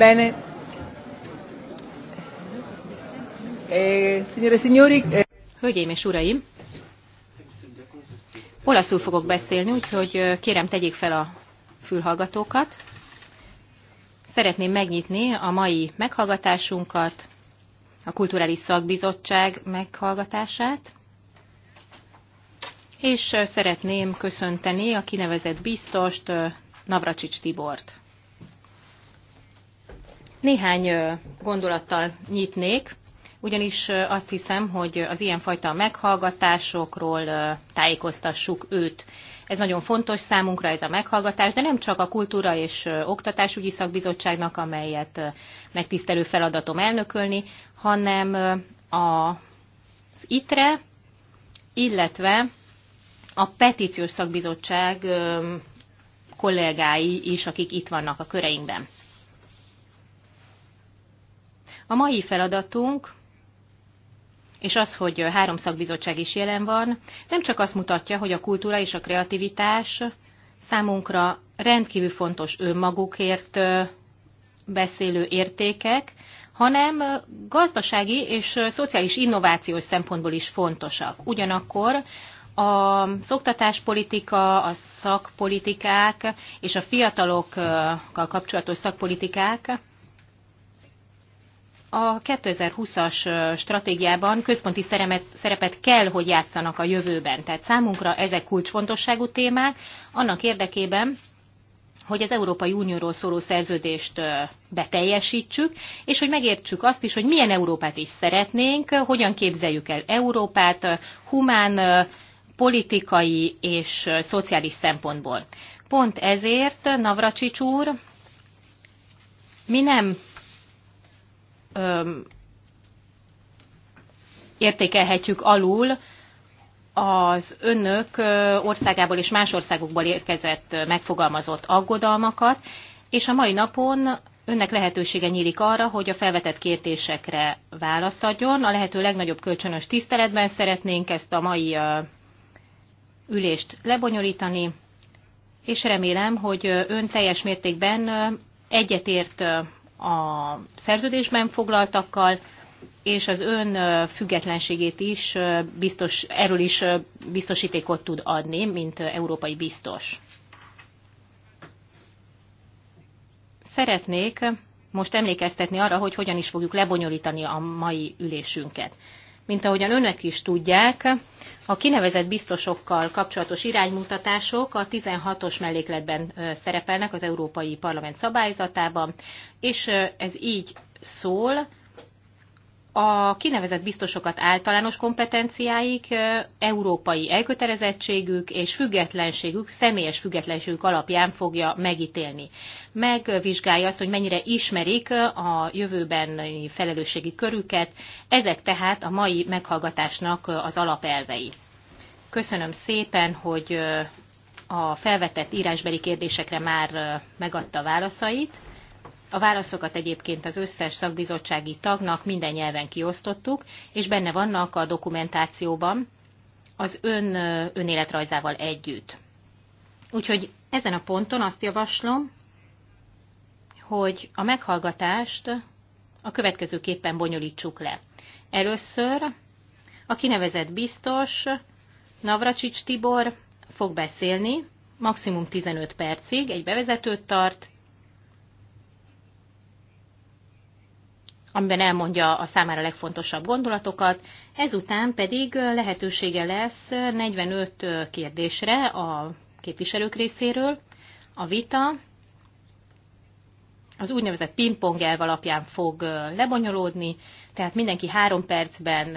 Bene. Eh, e eh, Hölgyeim és uraim, olaszul fogok beszélni, úgyhogy eh, kérem tegyék fel a fülhallgatókat. Szeretném megnyitni a mai meghallgatásunkat, a Kulturális Szakbizottság meghallgatását, és szeretném köszönteni a kinevezett biztost, Navracsics Tibort. Néhány gondolattal nyitnék, ugyanis azt hiszem, hogy az ilyenfajta meghallgatásokról tájékoztassuk őt. Ez nagyon fontos számunkra, ez a meghallgatás, de nem csak a Kultúra és Oktatásügyi Szakbizottságnak, amelyet megtisztelő feladatom elnökölni, hanem az ITRE, illetve a Petíciós Szakbizottság kollégái is, akik itt vannak a köreinkben. A mai feladatunk, és az, hogy három szakbizottság is jelen van, nem csak azt mutatja, hogy a kultúra és a kreativitás számunkra rendkívül fontos önmagukért beszélő értékek, hanem gazdasági és szociális innovációs szempontból is fontosak. Ugyanakkor a szoktatáspolitika, a szakpolitikák és a fiatalokkal kapcsolatos szakpolitikák a 2020-as stratégiában központi szerepet, szerepet kell, hogy játszanak a jövőben. Tehát számunkra ezek kulcsfontosságú témák, annak érdekében, hogy az Európai Unióról szóló szerződést beteljesítsük, és hogy megértsük azt is, hogy milyen Európát is szeretnénk, hogyan képzeljük el Európát humán, politikai és szociális szempontból. Pont ezért Navracsics úr, mi nem öm, értékelhetjük alul az önök országából és más országokból érkezett megfogalmazott aggodalmakat, és a mai napon önnek lehetősége nyílik arra, hogy a felvetett kérdésekre választ adjon. A lehető legnagyobb kölcsönös tiszteletben szeretnénk ezt a mai ülést lebonyolítani, és remélem, hogy ön teljes mértékben egyetért a szerződésben foglaltakkal, és az ön függetlenségét is biztos, erről is biztosítékot tud adni, mint európai biztos. Szeretnék most emlékeztetni arra, hogy hogyan is fogjuk lebonyolítani a mai ülésünket. Mint ahogyan önök is tudják, a kinevezett biztosokkal kapcsolatos iránymutatások a 16-os mellékletben szerepelnek az Európai Parlament szabályzatában, és ez így szól, a kinevezett biztosokat általános kompetenciáik, európai elkötelezettségük és függetlenségük, személyes függetlenségük alapján fogja megítélni. Megvizsgálja azt, hogy mennyire ismerik a jövőbeni felelősségi körüket, ezek tehát a mai meghallgatásnak az alapelvei. Köszönöm szépen, hogy a felvetett írásbeli kérdésekre már megadta válaszait. A válaszokat egyébként az összes szakbizottsági tagnak minden nyelven kiosztottuk, és benne vannak a dokumentációban az ön önéletrajzával együtt. Úgyhogy ezen a ponton azt javaslom, hogy a meghallgatást a következőképpen bonyolítsuk le. Először a kinevezett biztos Navracsics Tibor fog beszélni, maximum 15 percig, egy bevezetőt tart, amiben elmondja a számára legfontosabb gondolatokat, ezután pedig lehetősége lesz 45 kérdésre a képviselők részéről. A vita az úgynevezett pingpong elv alapján fog lebonyolódni, tehát mindenki három percben,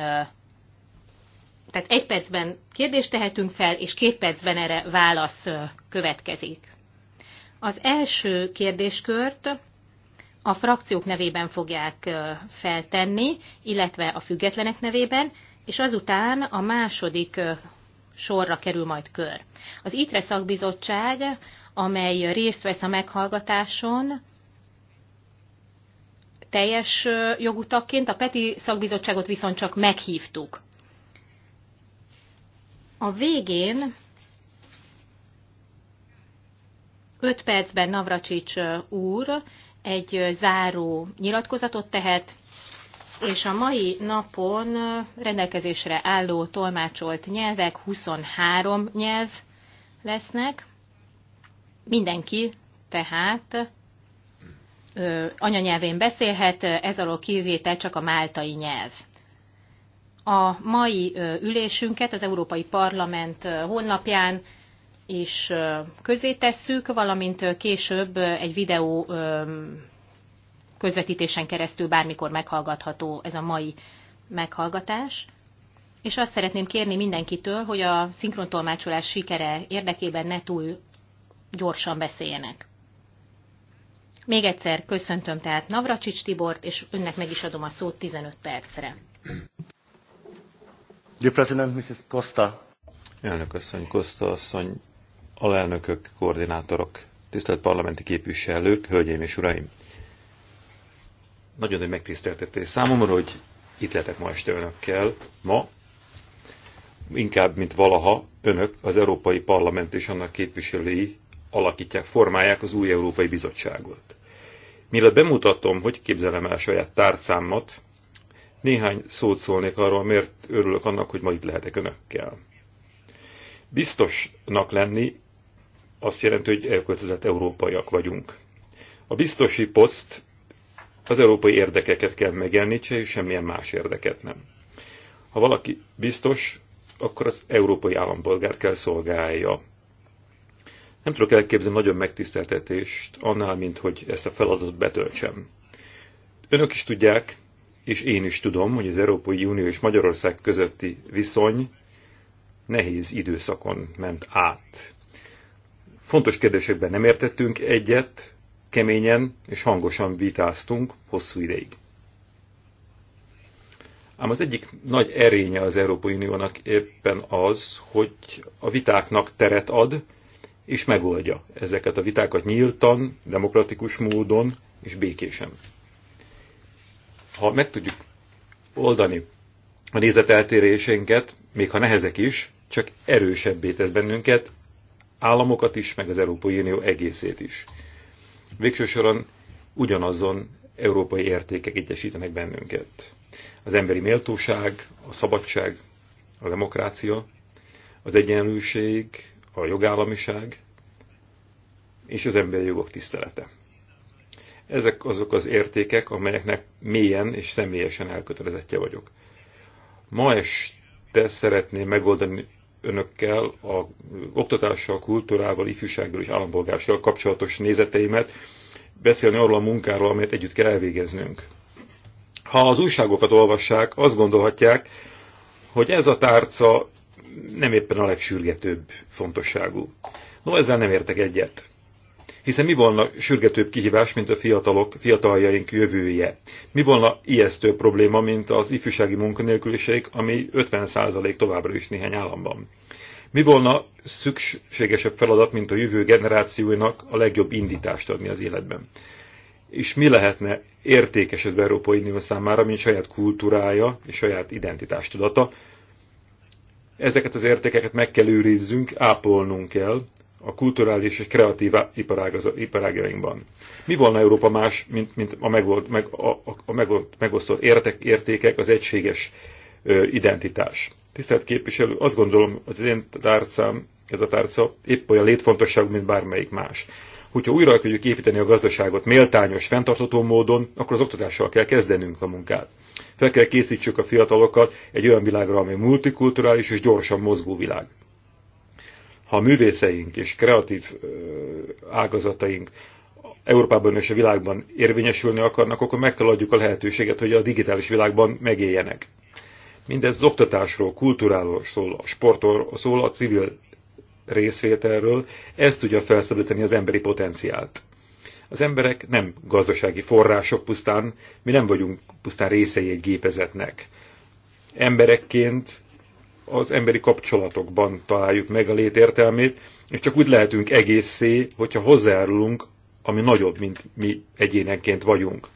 tehát egy percben kérdést tehetünk fel, és két percben erre válasz következik. Az első kérdéskört a frakciók nevében fogják feltenni, illetve a függetlenek nevében, és azután a második sorra kerül majd kör. Az ITRE szakbizottság, amely részt vesz a meghallgatáson, teljes jogutakként, a PETI szakbizottságot viszont csak meghívtuk. A végén 5 percben Navracsics úr egy záró nyilatkozatot tehet, és a mai napon rendelkezésre álló tolmácsolt nyelvek 23 nyelv lesznek. Mindenki tehát ö, anyanyelvén beszélhet, ez alól kivétel csak a máltai nyelv. A mai ülésünket az Európai Parlament honlapján is közé tesszük, valamint később egy videó közvetítésen keresztül bármikor meghallgatható ez a mai meghallgatás. És azt szeretném kérni mindenkitől, hogy a szinkrontolmácsolás sikere érdekében ne túl gyorsan beszéljenek. Még egyszer köszöntöm tehát Navracsics Tibort, és önnek meg is adom a szót 15 percre. Dear President, Mrs. Costa. Elnök asszony, Costa asszony, alelnökök, koordinátorok, tisztelt parlamenti képviselők, hölgyeim és uraim! Nagyon nagy megtiszteltetés számomra, hogy itt lehetek ma este önökkel. Ma, inkább mint valaha, önök, az Európai Parlament és annak képviselői alakítják, formálják az új Európai Bizottságot. Mielőtt bemutatom, hogy képzelem el saját tárcámat, néhány szót szólnék arról, miért örülök annak, hogy ma itt lehetek önökkel. Biztosnak lenni azt jelenti, hogy elköltözött európaiak vagyunk. A biztosi poszt az európai érdekeket kell megjelenítse, és semmilyen más érdeket nem. Ha valaki biztos, akkor az európai állampolgárt kell szolgálja. Nem tudok elképzelni nagyon megtiszteltetést annál, mint hogy ezt a feladatot betöltsem. Önök is tudják, és én is tudom, hogy az Európai Unió és Magyarország közötti viszony nehéz időszakon ment át. Fontos kérdésekben nem értettünk egyet, keményen és hangosan vitáztunk hosszú ideig. Ám az egyik nagy erénye az Európai Uniónak éppen az, hogy a vitáknak teret ad, és megoldja ezeket a vitákat nyíltan, demokratikus módon és békésen. Ha meg tudjuk oldani a nézeteltéréseinket, még ha nehezek is, csak erősebbé tesz bennünket, államokat is, meg az Európai Unió egészét is. Végső soron ugyanazon európai értékek egyesítenek bennünket. Az emberi méltóság, a szabadság, a demokrácia, az egyenlőség, a jogállamiság és az emberi jogok tisztelete. Ezek azok az értékek, amelyeknek mélyen és személyesen elkötelezettje vagyok. Ma este szeretném megoldani önökkel a oktatással, kultúrával, ifjúsággal és állampolgársággal kapcsolatos nézeteimet, beszélni arról a munkáról, amelyet együtt kell elvégeznünk. Ha az újságokat olvassák, azt gondolhatják, hogy ez a tárca nem éppen a legsürgetőbb fontosságú. No, ezzel nem értek egyet. Hiszen mi volna sürgetőbb kihívás, mint a fiatalok, fiataljaink jövője? Mi volna ijesztő probléma, mint az ifjúsági munkanélküliség, ami 50% továbbra is néhány államban? Mi volna szükségesebb feladat, mint a jövő generációinak a legjobb indítást adni az életben? És mi lehetne értékes az Európai Unió számára, mint saját kultúrája és saját identitástudata? Ezeket az értékeket meg kell őrizzünk, ápolnunk kell, a kulturális és kreatív iparágainkban. Mi volna Európa más, mint, mint a, megold, meg, a, a megold, megosztott értek, értékek, az egységes ö, identitás? Tisztelt képviselő, azt gondolom, hogy az én tárcám, ez a tárca épp olyan létfontosságú, mint bármelyik más. Hogyha újra akarjuk építeni a gazdaságot méltányos, fenntartható módon, akkor az oktatással kell kezdenünk a munkát. Fel kell készítsük a fiatalokat egy olyan világra, amely multikulturális és gyorsan mozgó világ ha a művészeink és kreatív ágazataink Európában és a világban érvényesülni akarnak, akkor meg kell adjuk a lehetőséget, hogy a digitális világban megéljenek. Mindez az oktatásról, kultúráról szól, a sportról szól, a civil részvételről, ez tudja felszabadítani az emberi potenciált. Az emberek nem gazdasági források pusztán, mi nem vagyunk pusztán részei egy gépezetnek. Emberekként az emberi kapcsolatokban találjuk meg a létértelmét, és csak úgy lehetünk egészé, hogyha hozzájárulunk, ami nagyobb, mint mi egyénenként vagyunk.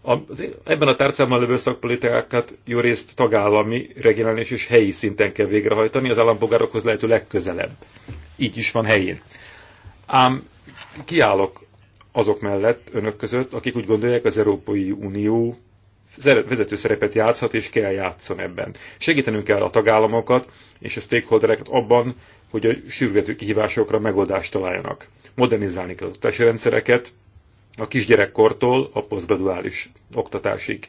Az, ebben a tárcában lévő szakpolitikákat jó részt tagállami, regionális és helyi szinten kell végrehajtani, az állampolgárokhoz lehető legközelebb. Így is van helyén. Ám kiállok azok mellett önök között, akik úgy gondolják, az Európai Unió vezető szerepet játszhat és kell játszon ebben. Segítenünk kell a tagállamokat és a stakeholdereket abban, hogy a sürgető kihívásokra megoldást találjanak. Modernizálni kell az oktatási rendszereket, a kisgyerekkortól a posztgraduális oktatásig.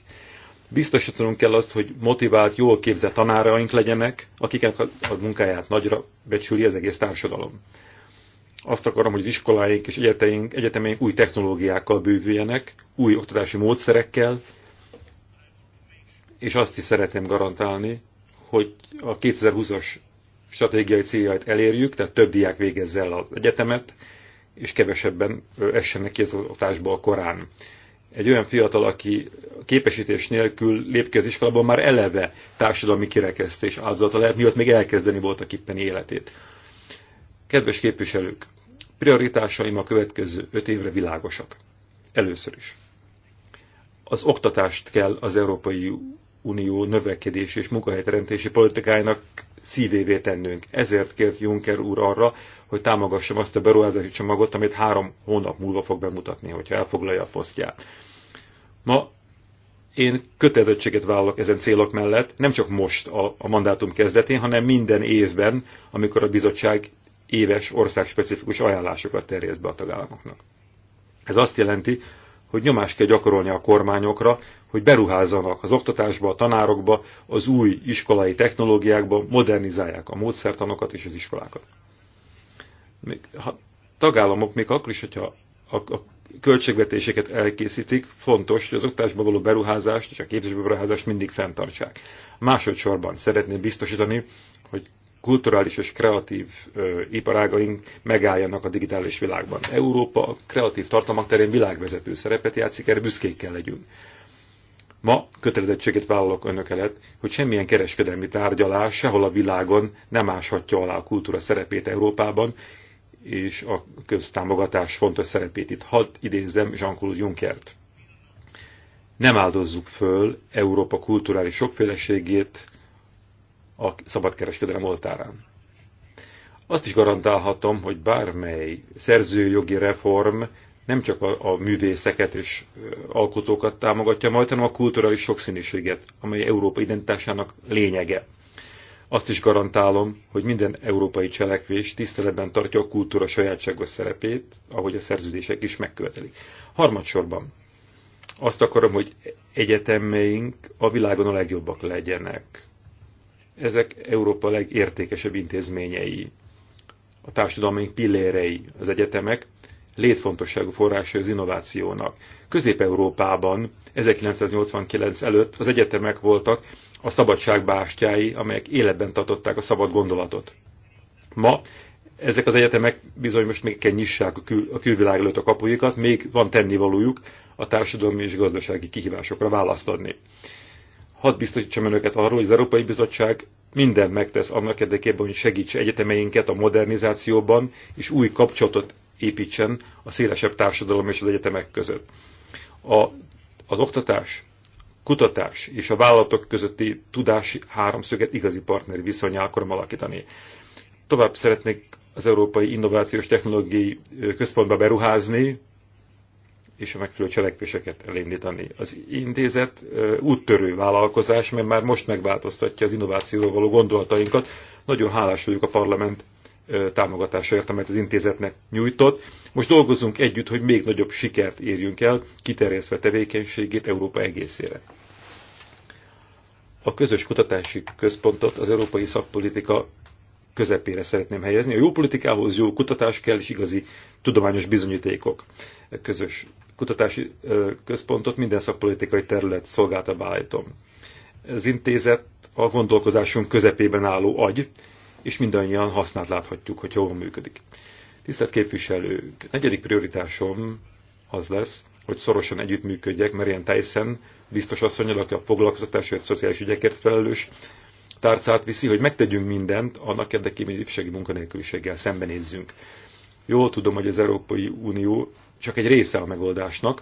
Biztosítanunk kell azt, hogy motivált, jól képzett tanáraink legyenek, akiknek a munkáját nagyra becsüli az egész társadalom. Azt akarom, hogy az iskoláink és egyeteink, egyetemeink új technológiákkal bővüljenek, új oktatási módszerekkel, és azt is szeretném garantálni, hogy a 2020-as stratégiai céljait elérjük, tehát több diák végezze el az egyetemet, és kevesebben essenek ki az a korán. Egy olyan fiatal, aki képesítés nélkül lép ki az iskolában, már eleve társadalmi kirekesztés áldozata lehet, miatt még elkezdeni a kippeni életét. Kedves képviselők, prioritásaim a következő öt évre világosak. Először is. Az oktatást kell az Európai Unió növekedési és munkahelyteremtési politikájának szívévé tennünk. Ezért kért Juncker úr arra, hogy támogassam azt a beruházási csomagot, amit három hónap múlva fog bemutatni, hogyha elfoglalja a posztját. Ma én kötelezettséget vállalok ezen célok mellett, nem csak most a, a mandátum kezdetén, hanem minden évben, amikor a bizottság éves országspecifikus ajánlásokat terjeszt be a tagállamoknak. Ez azt jelenti, hogy nyomást kell gyakorolni a kormányokra, hogy beruházzanak az oktatásba, a tanárokba, az új iskolai technológiákba, modernizálják a módszertanokat és az iskolákat. Még, ha tagállamok még akkor is, hogyha a, a költségvetéseket elkészítik, fontos, hogy az oktatásba való beruházást és a képzésbe beruházást mindig fenntartsák. Másodszorban szeretném biztosítani, hogy kulturális és kreatív ö, iparágaink megálljanak a digitális világban. Európa a kreatív tartalmak terén világvezető szerepet játszik, erre büszkék kell legyünk. Ma kötelezettséget vállalok önök előtt, hogy semmilyen kereskedelmi tárgyalás sehol a világon nem áshatja alá a kultúra szerepét Európában, és a köztámogatás fontos szerepét itt. Hadd idézem Jean-Claude Junckert. Nem áldozzuk föl Európa kulturális sokféleségét, a szabadkereskedelem oltárán. Azt is garantálhatom, hogy bármely szerzőjogi reform nem csak a, a művészeket és alkotókat támogatja majd, hanem a kulturális sokszínűséget, amely Európa identitásának lényege. Azt is garantálom, hogy minden európai cselekvés tiszteletben tartja a kultúra sajátságos szerepét, ahogy a szerződések is megkövetelik. Harmadsorban azt akarom, hogy egyetemeink a világon a legjobbak legyenek. Ezek Európa legértékesebb intézményei, a társadalmi pillérei, az egyetemek, létfontosságú forrása az innovációnak. Közép-Európában 1989 előtt az egyetemek voltak a szabadság bástyái, amelyek életben tartották a szabad gondolatot. Ma ezek az egyetemek bizony most még kell nyissák a, kül, a külvilág előtt a kapujukat, még van tennivalójuk a társadalmi és gazdasági kihívásokra választ adni hadd biztosítsam önöket arról, hogy az Európai Bizottság minden megtesz annak érdekében, hogy segítse egyetemeinket a modernizációban, és új kapcsolatot építsen a szélesebb társadalom és az egyetemek között. A, az oktatás, kutatás és a vállalatok közötti tudási háromszöget igazi partneri viszony akarom alakítani. Tovább szeretnék az Európai Innovációs Technológiai Központba beruházni, és a megfelelő cselekvéseket elindítani. Az intézet úttörő vállalkozás, mert már most megváltoztatja az innovációval való gondolatainkat. Nagyon hálás vagyok a parlament támogatásaért, amelyet az intézetnek nyújtott. Most dolgozunk együtt, hogy még nagyobb sikert érjünk el, kiterjesztve tevékenységét Európa egészére. A közös kutatási központot az európai szakpolitika közepére szeretném helyezni. A jó politikához jó kutatás kell, és igazi tudományos bizonyítékok. közös kutatási központot minden szakpolitikai terület szolgáltatóvá állítom. Az intézet a gondolkozásunk közepében álló agy, és mindannyian hasznát láthatjuk, hogy jól működik. Tisztelt képviselők, negyedik prioritásom az lesz, hogy szorosan együttműködjek Marian Tyson, biztos asszonyal, aki a foglalkoztatásért, szociális ügyekért felelős tárcát viszi, hogy megtegyünk mindent annak érdekében, hogy ifjúsági munkanélküliséggel szembenézzünk. Jól tudom, hogy az Európai Unió csak egy része a megoldásnak.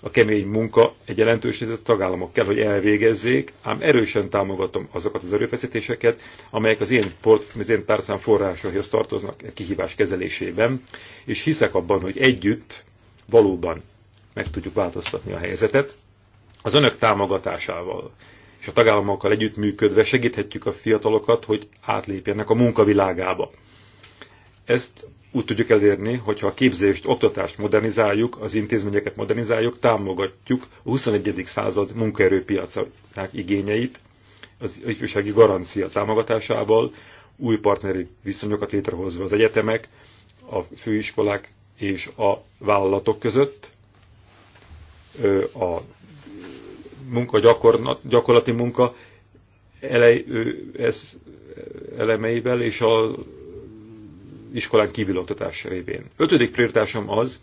A kemény munka egy jelentős részét a tagállamok kell, hogy elvégezzék, ám erősen támogatom azokat az erőfeszítéseket, amelyek az én, port, az én tárcám forrásaihoz tartoznak a e kihívás kezelésében, és hiszek abban, hogy együtt valóban meg tudjuk változtatni a helyzetet. Az önök támogatásával és a tagállamokkal együttműködve segíthetjük a fiatalokat, hogy átlépjenek a munkavilágába. Ezt úgy tudjuk elérni, hogyha a képzést, oktatást modernizáljuk, az intézményeket modernizáljuk, támogatjuk a 21. század munkaerőpiacának igényeit, az ifjúsági garancia támogatásával, új partneri viszonyokat létrehozva az egyetemek, a főiskolák és a vállalatok között, a munka gyakorlati munka elej, ez elemeivel és a iskolán kívül oktatás révén. Ötödik prioritásom az,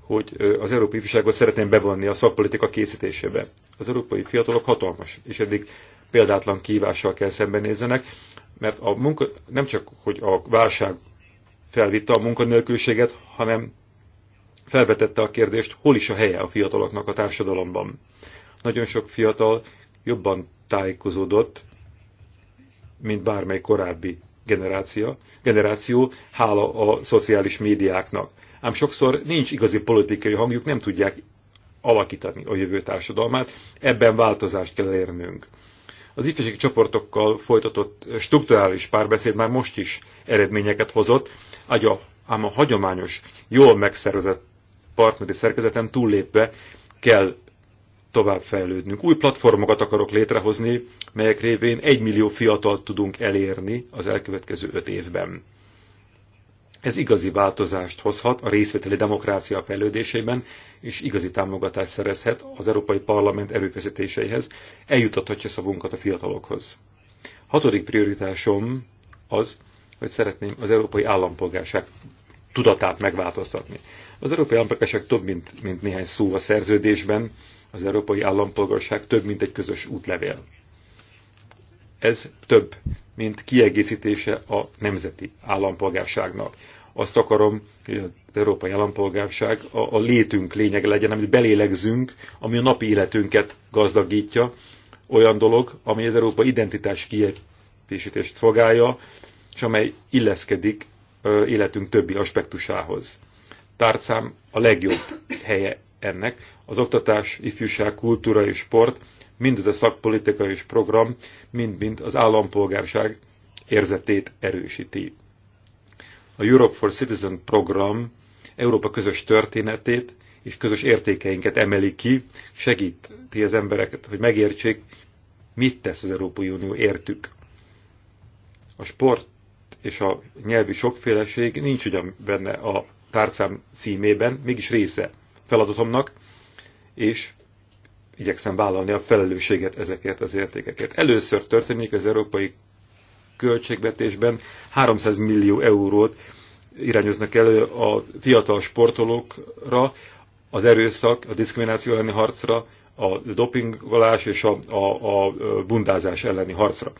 hogy az európai ifjúságot szeretném bevonni a szakpolitika készítésébe. Az európai fiatalok hatalmas, és eddig példátlan kívással kell szembenézzenek, mert a munka, nem csak, hogy a válság felvitte a munkanélküliséget, hanem felvetette a kérdést, hol is a helye a fiataloknak a társadalomban. Nagyon sok fiatal jobban tájékozódott, mint bármely korábbi generáció, generáció hála a szociális médiáknak. Ám sokszor nincs igazi politikai hangjuk, nem tudják alakítani a jövő társadalmát, ebben változást kell érnünk. Az ifjúsági csoportokkal folytatott strukturális párbeszéd már most is eredményeket hozott, ám a hagyományos, jól megszervezett partneri szerkezeten túllépve kell továbbfejlődnünk. Új platformokat akarok létrehozni, melyek révén egy millió fiatalt tudunk elérni az elkövetkező öt évben. Ez igazi változást hozhat a részvételi demokrácia fejlődésében, és igazi támogatást szerezhet az Európai Parlament erőfeszítéseihez, eljutathatja szavunkat a fiatalokhoz. Hatodik prioritásom az, hogy szeretném az európai állampolgárság tudatát megváltoztatni. Az európai állampolgárság több, mint, mint néhány szó a szerződésben, az európai állampolgárság több, mint egy közös útlevél. Ez több, mint kiegészítése a nemzeti állampolgárságnak. Azt akarom, hogy az európai állampolgárság a, a létünk lényeg legyen, amit belélegzünk, ami a napi életünket gazdagítja, olyan dolog, ami az Európa identitás kiegészítést szolgálja, és amely illeszkedik életünk többi aspektusához. Tárcám a legjobb helye ennek, az oktatás, ifjúság, kultúra és sport, mind ez a szakpolitika és program, mind-mind az állampolgárság érzetét erősíti. A Europe for Citizen program Európa közös történetét és közös értékeinket emeli ki, segíti az embereket, hogy megértsék, mit tesz az Európai Unió értük. A sport és a nyelvi sokféleség nincs ugyan benne a tárcám címében, mégis része feladatomnak, és igyekszem vállalni a felelősséget ezekért az értékeket. Először történik az európai költségvetésben 300 millió eurót irányoznak elő a fiatal sportolókra, az erőszak, a diszkrimináció elleni harcra, a dopingolás és a, a, a bundázás elleni harcra.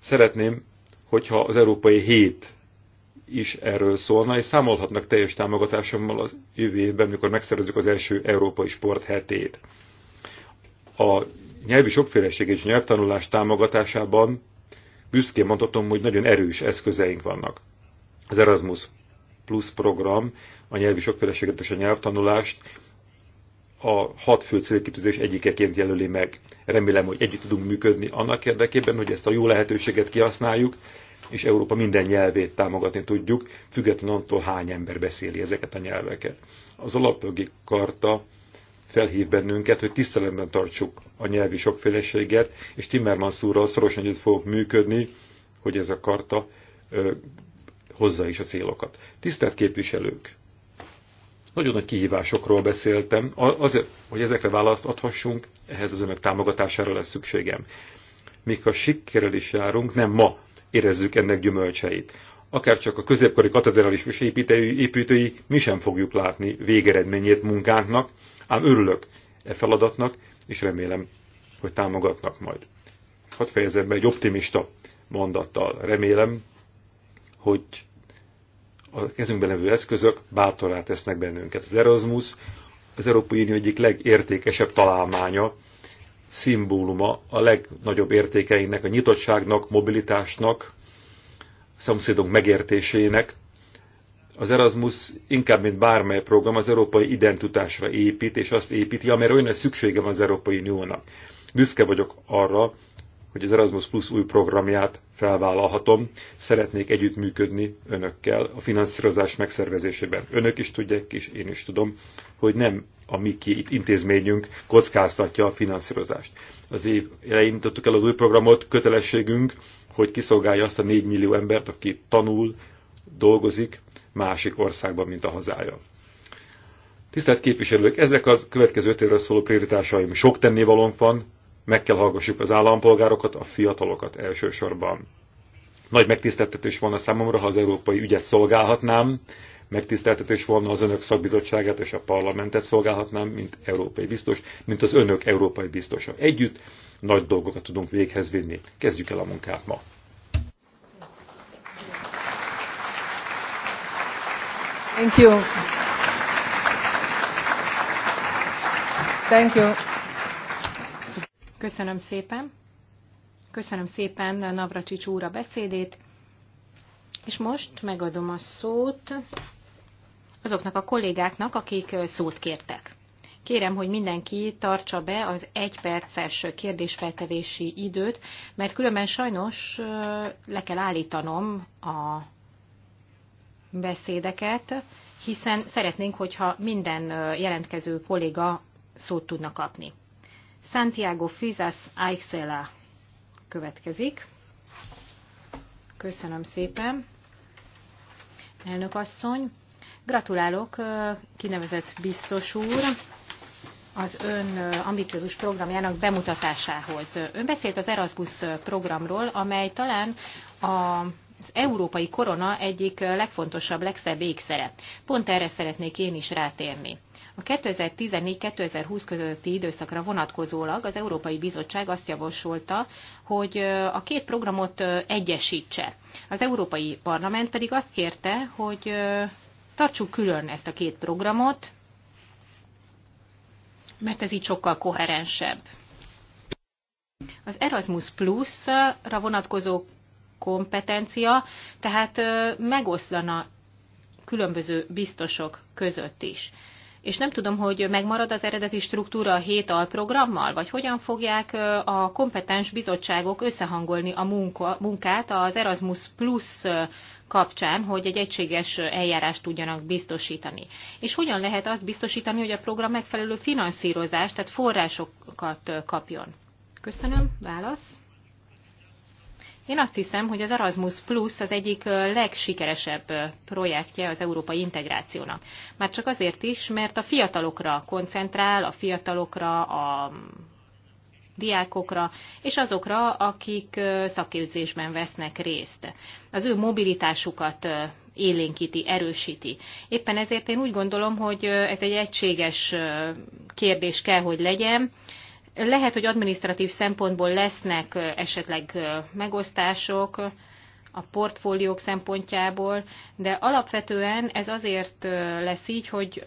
Szeretném, hogyha az európai hét is erről szólna, és számolhatnak teljes támogatásommal a jövő évben, mikor megszervezzük az első európai sport hetét. A nyelvi sokféleség és nyelvtanulás támogatásában büszkén mondhatom, hogy nagyon erős eszközeink vannak. Az Erasmus Plus program a nyelvi sokféleséget és a nyelvtanulást a hat fő célkitűzés egyikeként jelöli meg. Remélem, hogy együtt tudunk működni annak érdekében, hogy ezt a jó lehetőséget kihasználjuk, és Európa minden nyelvét támogatni tudjuk, függetlenül attól hány ember beszéli ezeket a nyelveket. Az alapjogi karta felhív bennünket, hogy tisztelemben tartsuk a nyelvi sokféleséget, és Timmermans úrral szorosan együtt fogok működni, hogy ez a karta ö, hozza is a célokat. Tisztelt képviselők! Nagyon nagy kihívásokról beszéltem. Azért, hogy ezekre választ adhassunk, ehhez az önök támogatására lesz szükségem. Mik a sikerrel is járunk, nem ma, érezzük ennek gyümölcseit. Akár csak a középkori katedrális építői, építői mi sem fogjuk látni végeredményét munkánknak, ám örülök e feladatnak, és remélem, hogy támogatnak majd. Hadd fejezem be egy optimista mondattal. Remélem, hogy a kezünkben levő eszközök bátorá tesznek bennünket. Az Erasmus az Európai Unió egyik legértékesebb találmánya, szimbóluma a legnagyobb értékeinek a nyitottságnak, mobilitásnak, a szomszédunk megértésének. Az Erasmus inkább, mint bármely program, az európai identitásra épít, és azt építi, amire olyan szüksége van az Európai Uniónak. Büszke vagyok arra, hogy az Erasmus Plus új programját felvállalhatom. Szeretnék együttműködni önökkel a finanszírozás megszervezésében. Önök is tudják, és én is tudom, hogy nem a mi két intézményünk kockáztatja a finanszírozást. Az év elején indítottuk el az új programot, kötelességünk, hogy kiszolgálja azt a 4 millió embert, aki tanul, dolgozik másik országban, mint a hazája. Tisztelt képviselők, ezek a következő öt évre szóló prioritásaim. Sok tennivalónk van, meg kell hallgassuk az állampolgárokat, a fiatalokat elsősorban. Nagy megtiszteltetés volna számomra, ha az európai ügyet szolgálhatnám, megtiszteltetés volna az önök szakbizottságát és a parlamentet szolgálhatnám, mint európai biztos, mint az önök európai biztosa. Együtt nagy dolgokat tudunk véghez vinni. Kezdjük el a munkát ma. Thank you. Thank you. Köszönöm szépen. Köszönöm szépen Navracsics úr a beszédét. És most megadom a szót azoknak a kollégáknak, akik szót kértek. Kérem, hogy mindenki tartsa be az egyperces kérdésfeltevési időt, mert különben sajnos le kell állítanom a beszédeket, hiszen szeretnénk, hogyha minden jelentkező kolléga szót tudna kapni. Santiago Fizas Aixela következik. Köszönöm szépen. Elnök asszony, gratulálok, kinevezett biztos úr az ön ambiciózus programjának bemutatásához. Ön beszélt az Erasmus programról, amely talán a az európai korona egyik legfontosabb, legszebb ékszere. Pont erre szeretnék én is rátérni. A 2014-2020 közötti időszakra vonatkozólag az Európai Bizottság azt javasolta, hogy a két programot egyesítse. Az Európai Parlament pedig azt kérte, hogy tartsuk külön ezt a két programot, mert ez így sokkal koherensebb. Az Erasmus Plus-ra vonatkozó kompetencia, tehát megoszlana különböző biztosok között is és nem tudom, hogy megmarad az eredeti struktúra a hét alprogrammal, vagy hogyan fogják a kompetens bizottságok összehangolni a munka, munkát az Erasmus Plus kapcsán, hogy egy egységes eljárást tudjanak biztosítani. És hogyan lehet azt biztosítani, hogy a program megfelelő finanszírozást, tehát forrásokat kapjon? Köszönöm, válasz. Én azt hiszem, hogy az Erasmus Plus az egyik legsikeresebb projektje az európai integrációnak. Már csak azért is, mert a fiatalokra koncentrál, a fiatalokra, a diákokra, és azokra, akik szakképzésben vesznek részt. Az ő mobilitásukat élénkíti, erősíti. Éppen ezért én úgy gondolom, hogy ez egy egységes kérdés kell, hogy legyen, lehet, hogy adminisztratív szempontból lesznek esetleg megosztások a portfóliók szempontjából, de alapvetően ez azért lesz így, hogy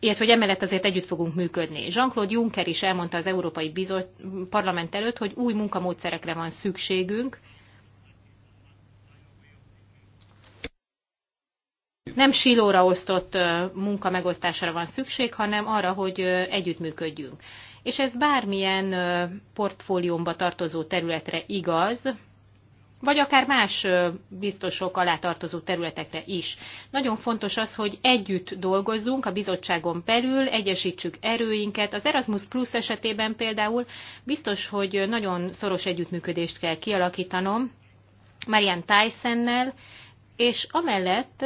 illetve hogy emellett azért együtt fogunk működni. Jean-Claude Juncker is elmondta az Európai Bizot, Parlament előtt, hogy új munkamódszerekre van szükségünk. Nem silóra osztott munka megosztásra van szükség, hanem arra, hogy együttműködjünk és ez bármilyen portfóliómba tartozó területre igaz, vagy akár más biztosok alá tartozó területekre is. Nagyon fontos az, hogy együtt dolgozzunk a bizottságon belül, egyesítsük erőinket. Az Erasmus Plus esetében például biztos, hogy nagyon szoros együttműködést kell kialakítanom Marian Tysonnel, és amellett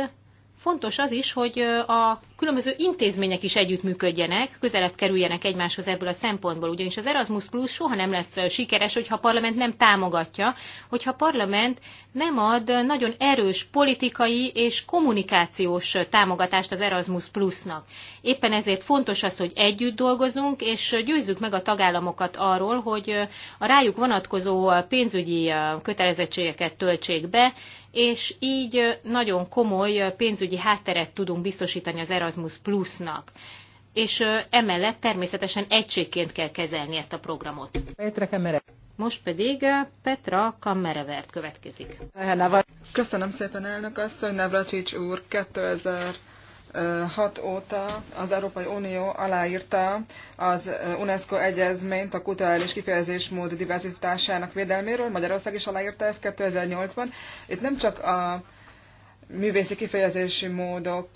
fontos az is, hogy a különböző intézmények is együttműködjenek, közelebb kerüljenek egymáshoz ebből a szempontból, ugyanis az Erasmus Plus soha nem lesz sikeres, hogyha a parlament nem támogatja, hogyha a parlament nem ad nagyon erős politikai és kommunikációs támogatást az Erasmus Plusnak. Éppen ezért fontos az, hogy együtt dolgozunk, és győzzük meg a tagállamokat arról, hogy a rájuk vonatkozó pénzügyi kötelezettségeket töltsék be, és így nagyon komoly pénzügyi hátteret tudunk biztosítani az Erasmus Plusnak. És emellett természetesen egységként kell kezelni ezt a programot. Petra Kamere. Most pedig Petra Kammerevert következik. Köszönöm szépen elnök asszony, Navracsics úr 2000 6 óta az Európai Unió aláírta az UNESCO egyezményt a kulturális kifejezésmód diverzitásának védelméről. Magyarország is aláírta ezt 2008-ban. Itt nem csak a művészi kifejezési módok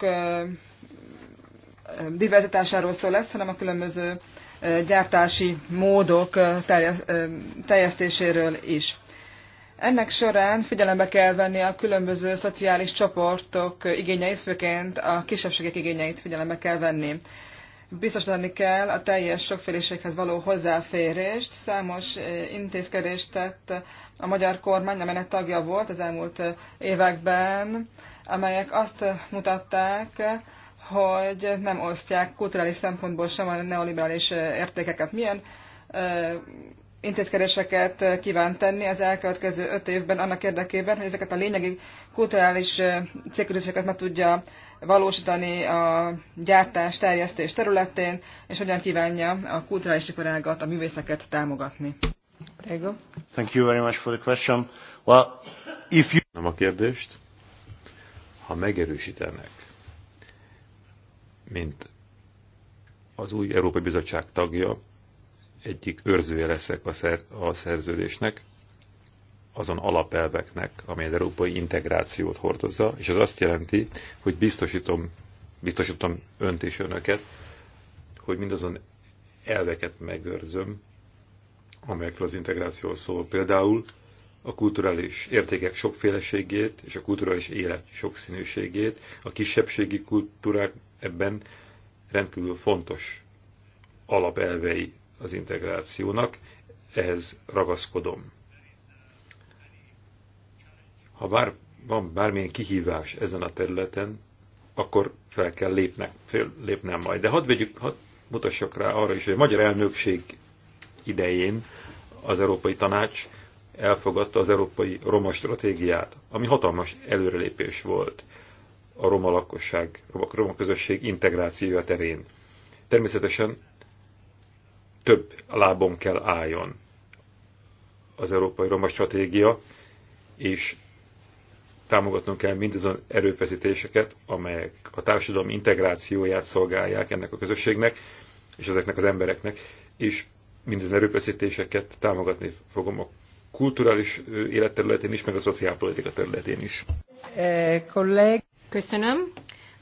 diverzitásáról szó lesz, hanem a különböző gyártási módok terjesztéséről is. Ennek során figyelembe kell venni a különböző szociális csoportok igényeit, főként a kisebbségek igényeit figyelembe kell venni. Biztosítani kell a teljes sokféliséghez való hozzáférést. Számos eh, intézkedést tett a magyar kormány, amelynek tagja volt az elmúlt eh, években, amelyek azt eh, mutatták, hogy nem osztják kulturális szempontból sem a neoliberális értékeket. Milyen intézkedéseket kíván tenni az elkövetkező öt évben annak érdekében, hogy ezeket a lényegi kulturális célkülönbségeket meg tudja valósítani a gyártás, terjesztés területén, és hogyan kívánja a kulturális iparágat, a művészeket támogatni. Prego. Thank you very much for the question. Well, if you... Nem a kérdést. Ha megerősítenek, mint az új Európai Bizottság tagja, egyik őrzője leszek a, szer, a szerződésnek, azon alapelveknek, amely az európai integrációt hordozza, és az azt jelenti, hogy biztosítom, biztosítom önt és önöket, hogy mindazon elveket megőrzöm, amelyekről az integráció szól. Például a kulturális értékek sokféleségét és a kulturális élet sokszínűségét, a kisebbségi kultúrák ebben rendkívül fontos alapelvei az integrációnak, ehhez ragaszkodom. Ha bár van bármilyen kihívás ezen a területen, akkor fel kell lépnek, fel lépnem majd. De hadd, vegyük, hadd mutassak rá arra is, hogy a magyar elnökség idején az Európai Tanács elfogadta az Európai Roma Stratégiát, ami hatalmas előrelépés volt a roma lakosság, a roma közösség integrációja terén. Természetesen több lábon kell álljon az Európai Roma Stratégia, és támogatnunk kell mindazon erőfeszítéseket, amelyek a társadalmi integrációját szolgálják ennek a közösségnek, és ezeknek az embereknek, és mindezen erőfeszítéseket támogatni fogom a kulturális életterületén is, meg a szociálpolitika területén is. Köszönöm.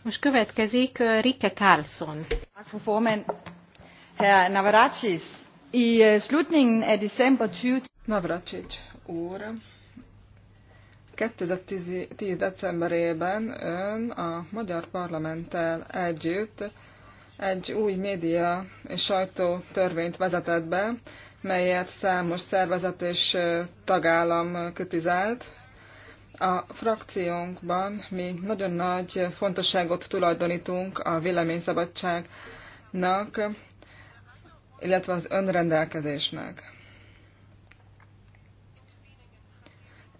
Most következik Rike Carlson. Herr Navracis, i eh, slutningen af december 20... Navracsics úr, 2010. decemberében ön a magyar parlamenttel együtt egy új média és sajtó törvényt vezetett be, melyet számos szervezet és eh, tagállam kritizált. A frakciónkban mi nagyon nagy fontosságot tulajdonítunk a véleményszabadságnak, illetve az önrendelkezésnek.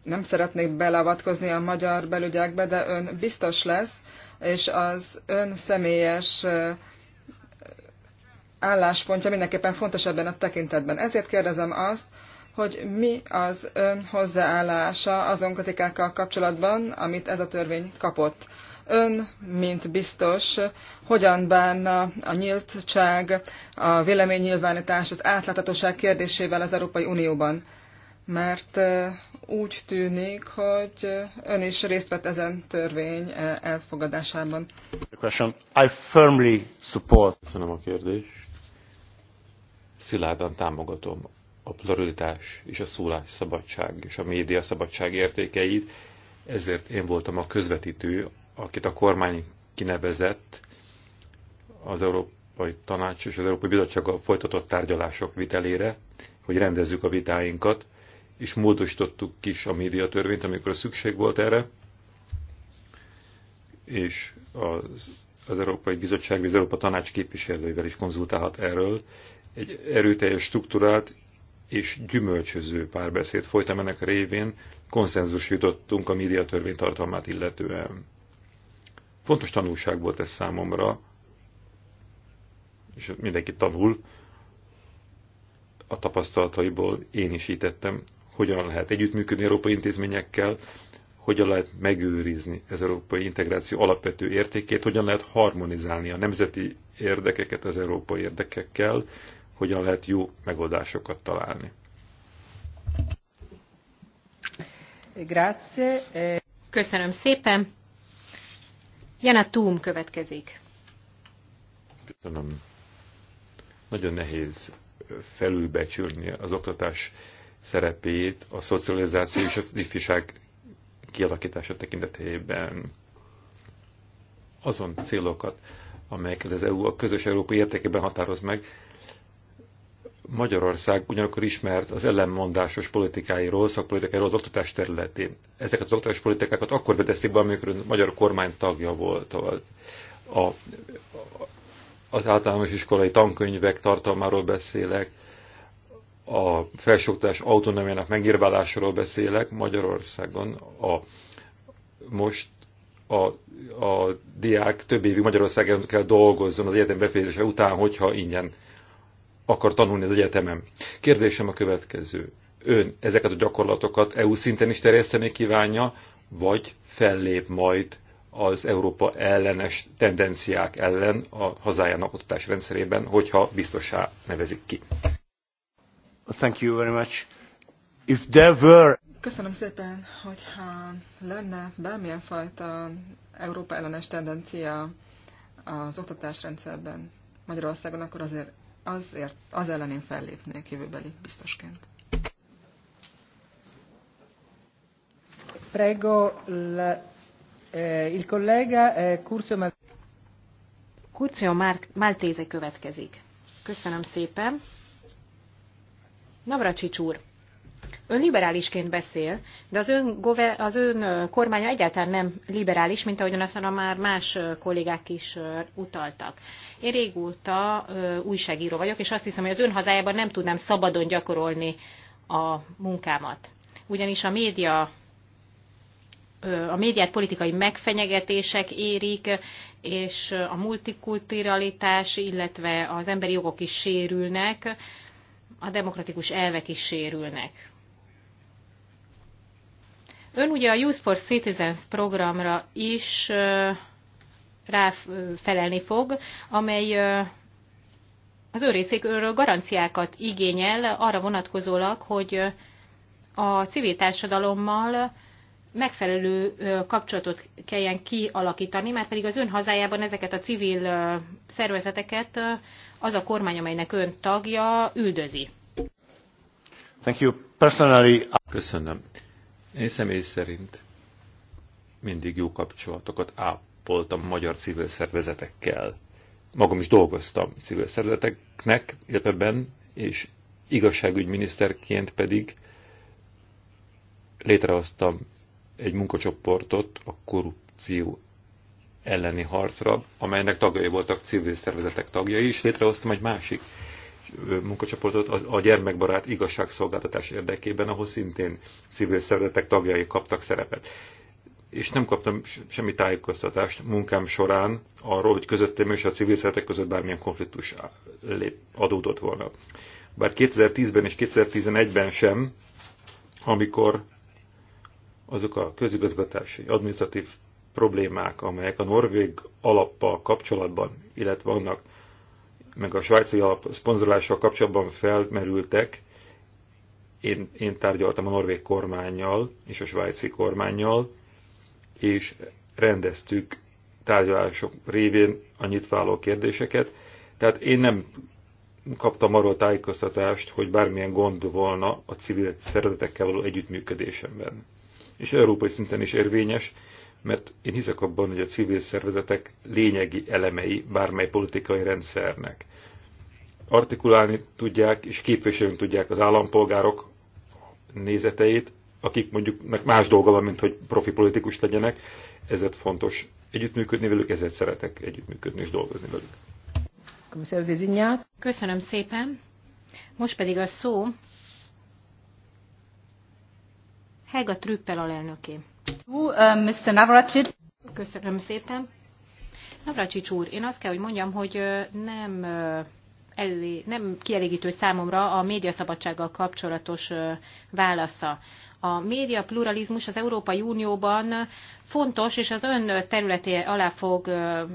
Nem szeretnék belavatkozni a magyar belügyekbe, de ön biztos lesz, és az ön személyes álláspontja mindenképpen fontos ebben a tekintetben. Ezért kérdezem azt, hogy mi az ön hozzáállása azon kritikákkal kapcsolatban, amit ez a törvény kapott. Ön, mint biztos, hogyan bánna a nyíltság, a véleménynyilvánítás, az átláthatóság kérdésével az Európai Unióban? Mert úgy tűnik, hogy ön is részt vett ezen törvény elfogadásában. I firmly support. Köszönöm a kérdést. Szilárdan támogatom a pluralitás és a szólás szabadság és a média szabadság értékeit, ezért én voltam a közvetítő akit a kormány kinevezett az Európai Tanács és az Európai a folytatott tárgyalások vitelére, hogy rendezzük a vitáinkat, és módosítottuk is a médiatörvényt, amikor szükség volt erre, és az, az Európai Bizottság, az Európa Tanács képviselőivel is konzultálhat erről. Egy erőteljes struktúrát és gyümölcsöző párbeszéd folytam ennek a révén, konszenzus jutottunk a médiatörvény tartalmát illetően. Fontos tanulság volt ez számomra, és mindenki tanul a tapasztalataiból, én is tettem, hogyan lehet együttműködni európai intézményekkel, hogyan lehet megőrizni az európai integráció alapvető értékét, hogyan lehet harmonizálni a nemzeti érdekeket az európai érdekekkel, hogyan lehet jó megoldásokat találni. Grazie. Köszönöm szépen. Jana Túm következik. Köszönöm. Nagyon nehéz felülbecsülni az oktatás szerepét a szocializáció és az ifjúság kialakítása tekintetében. Azon célokat, amelyeket az EU a közös európai értékében határoz meg, Magyarország ugyanakkor ismert az ellenmondásos politikáiról, szakpolitikáiról az oktatás területén. Ezeket az oktatás politikákat akkor vedeszik be, amikor a magyar kormány tagja volt. A, a, az általános iskolai tankönyvek tartalmáról beszélek, a felsőoktatás autonómiának megírválásáról beszélek Magyarországon. A, most a, a diák több évig Magyarországon kell dolgozzon az egyetem befejezése után, hogyha ingyen akar tanulni az egyetemen. Kérdésem a következő. Ön ezeket a gyakorlatokat EU szinten is terjeszteni kívánja, vagy fellép majd az Európa ellenes tendenciák ellen a hazájának oktatás rendszerében, hogyha biztosá nevezik ki. Thank you very much. If there were... Köszönöm szépen, hogyha lenne bármilyen fajta Európa ellenes tendencia az oktatásrendszerben Magyarországon, akkor azért azért, az ellenén fellépnék jövőbeli biztosként. Prego la, eh, il collega eh, Curzio Curzio Maltese következik. Köszönöm szépen. Navracsics úr, Ön liberálisként beszél, de az ön, gove, az ön kormánya egyáltalán nem liberális, mint ahogyan aztán már más kollégák is utaltak. Én régóta újságíró vagyok, és azt hiszem, hogy az ön hazájában nem tudnám szabadon gyakorolni a munkámat. Ugyanis a média a médiát politikai megfenyegetések érik, és a multikulturalitás, illetve az emberi jogok is sérülnek, a demokratikus elvek is sérülnek. Ön ugye a Youth for Citizens programra is ráfelelni fog, amely az ő részéről garanciákat igényel arra vonatkozólag, hogy a civil társadalommal megfelelő kapcsolatot kelljen kialakítani, mert pedig az ön hazájában ezeket a civil szervezeteket az a kormány, amelynek ön tagja, üldözi. Thank you. Personally... Köszönöm. Én személy szerint mindig jó kapcsolatokat ápoltam magyar civil szervezetekkel. Magam is dolgoztam civil szervezeteknek, illetve ben, és igazságügyminiszterként pedig létrehoztam egy munkacsoportot a korrupció elleni harcra, amelynek tagjai voltak civil szervezetek tagjai, és létrehoztam egy másik munkacsoportot a gyermekbarát igazságszolgáltatás érdekében, ahol szintén civil szervezetek tagjai kaptak szerepet. És nem kaptam semmi tájékoztatást munkám során arról, hogy közöttem és a civil szervezetek között bármilyen konfliktus adódott volna. Bár 2010-ben és 2011-ben sem, amikor azok a közigazgatási, adminisztratív problémák, amelyek a norvég alappal kapcsolatban, illetve annak meg a svájci alap szponzorlással kapcsolatban felmerültek, én, én tárgyaltam a norvég kormányjal és a svájci kormányjal, és rendeztük tárgyalások révén a nyitváló kérdéseket. Tehát én nem kaptam arról tájékoztatást, hogy bármilyen gond volna a civil szervezetekkel való együttműködésemben. És európai szinten is érvényes mert én hiszek abban, hogy a civil szervezetek lényegi elemei bármely politikai rendszernek. Artikulálni tudják és képviselni tudják az állampolgárok nézeteit, akik mondjuk más dolga van, mint hogy profi politikus legyenek, ezért fontos együttműködni velük, ezért szeretek együttműködni és dolgozni velük. Köszönöm szépen. Most pedig a szó Helga Trüppel alelnöké. Eh, Köszönöm szépen. Navracsics úr, én azt kell, hogy mondjam, hogy eh, nem, eh, elé, nem kielégítő számomra a médiaszabadsággal kapcsolatos válasza. A média pluralizmus az Európai Unióban fontos, és az ön területé alá fog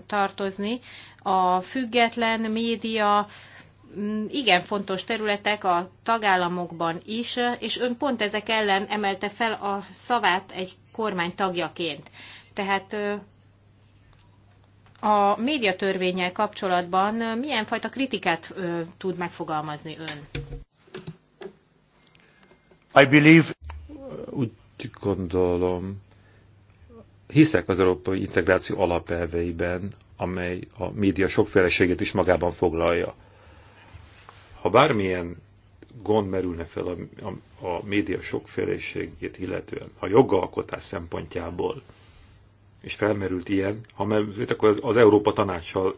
tartozni. A független média, mm, igen fontos területek a tagállamokban is, és ön pont ezek ellen emelte fel a szavát egy kormány tagjaként. Tehát a médiatörvényel kapcsolatban milyen fajta kritikát tud megfogalmazni ön? I believe... Úgy gondolom, hiszek az európai integráció alapelveiben, amely a média sokféleséget is magában foglalja. Ha bármilyen gond merülne fel a, a, a média sokféleségét illetően, a jogalkotás szempontjából, és felmerült ilyen, ha mert akkor az, az Európa Tanácssal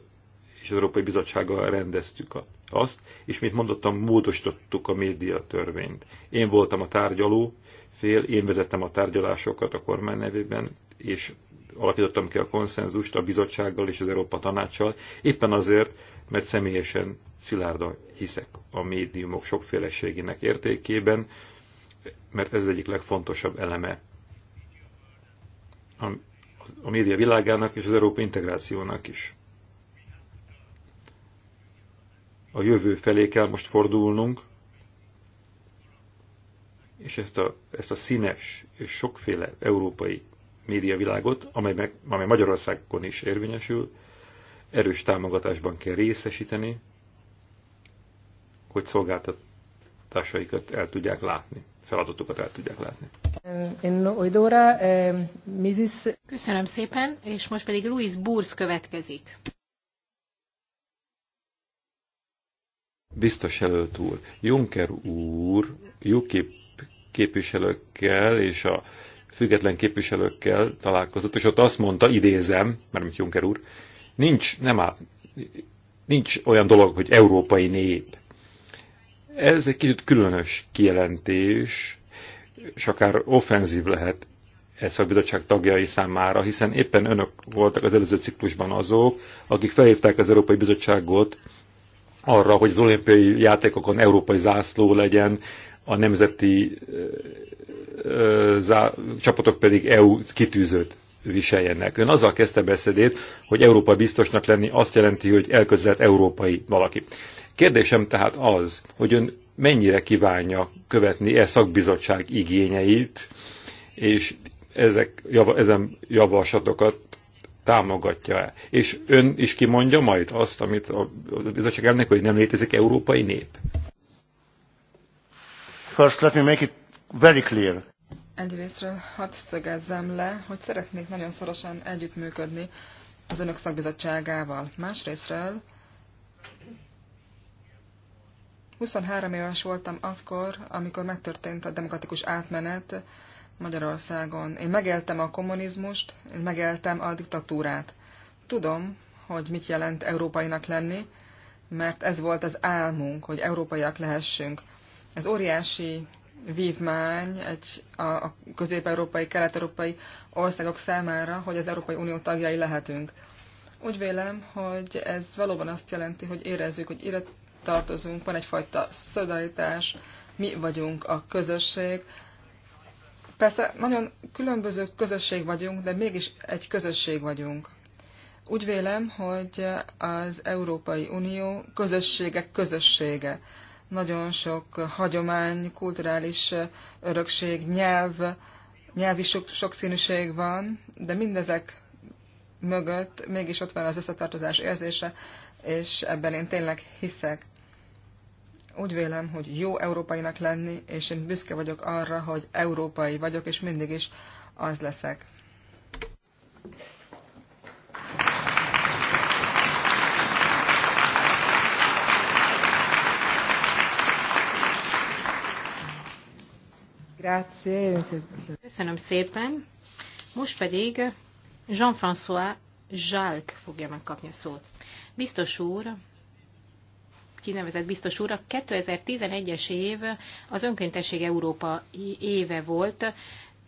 és az Európai Bizottsággal rendeztük azt, és mint mondottam, módosítottuk a média törvényt. Én voltam a tárgyaló fél, én vezettem a tárgyalásokat a kormány nevében, és alakítottam ki a konszenzust a bizottsággal és az Európa Tanácssal, éppen azért, mert személyesen szilárdan hiszek a médiumok sokféleségének értékében, mert ez egyik legfontosabb eleme a, a média világának és az európai integrációnak is. A jövő felé kell most fordulnunk, és ezt a, ezt a színes és sokféle európai médiavilágot, amely, meg, amely Magyarországon is érvényesül, erős támogatásban kell részesíteni, hogy szolgáltatásaikat el tudják látni, feladatokat el tudják látni. Eh, Köszönöm szépen, és most pedig Louis Burz következik. Biztos előtt úr, Juncker úr, UKIP képviselőkkel és a független képviselőkkel találkozott, és ott azt mondta, idézem, mert Juncker úr, nincs, nem áll, nincs olyan dolog, hogy európai nép. Ez egy kicsit különös kijelentés, és akár offenzív lehet a e szakbizottság tagjai számára, hiszen éppen önök voltak az előző ciklusban azok, akik felhívták az Európai Bizottságot arra, hogy az olimpiai játékokon európai zászló legyen, a nemzeti zá, csapatok pedig EU kitűzött viseljenek. Ön azzal kezdte beszédét, hogy Európa biztosnak lenni azt jelenti, hogy elközelt európai valaki. Kérdésem tehát az, hogy ön mennyire kívánja követni e szakbizottság igényeit, és ezek, java, ezen javaslatokat támogatja-e. És ön is kimondja majd azt, amit a bizottság elnök, hogy nem létezik európai nép? First, let me make it very clear. Egyrésztről hadd szögezzem le, hogy szeretnék nagyon szorosan együttműködni az önök szakbizottságával. Másrésztről 23 éves voltam akkor, amikor megtörtént a demokratikus átmenet Magyarországon. Én megéltem a kommunizmust, én megéltem a diktatúrát. Tudom, hogy mit jelent európainak lenni, mert ez volt az álmunk, hogy európaiak lehessünk. Ez óriási vívmány egy, a, a közép-európai, kelet-európai országok számára, hogy az Európai Unió tagjai lehetünk. Úgy vélem, hogy ez valóban azt jelenti, hogy érezzük, hogy tartozunk, van egyfajta szolidaritás, mi vagyunk a közösség. Persze nagyon különböző közösség vagyunk, de mégis egy közösség vagyunk. Úgy vélem, hogy az Európai Unió közösségek közössége. Nagyon sok hagyomány, kulturális örökség, nyelv, nyelvi sok, sokszínűség van, de mindezek mögött mégis ott van az összetartozás érzése, és ebben én tényleg hiszek. Úgy vélem, hogy jó európainak lenni, és én büszke vagyok arra, hogy európai vagyok, és mindig is az leszek. Köszönöm szépen. Most pedig Jean-François Jalk fogja megkapni a szót. Biztos úr, kinevezett biztos úr, a 2011-es év az önkéntesség Európa éve volt.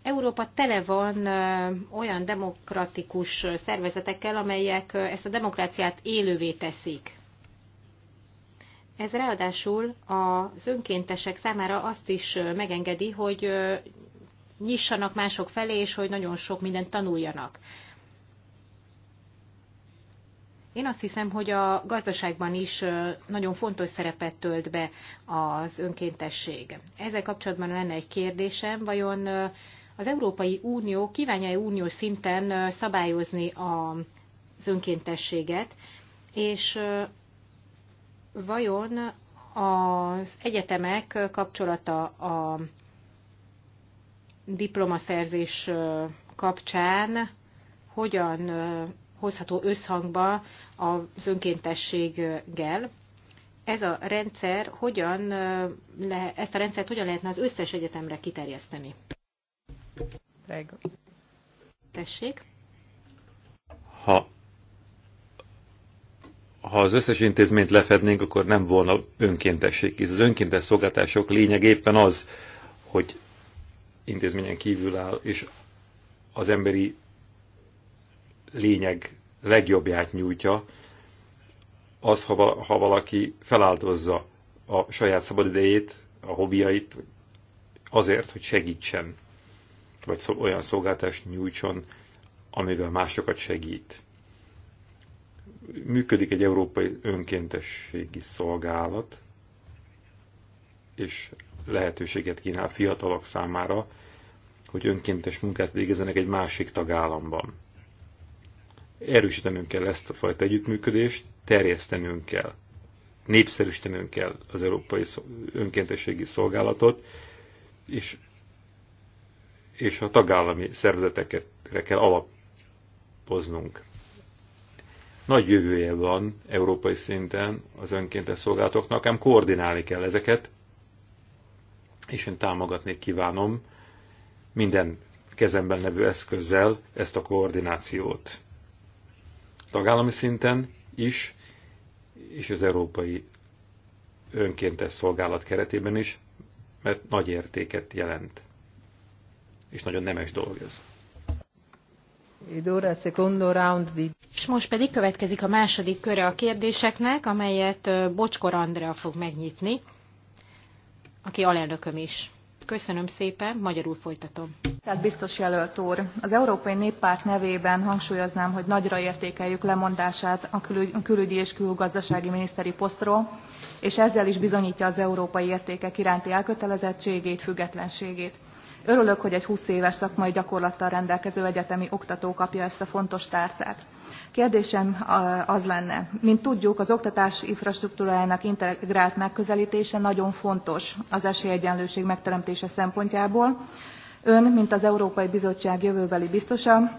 Európa tele van olyan demokratikus szervezetekkel, amelyek ezt a demokráciát élővé teszik. Ez ráadásul az önkéntesek számára azt is megengedi, hogy nyissanak mások felé, és hogy nagyon sok mindent tanuljanak. Én azt hiszem, hogy a gazdaságban is nagyon fontos szerepet tölt be az önkéntesség. Ezzel kapcsolatban lenne egy kérdésem, vajon az Európai Unió kívánja-e uniós szinten szabályozni az önkéntességet, és vajon az egyetemek kapcsolata a diplomaszerzés kapcsán hogyan hozható összhangba az önkéntességgel. Ez a rendszer hogyan le, ezt a rendszert hogyan lehetne az összes egyetemre kiterjeszteni? Prego. Tessék. Ha, ha az összes intézményt lefednénk, akkor nem volna önkéntesség. Ez az önkéntes szolgáltások lényeg éppen az, hogy intézményen kívül áll, és az emberi lényeg legjobbját nyújtja, az, ha, ha valaki feláldozza a saját szabadidejét, a hobbiait azért, hogy segítsen, vagy olyan szolgáltást nyújtson, amivel másokat segít. Működik egy európai önkéntességi szolgálat, és lehetőséget kínál fiatalok számára, hogy önkéntes munkát végezzenek egy másik tagállamban. Erősítenünk kell ezt a fajta együttműködést, terjesztenünk kell, népszerűsítenünk kell az Európai Önkéntességi Szolgálatot, és, és a tagállami szervezetekre kell alapoznunk. Nagy jövője van európai szinten az önkéntes szolgálatoknak, ám koordinálni kell ezeket, és én támogatni kívánom minden kezemben levő eszközzel ezt a koordinációt tagállami szinten is, és az európai önkéntes szolgálat keretében is, mert nagy értéket jelent. És nagyon nemes dolog ez. És most pedig következik a második köre a kérdéseknek, amelyet Bocskor Andrea fog megnyitni, aki alelnököm is. Köszönöm szépen, magyarul folytatom. Tehát biztos jelölt úr, az Európai Néppárt nevében hangsúlyoznám, hogy nagyra értékeljük lemondását a külügyi és külgazdasági miniszteri posztról, és ezzel is bizonyítja az európai értékek iránti elkötelezettségét, függetlenségét Örülök, hogy egy 20 éves szakmai gyakorlattal rendelkező egyetemi oktató kapja ezt a fontos tárcát. Kérdésem az lenne, mint tudjuk, az oktatás infrastruktúrájának integrált megközelítése nagyon fontos az esélyegyenlőség megteremtése szempontjából. Ön, mint az Európai Bizottság jövőbeli biztosa,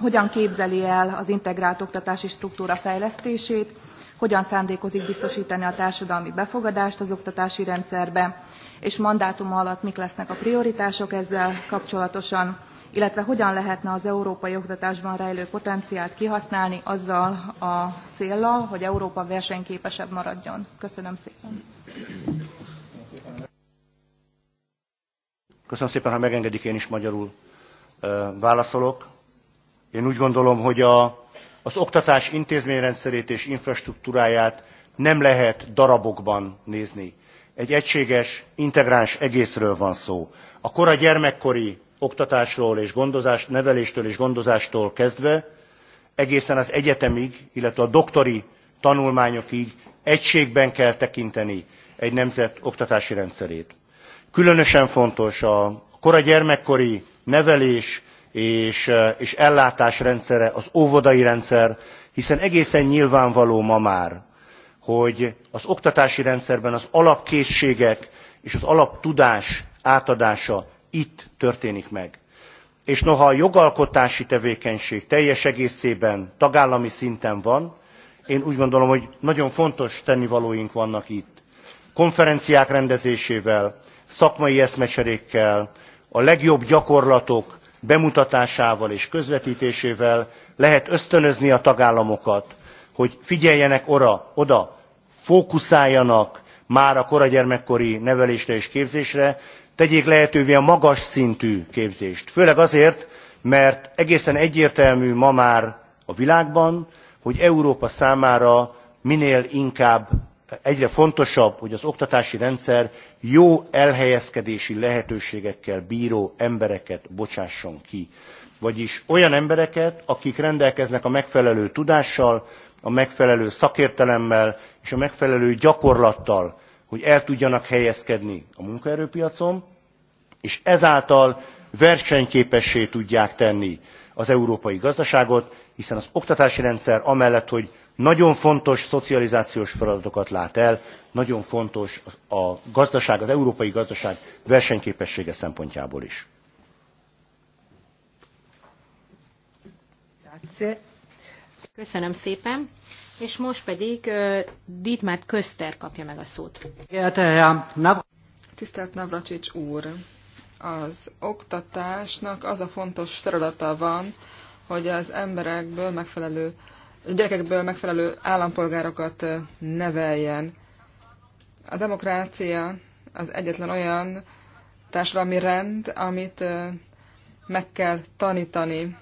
hogyan képzeli el az integrált oktatási struktúra fejlesztését, hogyan szándékozik biztosítani a társadalmi befogadást az oktatási rendszerbe, és mandátuma alatt mik lesznek a prioritások ezzel kapcsolatosan, illetve hogyan lehetne az európai oktatásban rejlő potenciált kihasználni azzal a céllal, hogy Európa versenyképesebb maradjon. Köszönöm szépen. Köszönöm szépen, ha megengedik, én is magyarul válaszolok. Én úgy gondolom, hogy a, az oktatás intézményrendszerét és infrastruktúráját nem lehet darabokban nézni egy egységes, integráns egészről van szó. A kora gyermekkori oktatásról és gondozást, neveléstől és gondozástól kezdve egészen az egyetemig, illetve a doktori tanulmányokig egységben kell tekinteni egy nemzet oktatási rendszerét. Különösen fontos a kora gyermekkori nevelés és, és ellátás rendszere, az óvodai rendszer, hiszen egészen nyilvánvaló ma már, hogy az oktatási rendszerben az alapkészségek és az alaptudás átadása itt történik meg. És noha a jogalkotási tevékenység teljes egészében tagállami szinten van, én úgy gondolom, hogy nagyon fontos tennivalóink vannak itt. Konferenciák rendezésével, szakmai eszmecserékkel, a legjobb gyakorlatok bemutatásával és közvetítésével lehet ösztönözni a tagállamokat hogy figyeljenek ora, oda, fókuszáljanak már a koragyermekkori nevelésre és képzésre, tegyék lehetővé a magas szintű képzést. Főleg azért, mert egészen egyértelmű ma már a világban, hogy Európa számára minél inkább egyre fontosabb, hogy az oktatási rendszer jó elhelyezkedési lehetőségekkel bíró embereket bocsásson ki. Vagyis olyan embereket, akik rendelkeznek a megfelelő tudással, a megfelelő szakértelemmel és a megfelelő gyakorlattal hogy el tudjanak helyezkedni a munkaerőpiacon és ezáltal versenyképessé tudják tenni az európai gazdaságot hiszen az oktatási rendszer amellett hogy nagyon fontos szocializációs feladatokat lát el nagyon fontos a gazdaság az európai gazdaság versenyképessége szempontjából is. Köszönöm szépen, és most pedig Dietmar Köszter kapja meg a szót. Tisztelt Navracsics úr, az oktatásnak az a fontos feladata van, hogy az emberekből megfelelő, a gyerekekből megfelelő állampolgárokat neveljen. A demokrácia az egyetlen olyan társadalmi rend, amit meg kell tanítani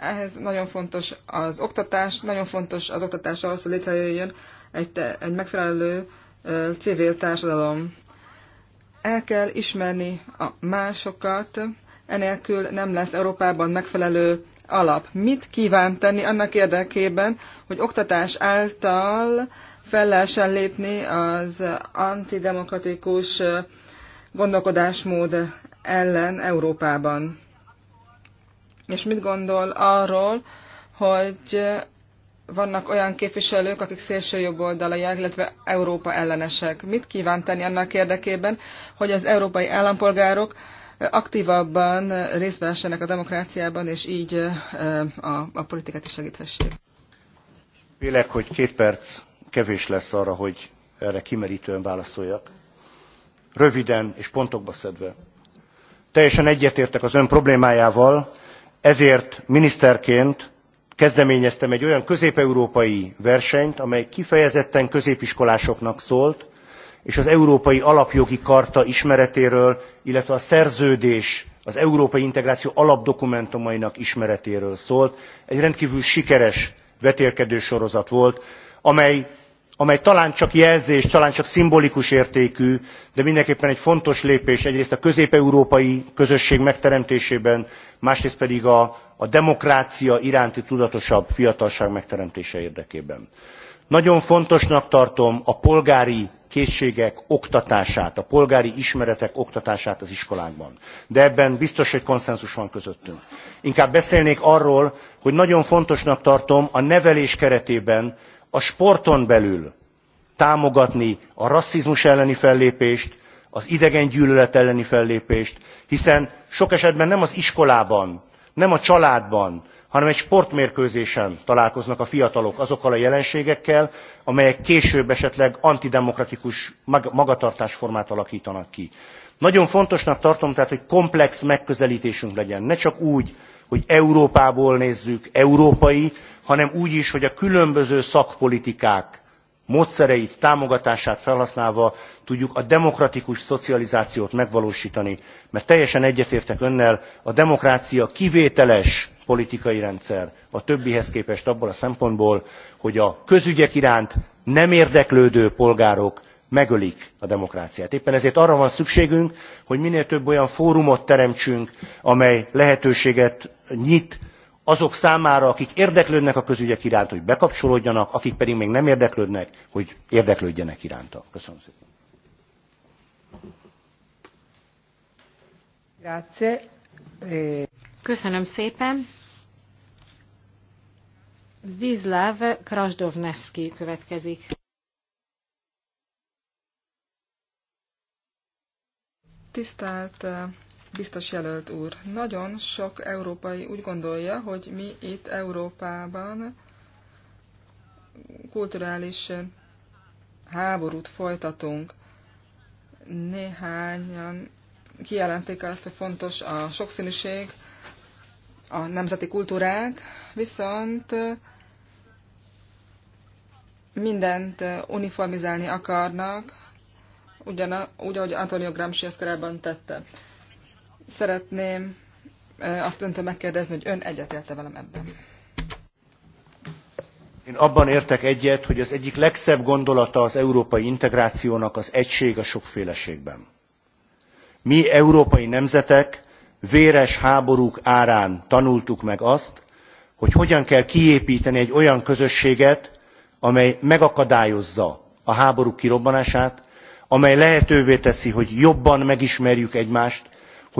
Ehhez nagyon fontos az oktatás, nagyon fontos az oktatás ahhoz, hogy létrejöjjön egy, te, egy megfelelő uh, civil társadalom. El kell ismerni a másokat, enélkül nem lesz Európában megfelelő alap. Mit kíván tenni annak érdekében, hogy oktatás által fel lehessen lépni az antidemokratikus gondolkodásmód ellen Európában? és mit gondol arról, hogy vannak olyan képviselők, akik szélső jobboldalaiak, illetve Európa ellenesek. Mit kíván tenni annak érdekében, hogy az európai állampolgárok aktívabban részt a demokráciában, és így a, a politikát is segíthessék? Vélek, hogy két perc kevés lesz arra, hogy erre kimerítően válaszoljak. Röviden és pontokba szedve. Teljesen egyetértek az ön problémájával, ezért miniszterként kezdeményeztem egy olyan közép európai versenyt amely kifejezetten középiskolásoknak szólt és az európai alapjogi karta ismeretéről illetve a szerződés az európai integráció alapdokumentumainak ismeretéről szólt. egy rendkvül sikeres vetélkedő sorozat volt amely, amely talán csak jelzés talán csak szimbolikus értékű de mindenképpen egy fontos lépés egyrészt a közép európai közösség megteremtésében másrészt pedig a, a demokrácia iránti tudatosabb fiatalság megteremtése érdekében. nagyon fontosnak tartom a polgári készségek oktatását a polgári ismeretek oktatását az iskolákban de ebben biztos hogy konszenzus van közöttünk. inkább beszélnék arról hogy nagyon fontosnak tartom a nevelés keretében a sporton belül támogatni a rasszizmus elleni fellépést az idegen gyűlölet elleni fellépést hiszen sok esetben nem az iskolában nem a családban hanem egy sportmérkőzésen találkoznak a fiatalok azokkal a jelenségekkel amelyek később esetleg antidemokratikus magatartásformát alaktanak ki. nagyon fontosnak tartom tehát hogy komplex megközeltésünk legyen ne csak úgy hogy európából nézzük európai hanem úgy is hogy a különböző szakpolitikák módszereit támogatását felhasználva tudjuk a demokratikus szocializációt megvalóstani mert teljesen egyetértek önnel a demokrácia kivételes politikai rendszer a többihez képest abból a szempontból hogy a közügyek iránt nem érdeklődő polgárok megölik a demokráciát. éppen ezért arra van szükségünk hogy minél több olyan fórumot teremtsünk amely lehetőséget nyit azok számára, akik érdeklődnek a közügyek iránt, hogy bekapcsolódjanak, akik pedig még nem érdeklődnek, hogy érdeklődjenek iránta. Köszönöm szépen. Eh. Köszönöm szépen. Zizláv Krasdovnevski következik. Tisztelt eh, biztos jelölt úr. Nagyon sok európai úgy gondolja, hogy mi itt Európában kulturális háborút folytatunk. Néhányan kijelentik azt, hogy fontos a sokszínűség, a nemzeti kultúrák, viszont mindent uniformizálni akarnak, ugyan, úgy, ahogy Antonio Gramsci ezt korábban tette. Szeretném azt öntől megkérdezni, hogy ön egyetérte velem ebben. Én abban értek egyet, hogy az egyik legszebb gondolata az európai integrációnak az egység a sokféleségben. Mi európai nemzetek véres háborúk árán tanultuk meg azt, hogy hogyan kell kiépíteni egy olyan közösséget, amely megakadályozza a háború kirobbanását, amely lehetővé teszi, hogy jobban megismerjük egymást,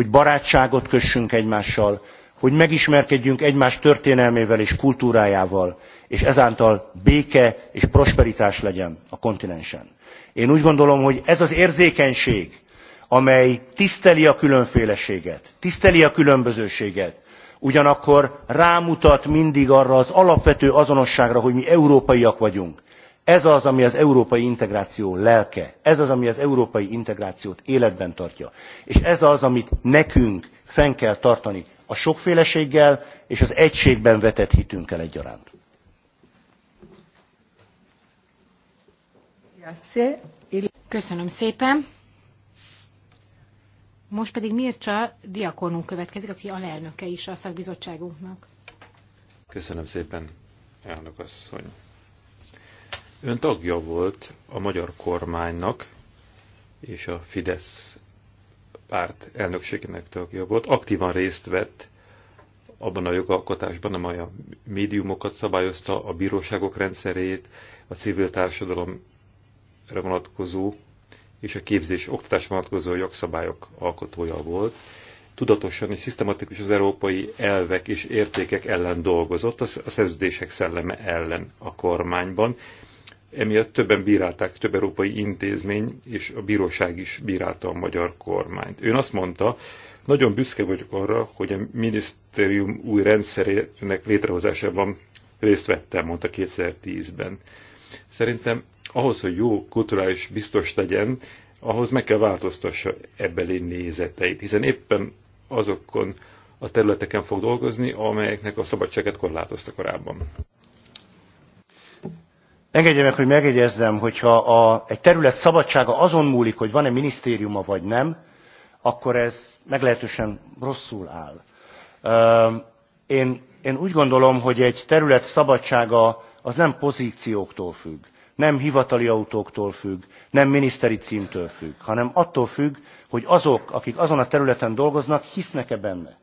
hogy barátságot kössünk egymással, hogy megismerkedjünk egymás történelmével és kultúrájával, és ezáltal béke és prosperitás legyen a kontinensen. Én úgy gondolom, hogy ez az érzékenység, amely tiszteli a különféleséget, tiszteli a különbözőséget, ugyanakkor rámutat mindig arra az alapvető azonosságra, hogy mi európaiak vagyunk, ez az ami az európai integráció lelke ez az ami az európai integrációt életben tartja és ez az amit nekünk fenn kell tartani a sokféleséggel és az egységben vetett hitünkkel egyaránt. Köszönöm szépen. Most pedig Mircsa Diakonunk következik, aki alelnöke is a szakbizottságunknak. Köszönöm szépen, elnök asszony. Ön tagja volt a magyar kormánynak, és a Fidesz párt elnökségének tagja volt. Aktívan részt vett abban a jogalkotásban, amely a médiumokat szabályozta, a bíróságok rendszerét, a civil társadalomra vonatkozó és a képzés oktatás vonatkozó jogszabályok alkotója volt. Tudatosan és szisztematikus az európai elvek és értékek ellen dolgozott, a szerződések szelleme ellen a kormányban, Emiatt többen bírálták, több európai intézmény, és a bíróság is bírálta a magyar kormányt. Ön azt mondta, nagyon büszke vagyok arra, hogy a minisztérium új rendszerének létrehozásában részt vettem, mondta 2010-ben. Szerintem ahhoz, hogy jó kulturális biztos legyen, ahhoz meg kell változtassa ebbeli nézeteit, hiszen éppen azokon a területeken fog dolgozni, amelyeknek a szabadságát korlátozta korábban. Engedje meg, hogy megjegyezzem, hogyha a, egy terület szabadsága azon múlik, hogy van-e minisztériuma vagy nem, akkor ez meglehetősen rosszul áll. Én, én úgy gondolom, hogy egy terület szabadsága az nem pozícióktól függ, nem hivatali autóktól függ, nem miniszteri címtől függ, hanem attól függ, hogy azok, akik azon a területen dolgoznak, hisznek-e benne.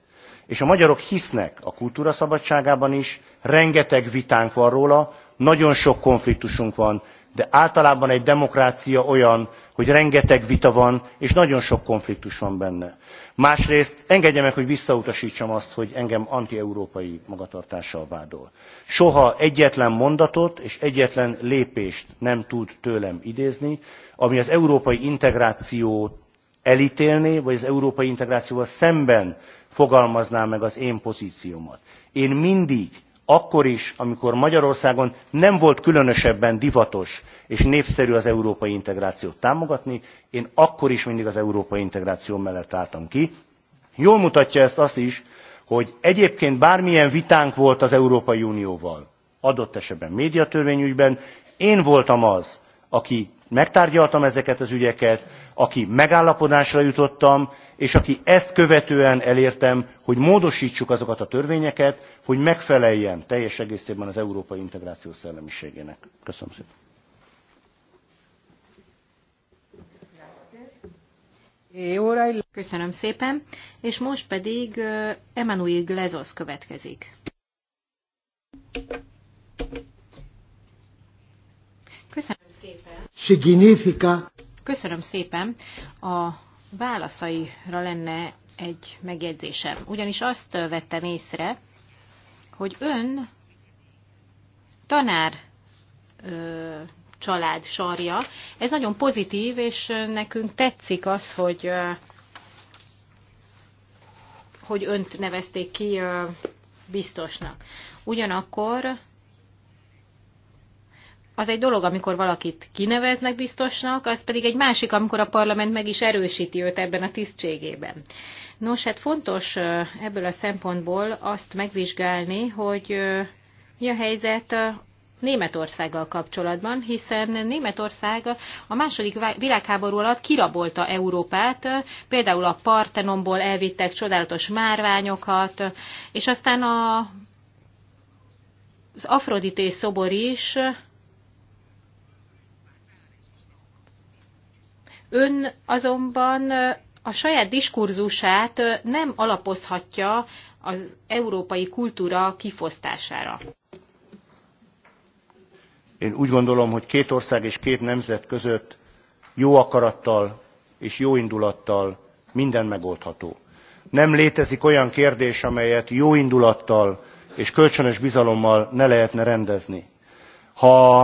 És a magyarok hisznek a kultúra szabadságában is, rengeteg vitánk van róla, nagyon sok konfliktusunk van de általában egy demokrácia olyan hogy rengeteg vita van és nagyon sok konfliktus van benne. másrészt engedje meg hogy visszautastsam azt hogy engem antieurópai magatartással vádol. soha egyetlen mondatot és egyetlen lépést nem tud tőlem idézni ami az európai integrációt eltélné vagy az európai integrációval szemben fogalmazná meg az én pozciómat. én mindig akkor is, amikor Magyarországon nem volt különösebben divatos és népszerű az európai integrációt támogatni, én akkor is mindig az európai integráció mellett álltam ki. Jól mutatja ezt az is, hogy egyébként bármilyen vitánk volt az Európai Unióval, adott esetben médiatörvényügyben, én voltam az, aki megtárgyaltam ezeket az ügyeket, aki megállapodásra jutottam, és aki ezt követően elértem, hogy módosítsuk azokat a törvényeket, hogy megfeleljen teljes egészében az európai integráció szellemiségének. Köszönöm szépen. Köszönöm szépen, és most pedig Emanuel Glezos következik. Köszönöm szépen. Köszönöm szépen. A válaszaira lenne egy megjegyzésem. Ugyanis azt vettem észre, hogy ön tanár ö, család sarja. Ez nagyon pozitív, és nekünk tetszik az, hogy, ö, hogy önt nevezték ki ö, biztosnak. Ugyanakkor az egy dolog, amikor valakit kineveznek biztosnak, az pedig egy másik, amikor a parlament meg is erősíti őt ebben a tisztségében. Nos, hát fontos ebből a szempontból azt megvizsgálni, hogy mi a helyzet Németországgal kapcsolatban, hiszen Németország a második világháború alatt kirabolta Európát, például a Partenomból elvittek csodálatos márványokat, és aztán a, az Afrodité szobor is Ön azonban a saját diskurzusát nem alapozhatja az európai kultúra kifosztására. Én úgy gondolom, hogy két ország és két nemzet között jó akarattal és jó indulattal minden megoldható. Nem létezik olyan kérdés, amelyet jó indulattal és kölcsönös bizalommal ne lehetne rendezni. Ha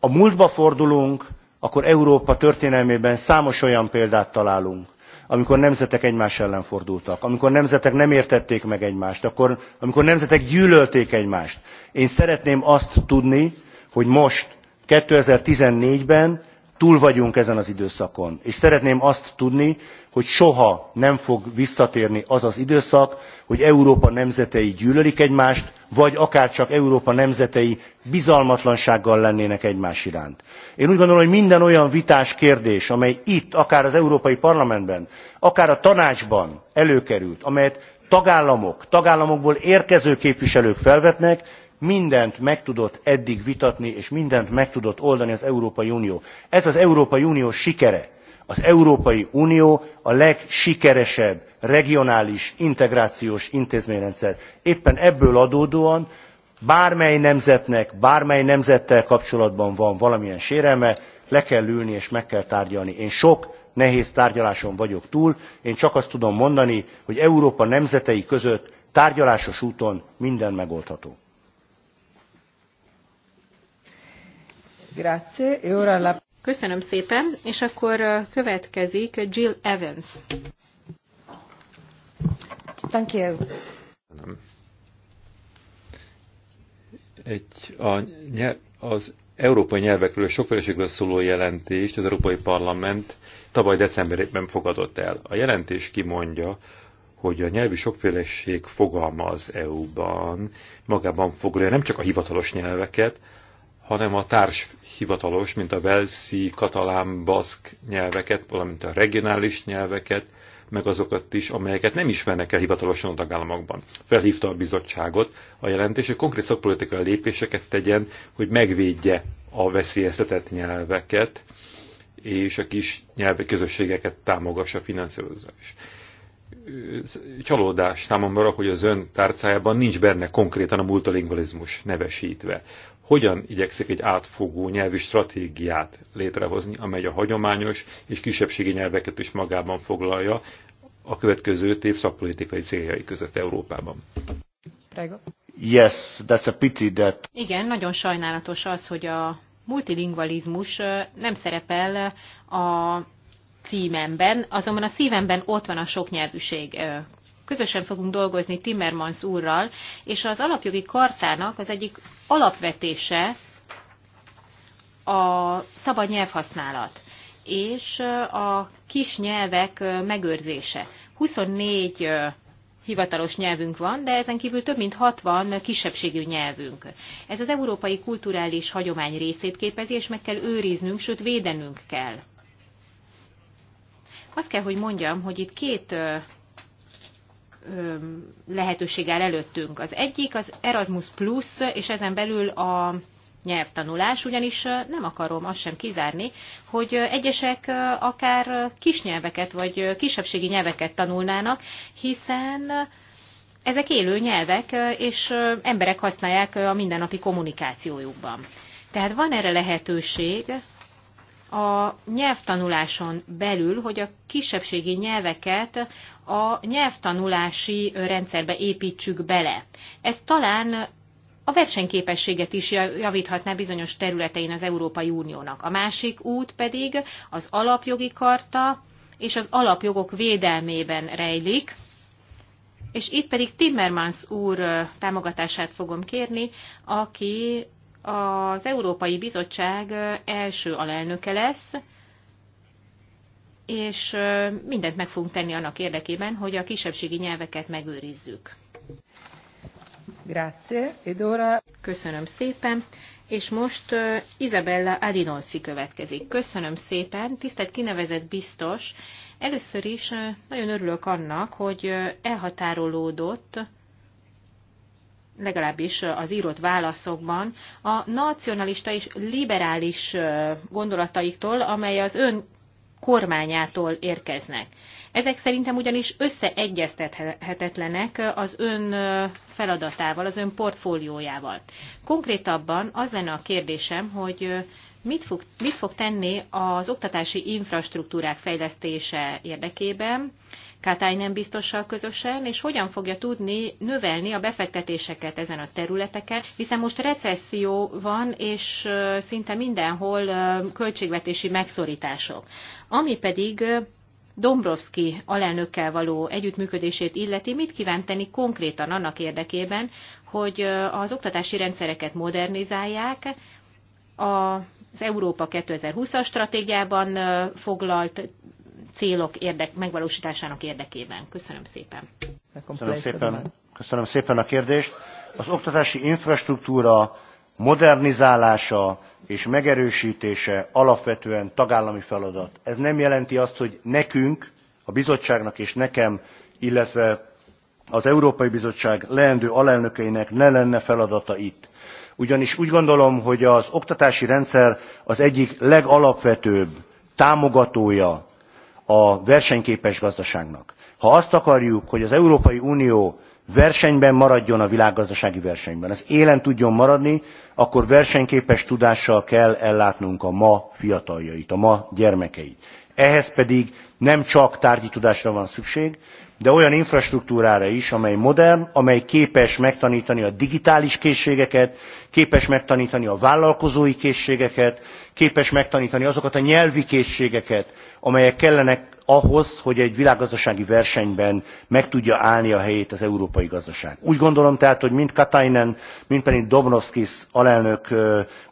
a múltba fordulunk, akkor Európa történelmében számos olyan példát találunk, amikor nemzetek egymás ellen fordultak, amikor nemzetek nem értették meg egymást, akkor, amikor nemzetek gyűlölték egymást. Én szeretném azt tudni, hogy most, 2014-ben túl vagyunk ezen az időszakon és szeretném azt tudni hogy soha nem fog visszatérni az az időszak hogy európa nemzetei gyűlölik egymást vagy akárcsak európa nemzetei bizalmatlansággal lennének egymás iránt. én úgy gondolom hogy minden olyan vitás kérdés amely itt akár az európai parlamentben akár a tanácsban előkerült amelyet tagállamok tagállamokból érkező képviselők felvetnek mindent meg tudott eddig vitatni és mindent meg tudott oldani az európai unió. ez az európai unió sikere. az európai unió a legsikeresebb regionális integrációs intézményrendszer. éppen ebből adódóan bármely nemzetnek bármely nemzettel kapcsolatban van valamilyen sérelme le kell ülni és meg kell tárgyalni. én sok nehéz tárgyaláson vagyok túl én csak azt tudom mondani hogy európa nemzetei között tárgyalásos úton minden megoldható. Grazie. E ora la... Köszönöm szépen, és akkor uh, következik Jill Evans. Thank you. Egy, a, az európai nyelvekről és sokféleségről szóló jelentést az Európai Parlament tavaly decemberében fogadott el. A jelentés kimondja, hogy a nyelvi sokféleség fogalma az EU-ban magában foglalja nem csak a hivatalos nyelveket, hanem a társ hivatalos, mint a velszi, katalán, baszk nyelveket, valamint a regionális nyelveket, meg azokat is, amelyeket nem ismernek el hivatalosan a tagállamokban. Felhívta a bizottságot a jelentés, hogy konkrét szakpolitikai lépéseket tegyen, hogy megvédje a veszélyeztetett nyelveket, és a kis nyelvi közösségeket támogassa finanszírozva is. Csalódás számomra, hogy az ön tárcájában nincs benne konkrétan a multilingualizmus nevesítve hogyan igyekszik egy átfogó nyelvi stratégiát létrehozni, amely a hagyományos és kisebbségi nyelveket is magában foglalja a következő év szakpolitikai céljai között Európában. Prego. Yes, that's a pity that... Igen, nagyon sajnálatos az, hogy a multilingvalizmus nem szerepel a címemben, azonban a szívemben ott van a soknyelvűség Közösen fogunk dolgozni Timmermans úrral, és az alapjogi kartának az egyik alapvetése a szabad nyelvhasználat és a kis nyelvek megőrzése. 24 hivatalos nyelvünk van, de ezen kívül több mint 60 kisebbségű nyelvünk. Ez az európai kulturális hagyomány részét képezi, és meg kell őriznünk, sőt védenünk kell. Azt kell, hogy mondjam, hogy itt két lehetőség áll előttünk. Az egyik az Erasmus Plus, és ezen belül a nyelvtanulás, ugyanis nem akarom azt sem kizárni, hogy egyesek akár kisnyelveket vagy kisebbségi nyelveket tanulnának, hiszen ezek élő nyelvek, és emberek használják a mindennapi kommunikációjukban. Tehát van erre lehetőség, a nyelvtanuláson belül, hogy a kisebbségi nyelveket a nyelvtanulási rendszerbe építsük bele. Ez talán a versenyképességet is javíthatná bizonyos területein az Európai Uniónak. A másik út pedig az alapjogi karta és az alapjogok védelmében rejlik, és itt pedig Timmermans úr támogatását fogom kérni, aki az Európai Bizottság első alelnöke lesz, és mindent meg fogunk tenni annak érdekében, hogy a kisebbségi nyelveket megőrizzük. Grazie, Edora. Köszönöm szépen. És most Isabella Adinolfi következik. Köszönöm szépen, tisztelt kinevezett biztos. Először is nagyon örülök annak, hogy elhatárolódott legalábbis az írott válaszokban, a nacionalista és liberális gondolataiktól, amely az ön kormányától érkeznek. Ezek szerintem ugyanis összeegyeztethetetlenek az ön feladatával, az ön portfóliójával. Konkrétabban az lenne a kérdésem, hogy mit fog, mit fog tenni az oktatási infrastruktúrák fejlesztése érdekében, nem biztossal közösen, és hogyan fogja tudni növelni a befektetéseket ezen a területeken, hiszen most recesszió van, és szinte mindenhol költségvetési megszorítások. Ami pedig Dombrovski alelnökkel való együttműködését illeti, mit kíván tenni konkrétan annak érdekében, hogy az oktatási rendszereket modernizálják, az Európa 2020-as stratégiában foglalt célok érdek, megvalósításának érdekében. Köszönöm szépen. Köszönöm szépen, köszönöm szépen a kérdést. Az oktatási infrastruktúra modernizálása és megerősítése alapvetően tagállami feladat. Ez nem jelenti azt, hogy nekünk, a bizottságnak és nekem, illetve az Európai Bizottság leendő alelnökeinek ne lenne feladata itt. Ugyanis úgy gondolom, hogy az oktatási rendszer az egyik legalapvetőbb támogatója a versenyképes gazdaságnak. Ha azt akarjuk, hogy az Európai Unió versenyben maradjon a világgazdasági versenyben, az élen tudjon maradni, akkor versenyképes tudással kell ellátnunk a ma fiataljait, a ma gyermekeit. Ehhez pedig nem csak tárgyi tudásra van szükség, de olyan infrastruktúrára is, amely modern, amely képes megtanítani a digitális készségeket, képes megtanítani a vállalkozói készségeket, képes megtanítani azokat a nyelvi készségeket, amelyek kellenek ahhoz hogy egy világgazdasági versenyben meg tudja állni a helyét az európai gazdaság. úgy gondolom tehát hogy mind katainen mind pedig dombrovskis alelnök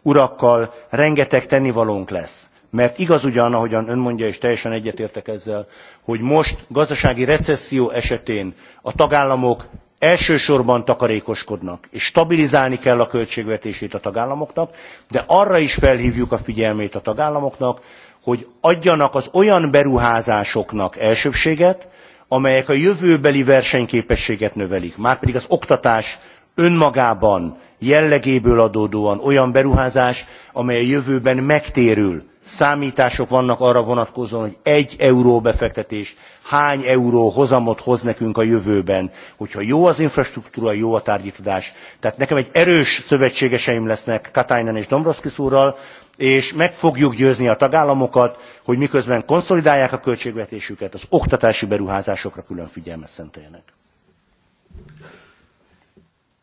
urakkal rengeteg tennivalónk lesz mert igaz ugyan ahogyan ön mondja és teljesen egyetértek ezzel hogy most gazdasági recesszió esetén a tagállamok elsősorban takarékoskodnak és stabilizálni kell a költségvetését a tagállamoknak de arra is felhvjuk a figyelmét a tagállamoknak hogy adjanak az olyan beruházásoknak elsőbséget, amelyek a jövőbeli versenyképességet növelik. Márpedig az oktatás önmagában jellegéből adódóan olyan beruházás, amely a jövőben megtérül. Számítások vannak arra vonatkozóan, hogy egy euró befektetés hány euró hozamot hoz nekünk a jövőben, hogyha jó az infrastruktúra, jó a tárgyi tudás. Tehát nekem egy erős szövetségeseim lesznek Katainen és Dombrovskis úrral, és meg fogjuk győzni a tagállamokat hogy miközben konszolidálják a költségvetésüket az oktatási beruházásokra külön figyelmet szenteljenek.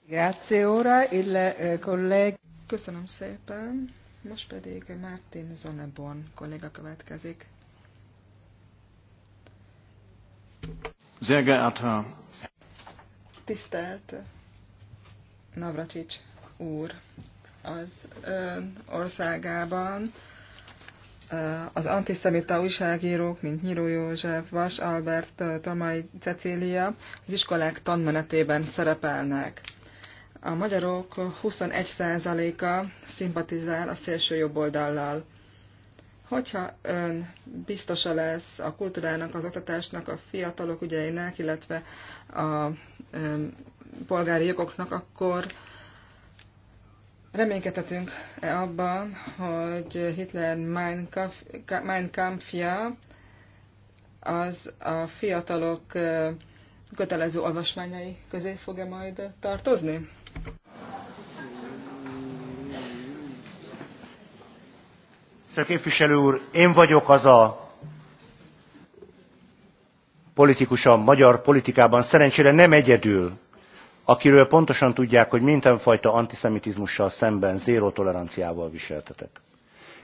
Eh, Köszönöm szépen. Most pedig Martin Zonneborn kollega következik. Sehr geehrter Tisztelt Navracsics úr, az ön országában az antiszemita újságírók, mint Nyíró József, Vas Albert, Tamai Cecília az iskolák tanmenetében szerepelnek. A magyarok 21%-a szimpatizál a szélső oldallal. Hogyha ön biztosa lesz a kultúrának, az oktatásnak, a fiatalok ügyeinek, illetve a polgári jogoknak, akkor Reménykedhetünk e abban, hogy Hitler Mein, Kampf, mein Kampfja az a fiatalok kötelező olvasmányai közé fog-e majd tartozni? Képviselő úr, én vagyok az a politikusom magyar politikában, szerencsére nem egyedül, akiről pontosan tudják, hogy mindenfajta antiszemitizmussal szemben zéró toleranciával viseltetek.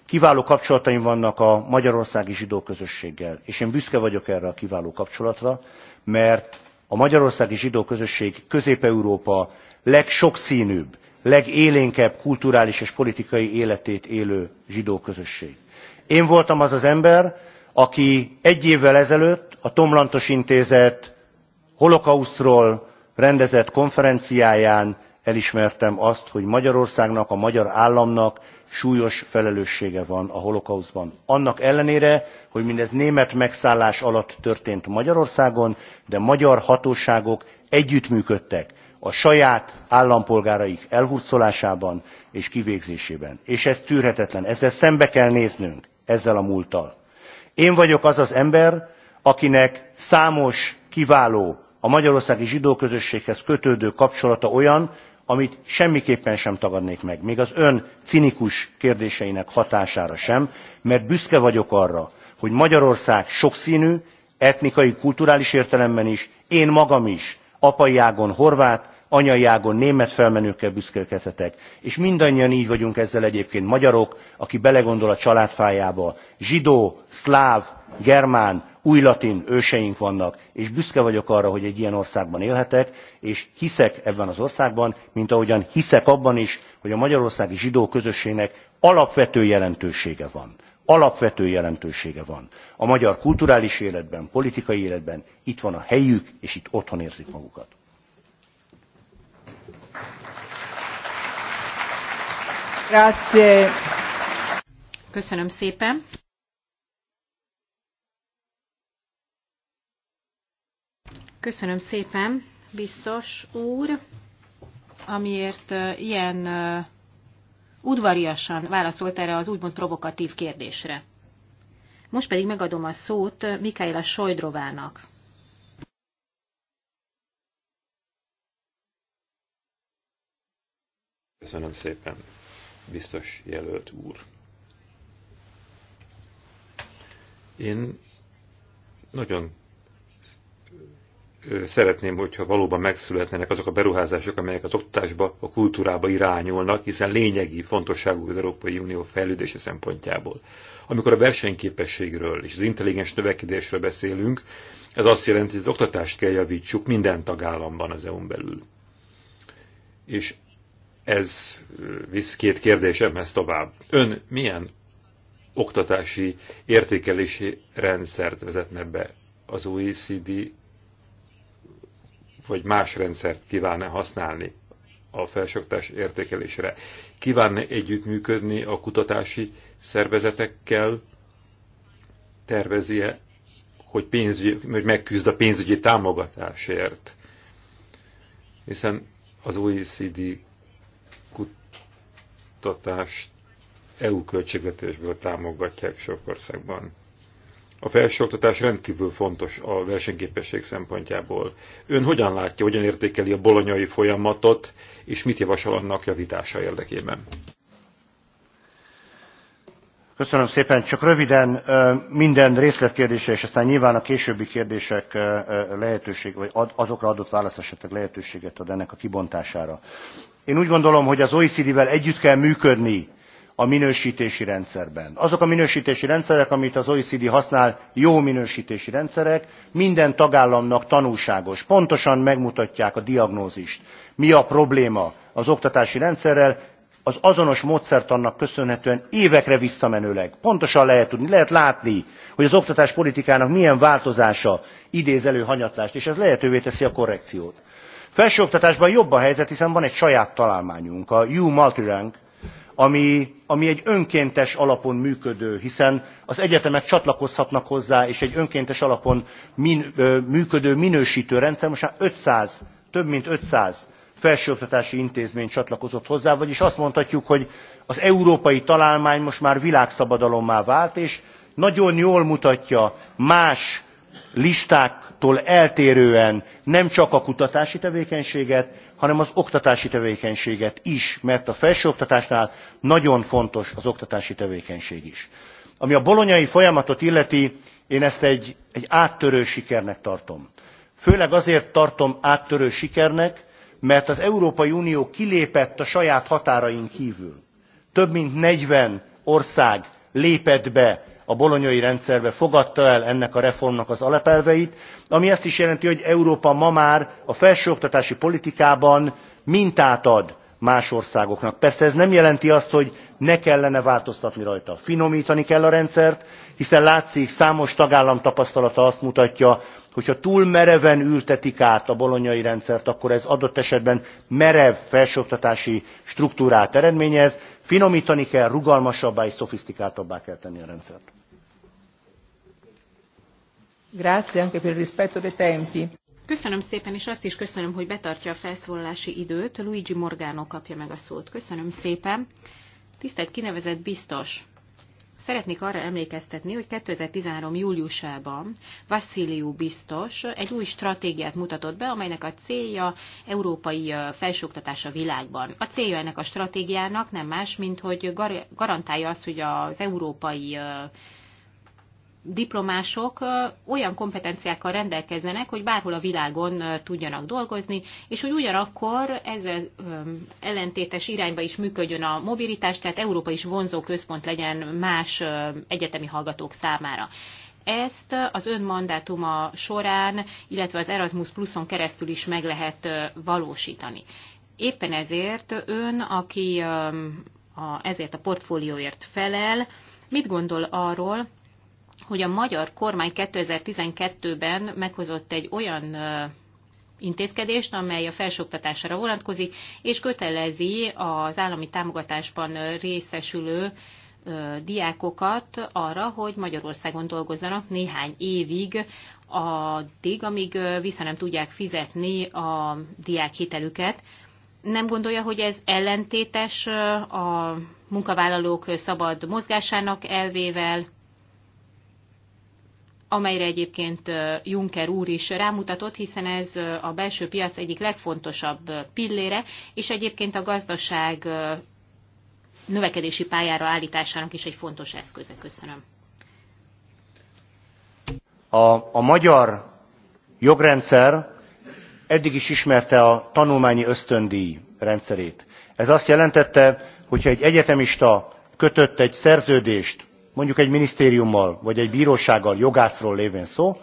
Kiváló kapcsolataim vannak a magyarországi zsidó közösséggel, és én büszke vagyok erre a kiváló kapcsolatra, mert a magyarországi zsidó közösség Közép-Európa legsokszínűbb, legélénkebb kulturális és politikai életét élő zsidó közösség. Én voltam az az ember, aki egy évvel ezelőtt a Tomlantos Intézet holokausztról, rendezett konferenciáján elismertem azt hogy magyarországnak a magyar államnak súlyos felelőssége van a holokauszban annak ellenére hogy mindez német megszállás alatt történt magyarországon de magyar hatóságok együttműködtek a saját állampolgáraik elhurcolásában és kivégzésében és ez tűrhetetlen ezzel szembe kell néznünk ezzel a múlttal. én vagyok az az ember akinek számos kiváló a magyarországi zsidó közösséghez kötődő kapcsolata olyan amit semmiképpen sem tagadnék meg még az ön cinikus kérdéseinek hatására sem mert büszke vagyok arra hogy magyarország soksznű etnikai kulturális értelemben is én magam is apai ágon horvát anyai ágon német felmenőkkel büszkélkedhetek és mindannyian gy vagyunk ezzel egyébként magyarok aki belegondol a családfájába zsidó szláv germán új latin őseink vannak, és büszke vagyok arra, hogy egy ilyen országban élhetek, és hiszek ebben az országban, mint ahogyan hiszek abban is, hogy a magyarországi zsidó közösségnek alapvető jelentősége van. Alapvető jelentősége van. A magyar kulturális életben, politikai életben itt van a helyük, és itt otthon érzik magukat. Grazie. Köszönöm szépen. Köszönöm szépen, biztos úr, amiért ilyen udvariasan válaszolt erre az úgymond provokatív kérdésre. Most pedig megadom a szót Mikaela Sojdrovának. Köszönöm szépen, biztos jelölt úr. Én nagyon szeretném, hogyha valóban megszületnének azok a beruházások, amelyek az oktatásba, a kultúrába irányulnak, hiszen lényegi fontosságú az Európai Unió fejlődése szempontjából. Amikor a versenyképességről és az intelligens növekedésről beszélünk, ez azt jelenti, hogy az oktatást kell javítsuk minden tagállamban az EU-n belül. És ez visz két kérdésemhez tovább. Ön milyen oktatási értékelési rendszert vezetne be az OECD vagy más rendszert kívánne használni a felsőoktatás értékelésre. Kívánne együttműködni a kutatási szervezetekkel, tervezie, hogy, pénzügyi, hogy megküzd a pénzügyi támogatásért. Hiszen az OECD kutatást EU költségvetésből támogatják sok országban. A felsőoktatás rendkívül fontos a versenyképesség szempontjából. Ön hogyan látja, hogyan értékeli a bolonyai folyamatot, és mit javasol annak javítása érdekében? Köszönöm szépen. Csak röviden minden részletkérdése, és aztán nyilván a későbbi kérdések lehetőség, vagy azokra adott válasz esetleg lehetőséget ad ennek a kibontására. Én úgy gondolom, hogy az OECD-vel együtt kell működni a minőstési rendszerben. azok a minőstési rendszerek amit az oecd használ jó minőstési rendszerek minden tagállamnak tanulságos pontosan megmutatják a diagnózist mi a probléma az oktatási rendszerrel az azonos módszertannak köszönhetően évekre visszamenőleg pontosan lehet tudni lehet látni hogy az oktatáspolitikának milyen változása idéz elő hanyatlást és ez lehetővé teszi a korrekciót. felsőoktatásban jobb a helyzet hiszen van egy saját találmányunk a u multirank ami, ami egy önkéntes alapon működő, hiszen az egyetemek csatlakozhatnak hozzá, és egy önkéntes alapon min, működő minősítő rendszer most már 500, több mint 500 felsőoktatási intézmény csatlakozott hozzá, vagyis azt mondhatjuk, hogy az európai találmány most már világszabadalommá vált, és nagyon jól mutatja más listáktól eltérően nem csak a kutatási tevékenységet, hanem az oktatási tevékenységet is, mert a felsőoktatásnál nagyon fontos az oktatási tevékenység is. Ami a bolonyai folyamatot illeti, én ezt egy, egy áttörő sikernek tartom. Főleg azért tartom áttörő sikernek, mert az Európai Unió kilépett a saját határain kívül. Több mint 40 ország lépett be a bolonyai rendszerbe fogadta el ennek a reformnak az alapelveit ami azt is jelenti hogy európa ma már a felsőoktatási politikában mintát ad más országoknak. persze ez nem jelenti azt hogy ne kellene változtatni rajta finomtani kell a rendszert hiszen látszik számos tagállam tapasztalata azt mutatja hogy ha túl mereven ültetik át a bolonyai rendszert akkor ez adott esetben merev felsőoktatási struktúrát eredményez finomtani kell rugalmasabbá és szofisztikáltabbá kell tenni a rendszert. Köszönöm szépen, és azt is köszönöm, hogy betartja a felszólalási időt. Luigi Morgano kapja meg a szót. Köszönöm szépen. Tisztelt kinevezett biztos! Szeretnék arra emlékeztetni, hogy 2013. júliusában Vassziliu biztos egy új stratégiát mutatott be, amelynek a célja európai felsőoktatás a világban. A célja ennek a stratégiának nem más, mint hogy garantálja azt, hogy az európai diplomások olyan kompetenciákkal rendelkezzenek, hogy bárhol a világon tudjanak dolgozni, és hogy ugyanakkor ezzel ellentétes irányba is működjön a mobilitás, tehát Európa is vonzó központ legyen más egyetemi hallgatók számára. Ezt az ön mandátuma során, illetve az Erasmus Pluson keresztül is meg lehet valósítani. Éppen ezért ön, aki ezért a portfólióért felel, mit gondol arról, hogy a magyar kormány 2012-ben meghozott egy olyan intézkedést, amely a felsőoktatásra vonatkozik, és kötelezi az állami támogatásban részesülő diákokat arra, hogy Magyarországon dolgozzanak néhány évig, addig, amíg vissza nem tudják fizetni a diákhitelüket. Nem gondolja, hogy ez ellentétes a munkavállalók szabad mozgásának elvével, amelyre egyébként Juncker úr is rámutatott, hiszen ez a belső piac egyik legfontosabb pillére, és egyébként a gazdaság növekedési pályára állításának is egy fontos eszköze. Köszönöm. A, a magyar jogrendszer eddig is ismerte a tanulmányi ösztöndíj rendszerét. Ez azt jelentette, hogyha egy egyetemista kötött egy szerződést mondjuk egy minisztériummal vagy egy brósággal jogászról lévén szó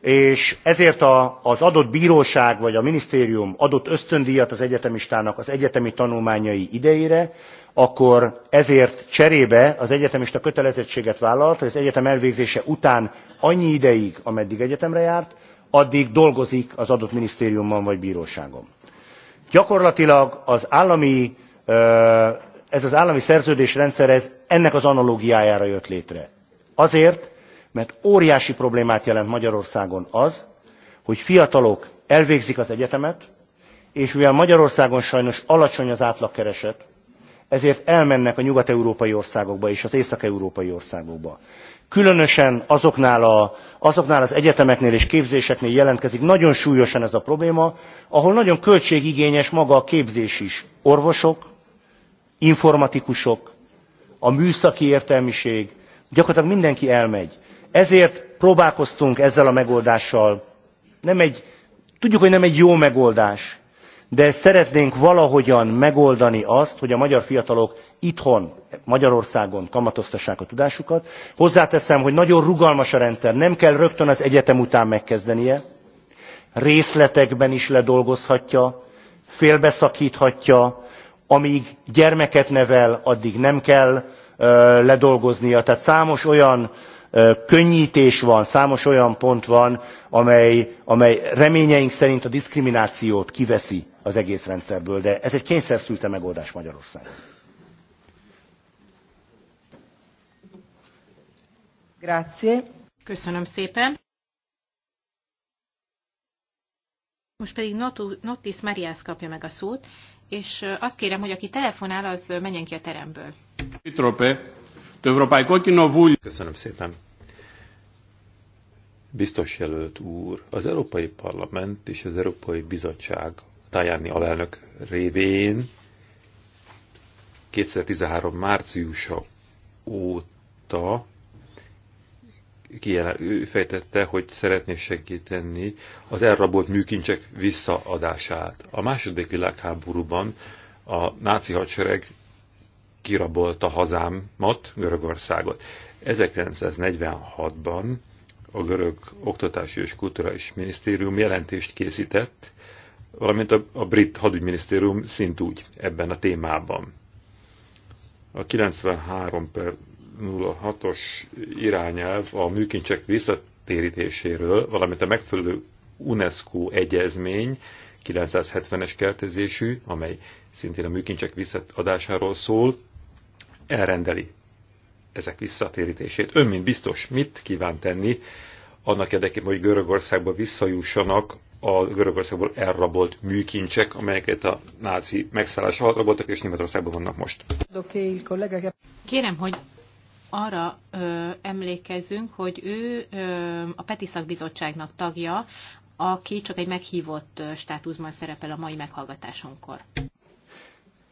és ezért az adott bróság vagy a minisztérium adott ösztöndjat az egyetemistának az egyetemi tanulmányai idejére akkor ezért cserébe az egyetemista kötelezettséget vállalt hogy az egyetem elvégzése után annyi ideig ameddig egyetemre járt addig dolgozik az adott minisztériumban vagy bróságon. gyakorlatilag az állami ez az állami szerződésrendszer ez ennek az analógiájára jött létre. Azért, mert óriási problémát jelent Magyarországon az, hogy fiatalok elvégzik az egyetemet, és mivel Magyarországon sajnos alacsony az átlagkereset, ezért elmennek a nyugat-európai országokba és az észak-európai országokba. Különösen azoknál, a, azoknál az egyetemeknél és képzéseknél jelentkezik nagyon súlyosan ez a probléma, ahol nagyon költségigényes maga a képzés is. Orvosok, informatikusok, a műszaki értelmiség, gyakorlatilag mindenki elmegy. Ezért próbálkoztunk ezzel a megoldással. Nem egy, tudjuk, hogy nem egy jó megoldás, de szeretnénk valahogyan megoldani azt, hogy a magyar fiatalok itthon, Magyarországon kamatoztassák a tudásukat. Hozzáteszem, hogy nagyon rugalmas a rendszer, nem kell rögtön az egyetem után megkezdenie, részletekben is ledolgozhatja, félbeszakíthatja, amg gyermeket nevel addig nem kell ledolgoznia tehát számos olyan könnytés van számos olyan pont van amely, amely reményeink szerint a diszkriminációt kiveszi az egész rendszerből de ez egy kényszerszülte megoldás magyarországon. Grazie. Köszönöm szépen. Most pedig Notis Marias kapja meg a szót, és azt kérem, hogy aki telefonál, az menjen ki a teremből. Köszönöm szépen. Biztos jelölt úr, az Európai Parlament és az Európai Bizottság tájárni alelnök révén 2013 márciusa óta fejtette, hogy szeretné segíteni az elrabolt műkincsek visszaadását. A második világháborúban a náci hadsereg kirabolta hazámat, Görögországot. 1946-ban a görög oktatási és kulturális minisztérium jelentést készített, valamint a, a brit hadügyminisztérium szintúgy ebben a témában. A 93 per 06-os irányelv a műkincsek visszatérítéséről, valamint a megfelelő UNESCO egyezmény 970-es kertezésű, amely szintén a műkincsek visszaadásáról szól, elrendeli ezek visszatérítését. Ön, mint biztos, mit kíván tenni annak érdekében, hogy Görögországba visszajussanak a Görögországból elrabolt műkincsek, amelyeket a náci megszállás alatt raboltak, és Németországban vannak most. Kérem, hogy arra ö, emlékezünk, hogy ő ö, a Peti Szakbizottságnak tagja, aki csak egy meghívott státuszban szerepel a mai meghallgatásunkkor.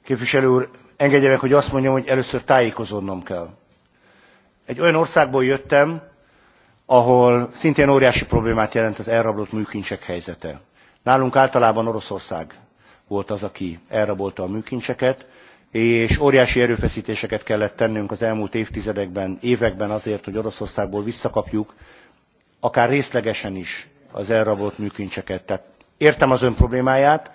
Képviselő úr, engedje meg, hogy azt mondjam, hogy először tájékozódnom kell. Egy olyan országból jöttem, ahol szintén óriási problémát jelent az elrablott műkincsek helyzete. Nálunk általában Oroszország volt az, aki elrabolta a műkincseket, és óriási erőfeszítéseket kellett tennünk az elmúlt évtizedekben, években azért, hogy Oroszországból visszakapjuk, akár részlegesen is az elrabolt műkincseket. Tehát értem az ön problémáját,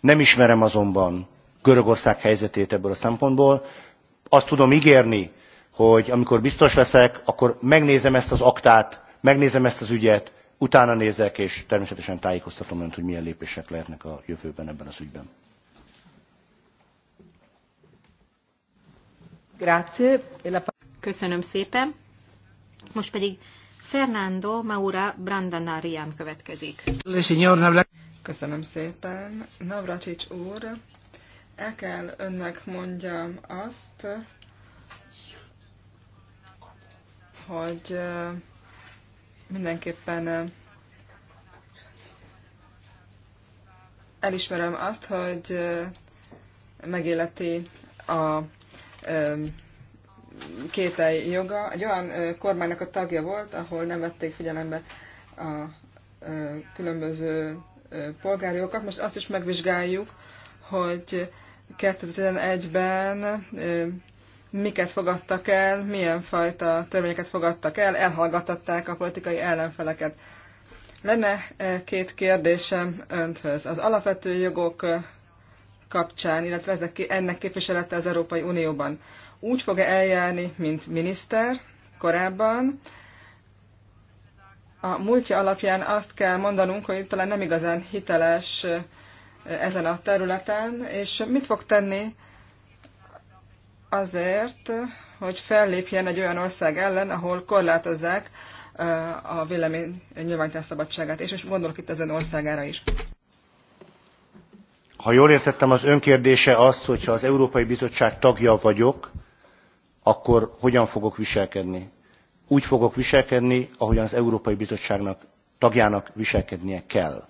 nem ismerem azonban Görögország helyzetét ebből a szempontból. Azt tudom ígérni, hogy amikor biztos leszek, akkor megnézem ezt az aktát, megnézem ezt az ügyet, utána nézek, és természetesen tájékoztatom önt, hogy milyen lépések lehetnek a jövőben ebben az ügyben. E Köszönöm szépen. Most pedig Fernando Maura Brandanarian következik. Köszönöm szépen. Navracsics úr, el kell önnek mondjam azt, hogy mindenképpen elismerem azt, hogy megéleti a kételj joga. Egy olyan kormánynak a tagja volt, ahol nem vették figyelembe a különböző polgári jogokat. Most azt is megvizsgáljuk, hogy 2011-ben miket fogadtak el, milyen fajta törvényeket fogadtak el, elhallgattatták a politikai ellenfeleket. Lenne két kérdésem önthöz. Az alapvető jogok kapcsán, illetve ezek, ennek képviselete az Európai Unióban. Úgy fog -e eljárni, mint miniszter korábban. A múltja alapján azt kell mondanunk, hogy talán nem igazán hiteles ezen a területen, és mit fog tenni azért, hogy fellépjen egy olyan ország ellen, ahol korlátozzák a vélemény nyilvánítás szabadságát, és most gondolok itt az ön országára is ha jól értettem az ön kérdése az hogy ha az európai bizottság tagja vagyok akkor hogyan fogok viselkedni. úgy fogok viselkedni ahogyan az európai bizottság tagjának viselkednie kell.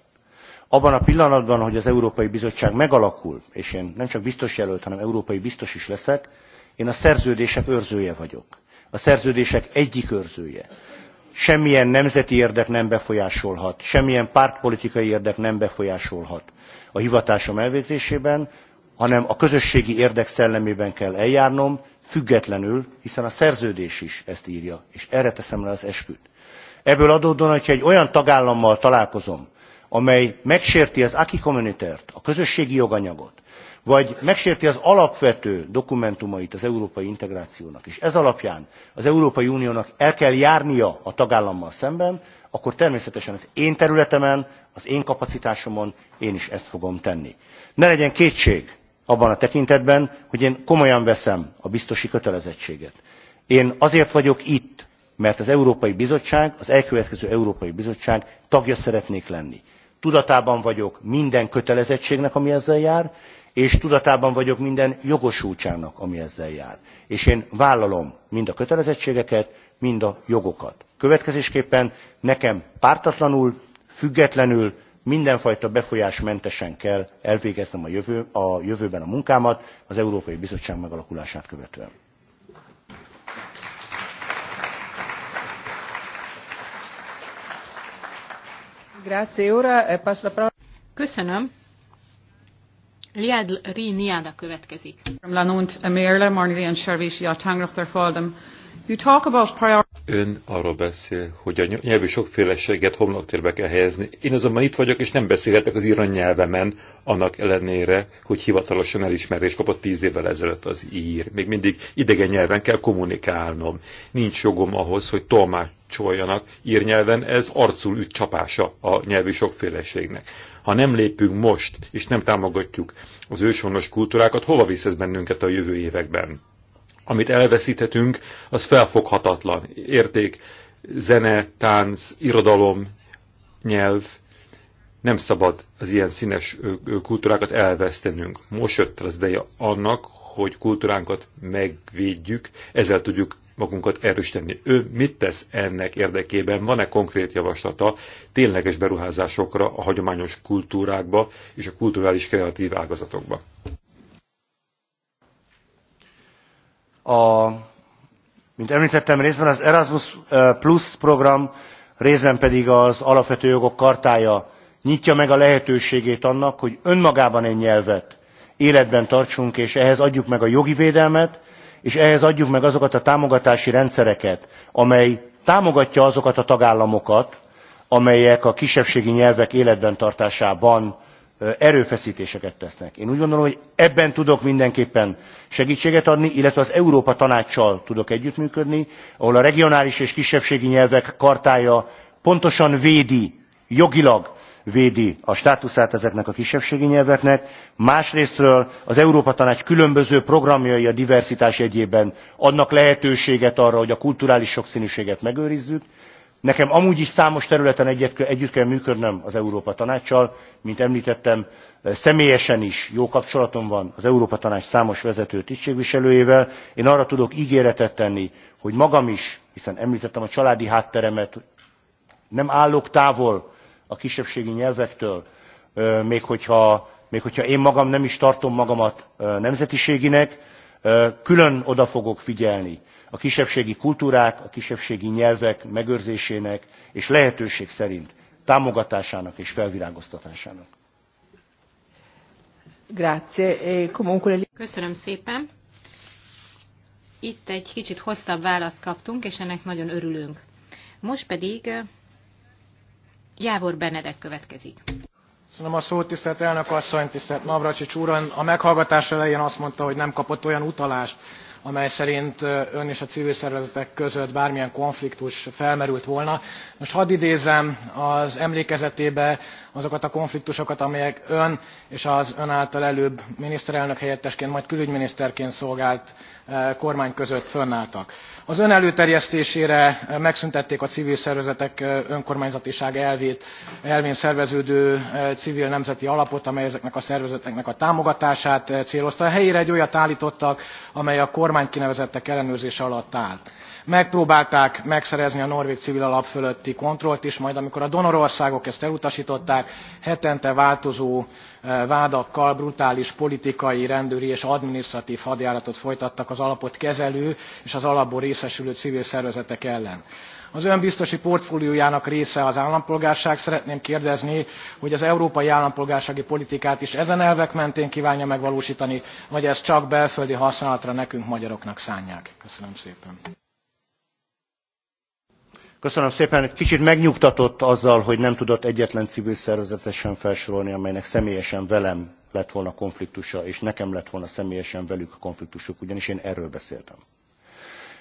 abban a pillanatban hogy az európai bizottság megalakul és én nem csak biztos jelölt hanem európai biztos is leszek én a szerződések őrzője vagyok. a szerződések egyik őrzője. semmilyen nemzeti érdek nem befolyásolhat semmilyen pártpolitikai érdek nem befolyásolhat a hivatásom elvégzésében hanem a közösségi érdek szellemében kell eljárnom függetlenül hiszen a szerződés is ezt rja és erre teszem le az esküt. ebből adódóan hogyha egy olyan tagállammal találkozom amely megsérti az acquis communautaire t a közösségi joganyagot vagy megsérti az alapvető dokumentumait az európai integrációnak és ez alapján az európai uniónak el kell járnia a tagállammal szemben akkor természetesen az én területemen az én kapacitásomon én is ezt fogom tenni. Ne legyen kétség abban a tekintetben, hogy én komolyan veszem a biztosi kötelezettséget. Én azért vagyok itt, mert az Európai Bizottság, az elkövetkező Európai Bizottság tagja szeretnék lenni. Tudatában vagyok minden kötelezettségnek, ami ezzel jár, és tudatában vagyok minden jogosultságnak, ami ezzel jár. És én vállalom mind a kötelezettségeket, mind a jogokat. Következésképpen nekem pártatlanul, függetlenül mindenfajta befolyásmentesen kell elvégeznem a, jövő, a jövőben a munkámat az európai bizottság megalakulását követően. Eh, Köszönöm. Liad Ri Niada következik. Lanunt a mérle, marnili an servis, ja tangraftar You talk about Ön arról beszél, hogy a nyelvi sokféleséget homloktérbe kell helyezni. Én azonban itt vagyok, és nem beszélhetek az írany nyelvemen, annak ellenére, hogy hivatalosan elismerést kapott tíz évvel ezelőtt az ír. Még mindig idegen nyelven kell kommunikálnom. Nincs jogom ahhoz, hogy tolmácsoljanak írnyelven, ez arcul üt csapása a nyelvi sokféleségnek. Ha nem lépünk most, és nem támogatjuk az őshonos kultúrákat, hova visz ez bennünket a jövő években? amit elveszíthetünk, az felfoghatatlan. Érték, zene, tánc, irodalom, nyelv. Nem szabad az ilyen színes kultúrákat elvesztenünk. Most jött az ideje annak, hogy kultúránkat megvédjük, ezzel tudjuk magunkat erősíteni. Ő mit tesz ennek érdekében? Van-e konkrét javaslata tényleges beruházásokra a hagyományos kultúrákba és a kulturális kreatív ágazatokba? A, mint említettem, részben az Erasmus Plus program, részben pedig az alapvető jogok kartája nyitja meg a lehetőségét annak, hogy önmagában egy nyelvet életben tartsunk, és ehhez adjuk meg a jogi védelmet, és ehhez adjuk meg azokat a támogatási rendszereket, amely támogatja azokat a tagállamokat, amelyek a kisebbségi nyelvek életben tartásában erőfesztéseket tesznek. én úgy gondolom hogy ebben tudok mindenképpen segtséget adni illetve az európa tanáccsal tudok együttműködni ahol a regionális és kisebbségi nyelvek chartája pontosan védi jogilag védi a státuszát ezeknek a kisebbségi nyelveknek másrészről az európa tanács különböző programjai a diverzitás jegyében adnak lehetőséget arra hogy a kulturális soksznűséget megőrizzük nekem amúgy is számos területen egyet, együtt kell működnöm az európa tanácssal mint emltettem eh, személyesen is jó kapcsolatom van az európa tanács számos vezető tisztségviselőjével én arra tudok géretet tenni hogy magam is hiszen emltettem a családi hátteremet nem állok távol a kisebbségi nyelvektől eh, még hogyha, még hogyha én magam nem is tartom magamat eh, nemzetiséginek külön oda fogok figyelni a kisebbségi kultúrák, a kisebbségi nyelvek megőrzésének és lehetőség szerint támogatásának és felvirágoztatásának. Grazie. E, Köszönöm szépen. Itt egy kicsit hosszabb választ kaptunk, és ennek nagyon örülünk. Most pedig e, Jávor Benedek következik. Köszönöm a szót, tisztelt elnök asszony, tisztelt Navracsics úr. A meghallgatás elején azt mondta, hogy nem kapott olyan utalást, amely szerint ön és a civil szervezetek között bármilyen konfliktus felmerült volna. Most hadd idézem az emlékezetébe azokat a konfliktusokat, amelyek ön és az ön által előbb miniszterelnök helyettesként, majd külügyminiszterként szolgált kormány között fönnálltak az ön előterjesztésére megszüntették a civil szervezetek önkormányzatiság elvét, elvén szerveződő civil nemzeti alapot, amely ezeknek a szervezeteknek a támogatását célozta. A helyére egy olyat állítottak, amely a kormány kinevezettek ellenőrzése alatt állt megpróbálták megszerezni a norvég civil alap fölötti kontrollt is, majd amikor a donorországok ezt elutastották hetente változó eh, vádakkal brutális politikai, rendőri és adminisztratv hadjáratot folytattak az alapot kezelő és az alapból részesülő civil szervezetek ellen. Az biztosi portfóliójának része az állampolgárság. Szeretném kérdezni, hogy az európai állampolgársági politikát is ezen elvek mentén kvánja megvalósítani, vagy ezt csak belföldi használatra nekünk magyaroknak szánják. Köszönöm szépen. Köszönöm szépen. Kicsit megnyugtatott azzal, hogy nem tudott egyetlen civil szervezetet sem felsorolni, amelynek személyesen velem lett volna konfliktusa, és nekem lett volna személyesen velük konfliktusuk, ugyanis én erről beszéltem.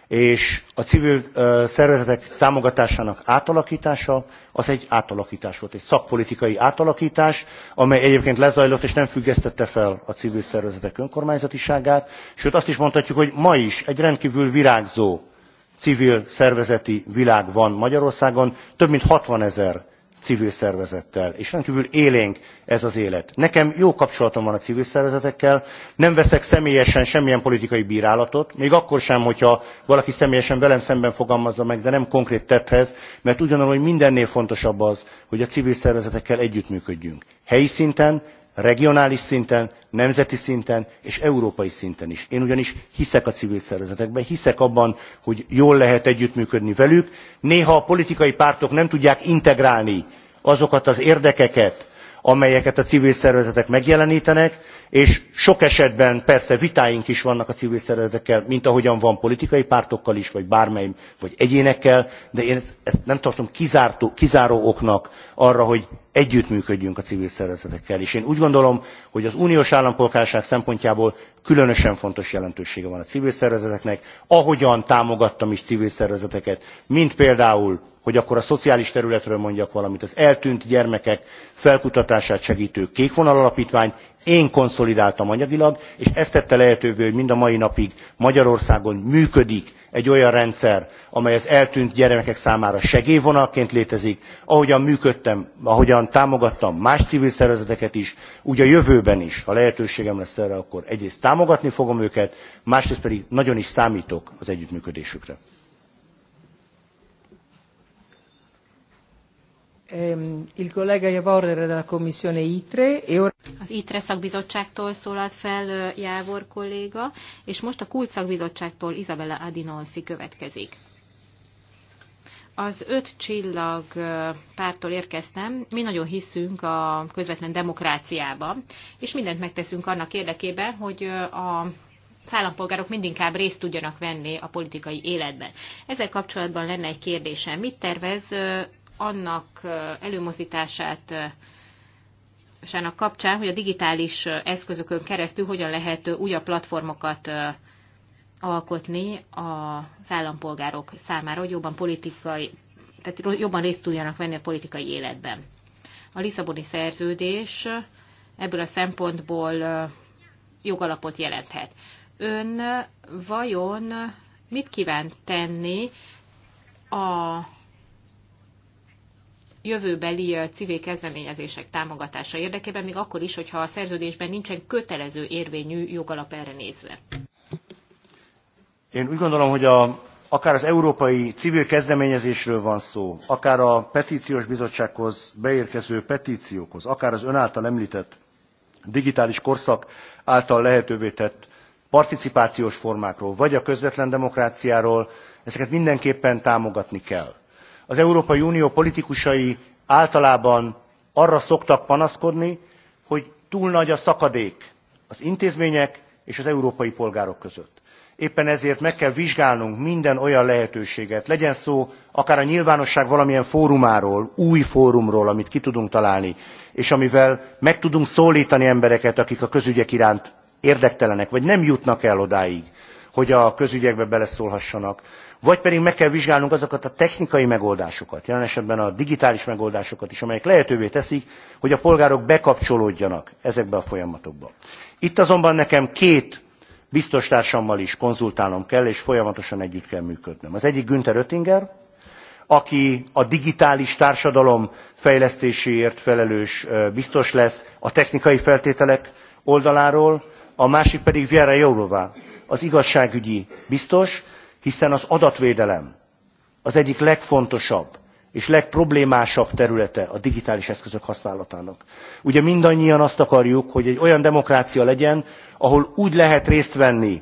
És a civil szervezetek támogatásának átalakítása az egy átalakítás volt, egy szakpolitikai átalakítás, amely egyébként lezajlott és nem függesztette fel a civil szervezetek önkormányzatiságát, sőt azt is mondhatjuk, hogy ma is egy rendkívül virágzó civil szervezeti világ van magyarországon több mint sixty ezer civil szervezettel és rendkvül élénk ez az élet. nekem jó kapcsolatom van a civil szervezetekkel nem veszek személyesen semmilyen politikai brálatot még akkor sem hogyha valaki személyesen velem szemben fogalmazza meg de nem konkrét tetthez mert úgy gondolom hogy mindennél fontosabb az hogy a civil szervezetekkel együttműködjünk helyi szinten regionális szinten nemzeti szinten és európai szinten is. én ugyanis hiszek a civil szervezetekben hiszek abban hogy jól lehet együttműködni velük néha a politikai pártok nem tudják integrálni azokat az érdekeket amelyeket a civil szervezetek megjelentenek és sok esetben persze vitáink is vannak a civil szervezetekkel mint ahogyan van politikai pártokkal is vagy bármely vagy egyénekkel de én ezt nem tartom kizártó, kizáró oknak arra hogy együttműködjünk a civil szervezetekkel és én úgy gondolom hogy az uniós állampolgárság szempontjából különösen fontos jelentősége van a civil szervezeteknek ahogyan támogattam is civil szervezeteket mint például hogy akkor a szociális területről mondjak valamit az eltűnt gyermekek felkutatását segtő kékvonal alaptványt én konszolidáltam anyagilag és ez tette lehetővé hogy mind a mai napig magyarországon működik egy olyan rendszer amely az eltűnt gyermekek számára segélyvonalként létezik ahogyan működtem ahogyan támogattam más civil szervezeteket is úgy a jövőben is ha lehetőségem lesz erre akkor egyrészt támogatni fogom őket másrészt pedig nagyon is számtok az együttműködésükre. Ehm, il collega della Commissione ITRE. E az ITRE szakbizottságtól szólalt fel Jávor kolléga, és most a KULC szakbizottságtól Izabella Adinolfi következik. Az öt csillag pártól érkeztem, mi nagyon hiszünk a közvetlen demokráciába, és mindent megteszünk annak érdekében, hogy a az állampolgárok mindinkább részt tudjanak venni a politikai életben. Ezzel kapcsolatban lenne egy kérdésem. Mit tervez annak előmozdítását ennek kapcsán, hogy a digitális eszközökön keresztül hogyan lehet újabb platformokat alkotni az állampolgárok számára, hogy jobban politikai, tehát jobban részt tudjanak venni a politikai életben. A Lisszaboni szerződés ebből a szempontból jogalapot jelenthet. Ön vajon mit kíván tenni a jövőbeli civil kezdeményezések támogatása érdekében, még akkor is, hogyha a szerződésben nincsen kötelező érvényű jogalap erre nézve. Én úgy gondolom, hogy a, akár az európai civil kezdeményezésről van szó, akár a petíciós bizottsághoz beérkező petíciókhoz, akár az ön által említett digitális korszak által lehetővé tett participációs formákról, vagy a közvetlen demokráciáról, ezeket mindenképpen támogatni kell az európai unió politikusai általában arra szoktak panaszkodni hogy túl nagy a szakadék az intézmények és az európai polgárok között. éppen ezért meg kell vizsgálnunk minden olyan lehetőséget legyen szó akár a nyilvánosság valamilyen fórumáról új fórumról amit ki tudunk találni és amivel meg tudunk szóltani embereket akik a közügyek iránt érdektelenek vagy nem jutnak el odáig hogy a közügyekbe beleszólhassanak vagy pedig meg kell vizsgálnunk azokat a technikai megoldásokat, jelen esetben a digitális megoldásokat is, amelyek lehetővé teszik, hogy a polgárok bekapcsolódjanak ezekbe a folyamatokba. Itt azonban nekem két biztostársammal is konzultálnom kell, és folyamatosan együtt kell működnöm. Az egyik Günther Oettinger, aki a digitális társadalom fejlesztéséért felelős biztos lesz a technikai feltételek oldaláról, a másik pedig Viera Jourová, az igazságügyi biztos, hiszen az adatvédelem az egyik legfontosabb és legproblémásabb területe a digitális eszközök használatának. Ugye mindannyian azt akarjuk, hogy egy olyan demokrácia legyen, ahol úgy lehet részt venni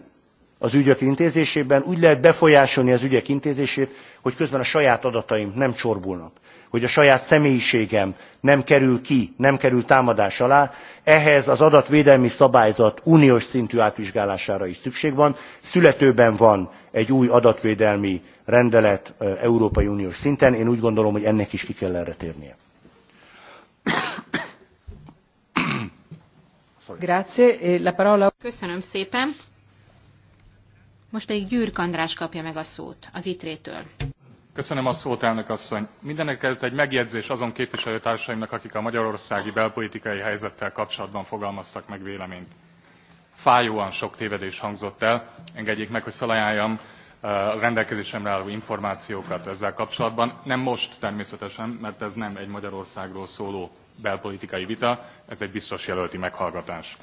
az ügyek intézésében, úgy lehet befolyásolni az ügyek intézését, hogy közben a saját adataim nem csorbulnak hogy a saját személyiségem nem kerül ki, nem kerül támadás alá, ehhez az adatvédelmi szabályzat uniós szintű átvizsgálására is szükség van. Születőben van egy új adatvédelmi rendelet Európai Uniós szinten, én úgy gondolom, hogy ennek is ki kell erre térnie. E Köszönöm szépen. Most pedig Gyűrk András kapja meg a szót az ITRÉ-től. Köszönöm a szót, elnök asszony. Mindenekelőtt egy megjegyzés azon képviselőtársaimnak, akik a magyarországi belpolitikai helyzettel kapcsolatban fogalmaztak meg véleményt. Fájóan sok tévedés hangzott el. Engedjék meg, hogy felajánljam a rendelkezésemre álló információkat ezzel kapcsolatban. Nem most természetesen, mert ez nem egy Magyarországról szóló belpolitikai vita, ez egy biztos jelölti meghallgatás.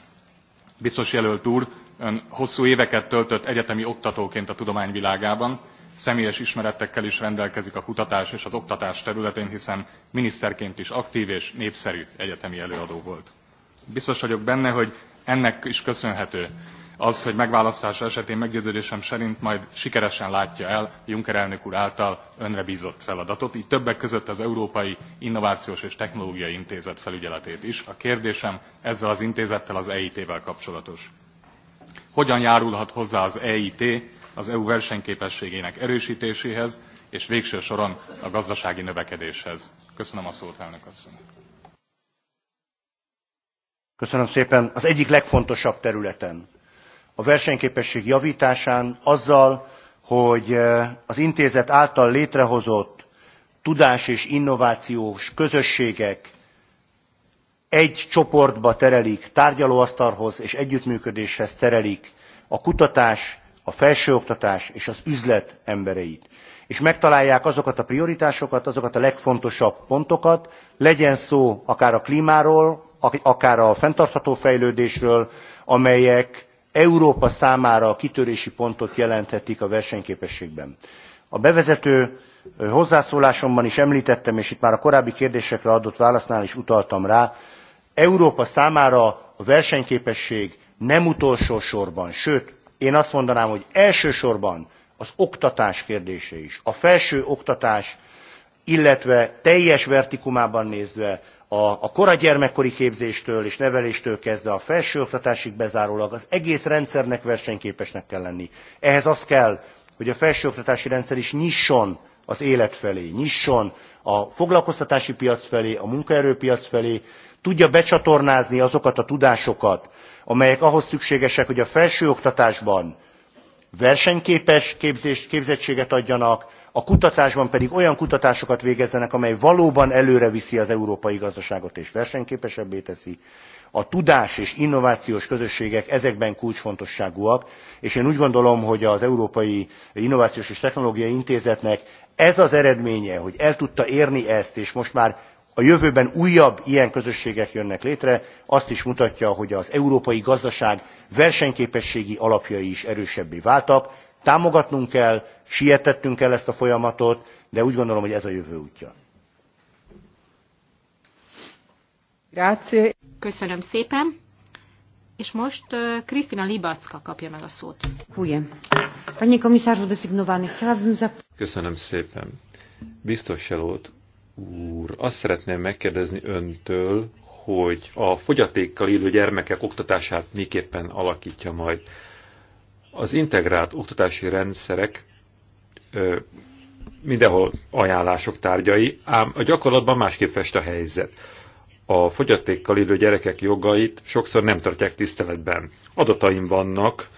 Biztos jelölt úr, ön hosszú éveket töltött egyetemi oktatóként a tudományvilágában, személyes ismeretekkel is rendelkezik a kutatás és az oktatás területén hiszen miniszterként is aktv és népszerű egyetemi előadó volt. biztos vagyok benne hogy ennek is köszönhető az hogy megválasztása esetén meggyőződésem szerint majd sikeresen látja el juncker elnök úr által önre bzott feladatot gy többek között az európai innovációs és technológiai intézet felügyeletét is. a kérdésem ezzel az intézettel az eit vel kapcsolatos. hogyan járulhat hozzá az eit az EU versenyképességének erősítéséhez és végső soron a gazdasági növekedéshez. Köszönöm a szót, elnök asszony. Köszönöm szépen. Az egyik legfontosabb területen a versenyképesség javításán azzal, hogy eh, az intézet által létrehozott tudás és innovációs közösségek egy csoportba terelik, tárgyalóasztalhoz és együttműködéshez terelik a kutatás, a felsőoktatás és az üzlet embereit. És megtalálják azokat a prioritásokat, azokat a legfontosabb pontokat, legyen szó akár a klímáról, akár a fenntartható fejlődésről, amelyek Európa számára a kitörési pontot jelenthetik a versenyképességben. A bevezető hozzászólásomban is emltettem és itt már a korábbi kérdésekre adott válasznál is utaltam rá európa számára a versenyképesség nem utolsó sorban sőt én azt mondanám, hogy elsősorban az oktatás kérdése is, a felső oktatás, illetve teljes vertikumában nézve a, a korai gyermekkori képzéstől és neveléstől kezdve a felsőoktatásig bezárólag az egész rendszernek versenyképesnek kell lenni. Ehhez az kell, hogy a felsőoktatási rendszer is nyisson az élet felé, nyisson a foglalkoztatási piac felé, a munkaerőpiac felé, tudja becsatornázni azokat a tudásokat, amelyek ahhoz szükségesek, hogy a felsőoktatásban versenyképes képzést, képzettséget adjanak, a kutatásban pedig olyan kutatásokat végezzenek, amely valóban előre viszi az európai gazdaságot és versenyképesebbé teszi. A tudás és innovációs közösségek ezekben kulcsfontosságúak, és én úgy gondolom, hogy az Európai Innovációs és Technológiai Intézetnek ez az eredménye, hogy el tudta érni ezt, és most már a jövőben újabb ilyen közösségek jönnek létre azt is mutatja hogy az európai gazdaság versenyképességi alapjai is erősebbé váltak támogatnunk kell sietettünk el ezt a folyamatot de úgy gondolom hogy ez a jövő útja. Köszönöm szépen. És most Krisztina Libacka kapja meg a szót. Köszönöm szépen. Biztos jelölt úr, azt szeretném megkérdezni öntől, hogy a fogyatékkal élő gyermekek oktatását miképpen alakítja majd. Az integrált oktatási rendszerek ö, mindenhol ajánlások tárgyai, ám a gyakorlatban másképp fest a helyzet. A fogyatékkal élő gyerekek jogait sokszor nem tartják tiszteletben. Adataim vannak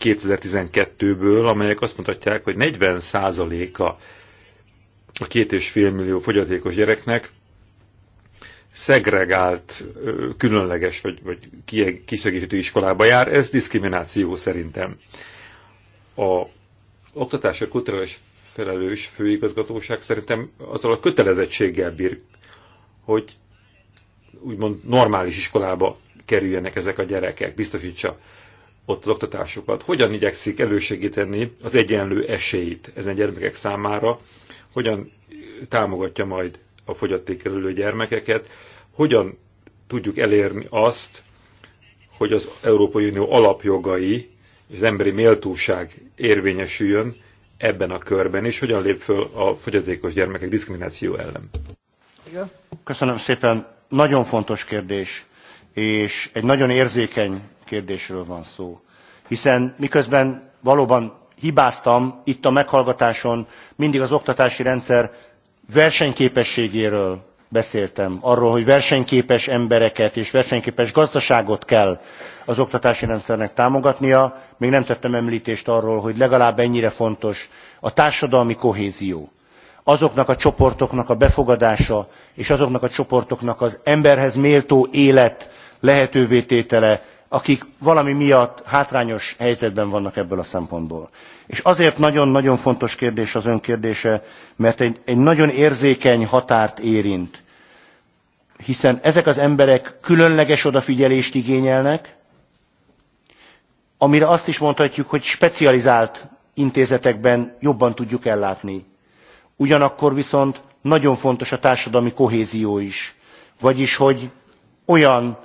2012-ből, amelyek azt mutatják, hogy 40%-a a két és fél millió fogyatékos gyereknek szegregált, különleges vagy, vagy kiszegítő iskolába jár, ez diszkrimináció szerintem. A oktatási kulturális felelős főigazgatóság szerintem azzal a kötelezettséggel bír, hogy úgymond normális iskolába kerüljenek ezek a gyerekek, biztosítsa ott az oktatásukat. Hogyan igyekszik elősegíteni az egyenlő esélyt ezen gyermekek számára, hogyan támogatja majd a fogyatékkelülő gyermekeket, hogyan tudjuk elérni azt, hogy az Európai Unió alapjogai és az emberi méltóság érvényesüljön ebben a körben, és hogyan lép föl a fogyatékos gyermekek diszkrimináció ellen. Köszönöm szépen. Nagyon fontos kérdés, és egy nagyon érzékeny kérdésről van szó. Hiszen miközben valóban hibáztam itt a meghallgatáson mindig az oktatási rendszer versenyképességéről beszéltem arról hogy versenyképes embereket és versenyképes gazdaságot kell az oktatási rendszernek támogatnia még nem tettem emltést arról hogy legalább ennyire fontos a társadalmi kohézió azoknak a csoportoknak a befogadása és azoknak a csoportoknak az emberhez méltó élet lehetővé tétele akik valami miatt hátrányos helyzetben vannak ebből a szempontból. És azért nagyon-nagyon fontos kérdés az ön kérdése, mert egy, egy nagyon érzékeny határt érint. Hiszen ezek az emberek különleges odafigyelést igényelnek, amire azt is mondhatjuk, hogy specializált intézetekben jobban tudjuk ellátni. Ugyanakkor viszont nagyon fontos a társadalmi kohézió is. Vagyis, hogy olyan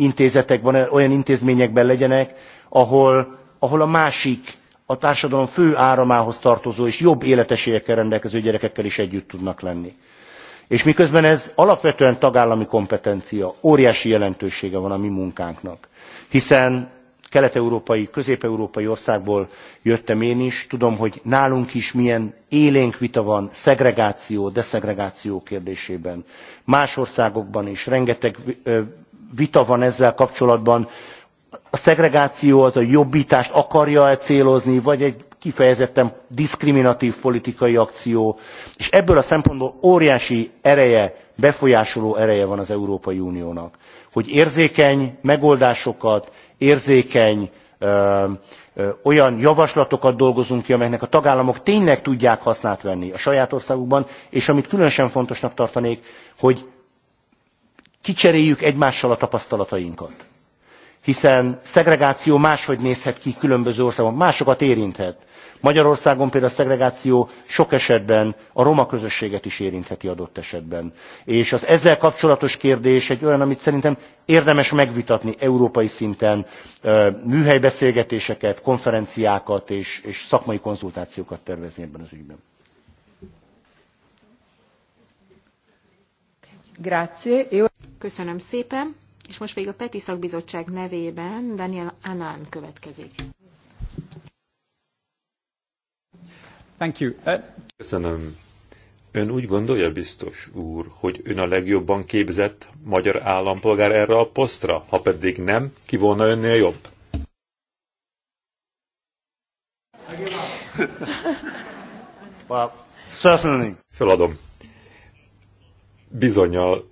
intézetekben, olyan intézményekben legyenek, ahol, ahol a másik, a társadalom fő áramához tartozó és jobb életesélyekkel rendelkező gyerekekkel is együtt tudnak lenni. És miközben ez alapvetően tagállami kompetencia, óriási jelentősége van a mi munkánknak. Hiszen kelet-európai, közép-európai országból jöttem én is, tudom, hogy nálunk is milyen élénk vita van szegregáció, deszegregáció kérdésében. Más országokban is rengeteg vita van ezzel kapcsolatban. A szegregáció az a jobbítást akarja-e célozni, vagy egy kifejezetten diszkriminatív politikai akció, és ebből a szempontból óriási ereje, befolyásoló ereje van az Európai Uniónak, hogy érzékeny megoldásokat, érzékeny ö, ö, olyan javaslatokat dolgozunk ki, amelyeknek a tagállamok tényleg tudják hasznát venni a saját országukban, és amit különösen fontosnak tartanék, hogy kicseréljük egymással a tapasztalatainkat. Hiszen szegregáció máshogy nézhet ki különböző országban, másokat érinthet. Magyarországon például a szegregáció sok esetben a roma közösséget is érintheti adott esetben. És az ezzel kapcsolatos kérdés egy olyan, amit szerintem érdemes megvitatni európai szinten, műhelybeszélgetéseket, konferenciákat és, és szakmai konzultációkat tervezni ebben az ügyben. Grazie. Köszönöm szépen, és most még a Peti Szakbizottság nevében Daniel Anán következik. Thank you. Uh... Köszönöm. Ön úgy gondolja, biztos úr, hogy ön a legjobban képzett magyar állampolgár erre a posztra? Ha pedig nem, ki volna önnél jobb? Well, certainly. Feladom. Bizonyal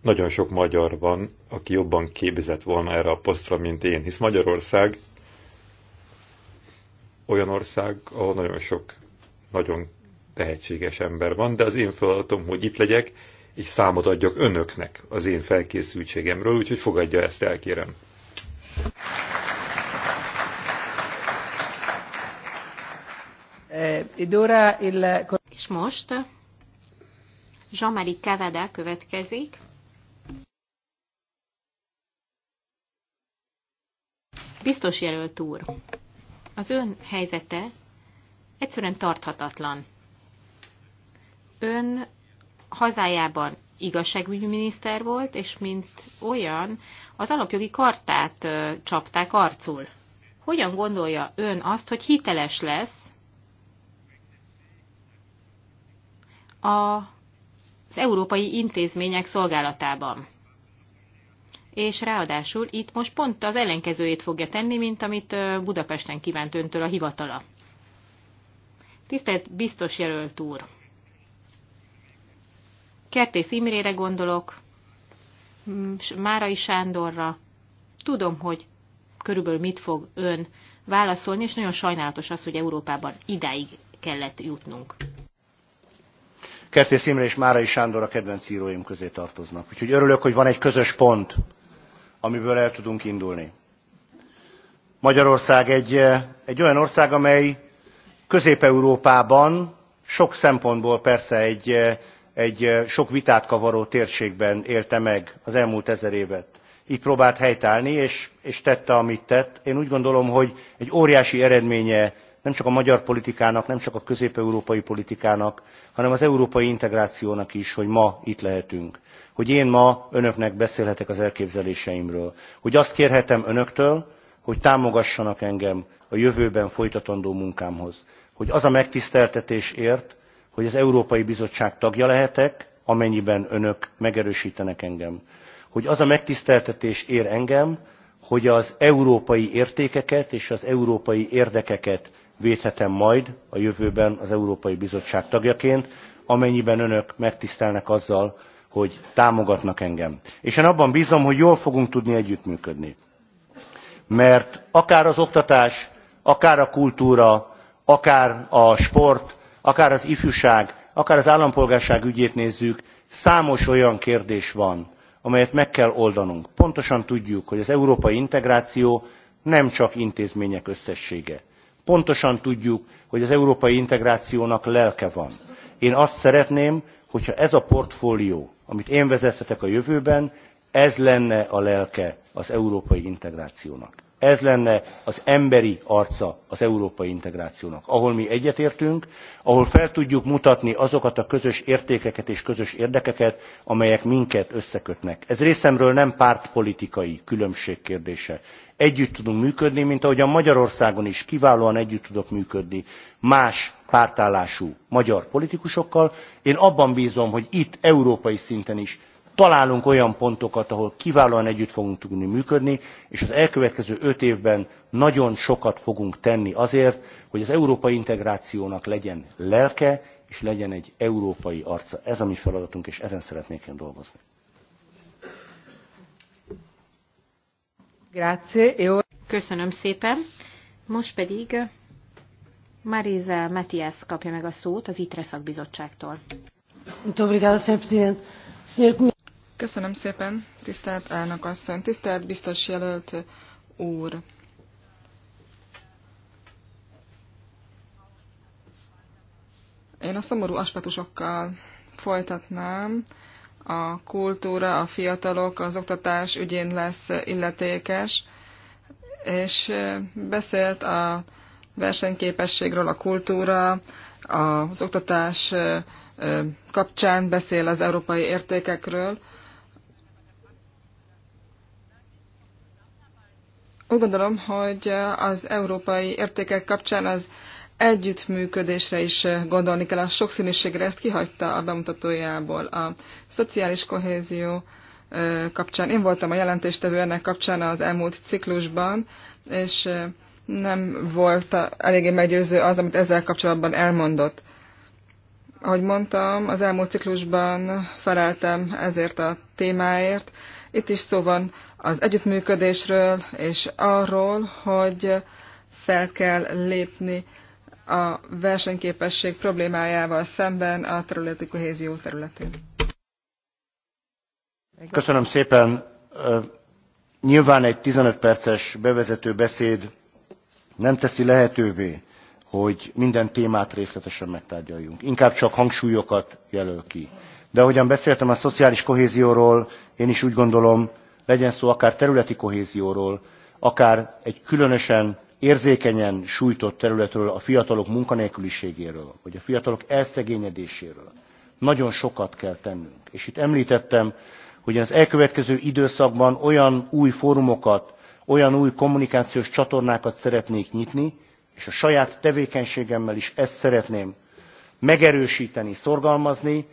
nagyon sok magyar van, aki jobban képzett volna erre a posztra, mint én, hisz Magyarország olyan ország, ahol nagyon sok nagyon tehetséges ember van, de az én feladatom, hogy itt legyek, és számot adjak önöknek az én felkészültségemről, úgyhogy fogadja ezt, elkérem. Eh, és most Zsamari Kevede következik, Biztos jelölt úr, az ön helyzete egyszerűen tarthatatlan. Ön hazájában igazságügyi miniszter volt, és mint olyan az alapjogi kartát ö, csapták arcul. Hogyan gondolja ön azt, hogy hiteles lesz a, az európai intézmények szolgálatában? és ráadásul itt most pont az ellenkezőjét fogja tenni, mint amit Budapesten kívánt öntől a hivatala. Tisztelt biztos jelölt úr! Kertész Imrére gondolok, Márai Sándorra. Tudom, hogy körülbelül mit fog ön válaszolni, és nagyon sajnálatos az, hogy Európában idáig kellett jutnunk. Kertész Imre és Márai Sándor a kedvenc íróim közé tartoznak. Úgyhogy örülök, hogy van egy közös pont, amiből el tudunk indulni. Magyarország egy, eh, egy olyan ország, amely Közép-Európában sok szempontból persze egy, eh, egy eh, sok vitát kavaró térségben élte meg az elmúlt ezer évet. Így próbált helytállni, és, és tette, amit tett. Én úgy gondolom, hogy egy óriási eredménye nem csak a magyar politikának, nem csak a közép-európai politikának, hanem az európai integrációnak is, hogy ma itt lehetünk hogy én ma önöknek beszélhetek az elképzeléseimről hogy azt kérhetem önöktől hogy támogassanak engem a jövőben folytatandó munkámhoz hogy az a megtiszteltetés ért hogy az európai bizottság tagja lehetek amennyiben önök megerőstenek engem hogy az a megtiszteltetés ér engem hogy az európai értékeket és az európai érdekeket védhetem majd a jövőben az európai bizottság tagjaként amennyiben önök megtisztelnek azzal hogy támogatnak engem. És én abban bízom, hogy jól fogunk tudni együttműködni. Mert akár az oktatás, akár a kultúra, akár a sport, akár az ifjúság, akár az állampolgárság ügyét nézzük, számos olyan kérdés van, amelyet meg kell oldanunk. Pontosan tudjuk, hogy az európai integráció nem csak intézmények összessége. Pontosan tudjuk, hogy az európai integrációnak lelke van. Én azt szeretném, hogyha ez a portfólió amit én vezethetek a jövőben, ez lenne a lelke az európai integrációnak. Ez lenne az emberi arca az európai integrációnak, ahol mi egyetértünk, ahol fel tudjuk mutatni azokat a közös értékeket és közös érdekeket, amelyek minket összekötnek. Ez részemről nem pártpolitikai különbség kérdése. Együtt tudunk működni, mint ahogyan Magyarországon is kiválóan együtt tudok működni más pártállású magyar politikusokkal. én abban bízom, hogy itt európai szinten is találunk olyan pontokat ahol kiválóan együtt fogunk tudni működni és az elkövetkező öt évben nagyon sokat fogunk tenni azért hogy az európai integrációnak legyen lelke és legyen egy európai arca. ez a mi feladatunk és ezen szeretnék én dolgozni. Grazie. Köszönöm szépen. Most pedig Marisa Matias kapja meg a szót az ITRE szakbizottságtól. Köszönöm szépen, tisztelt elnök asszony, tisztelt biztos jelölt úr. Én a szomorú aspektusokkal folytatnám. A kultúra, a fiatalok, az oktatás ügyén lesz illetékes, és beszélt a versenyképességről, a kultúra, az oktatás kapcsán beszél az európai értékekről. Úgy gondolom, hogy az európai értékek kapcsán az együttműködésre is gondolni kell. A sokszínűségre ezt kihagyta a bemutatójából. A szociális kohézió kapcsán. Én voltam a jelentéstevő ennek kapcsán az elmúlt ciklusban, és nem volt eléggé meggyőző az, amit ezzel kapcsolatban elmondott. Ahogy mondtam, az elmúlt ciklusban feleltem ezért a témáért. Itt is szó van az együttműködésről és arról, hogy fel kell lépni a versenyképesség problémájával szemben a területi kohézió területén. Köszönöm szépen. Nyilván egy 15 perces bevezető beszéd nem teszi lehetővé, hogy minden témát részletesen megtárgyaljunk. Inkább csak hangsúlyokat jelöl ki. De ahogyan beszéltem a szociális kohézióról, én is úgy gondolom, legyen szó akár területi kohézióról, akár egy különösen érzékenyen sújtott területről, a fiatalok munkanélküliségéről, vagy a fiatalok elszegényedéséről. Nagyon sokat kell tennünk. És itt említettem, hogy az elkövetkező időszakban olyan új fórumokat, olyan új kommunikációs csatornákat szeretnék nyitni, és a saját tevékenységemmel is ezt szeretném megerősíteni, szorgalmazni,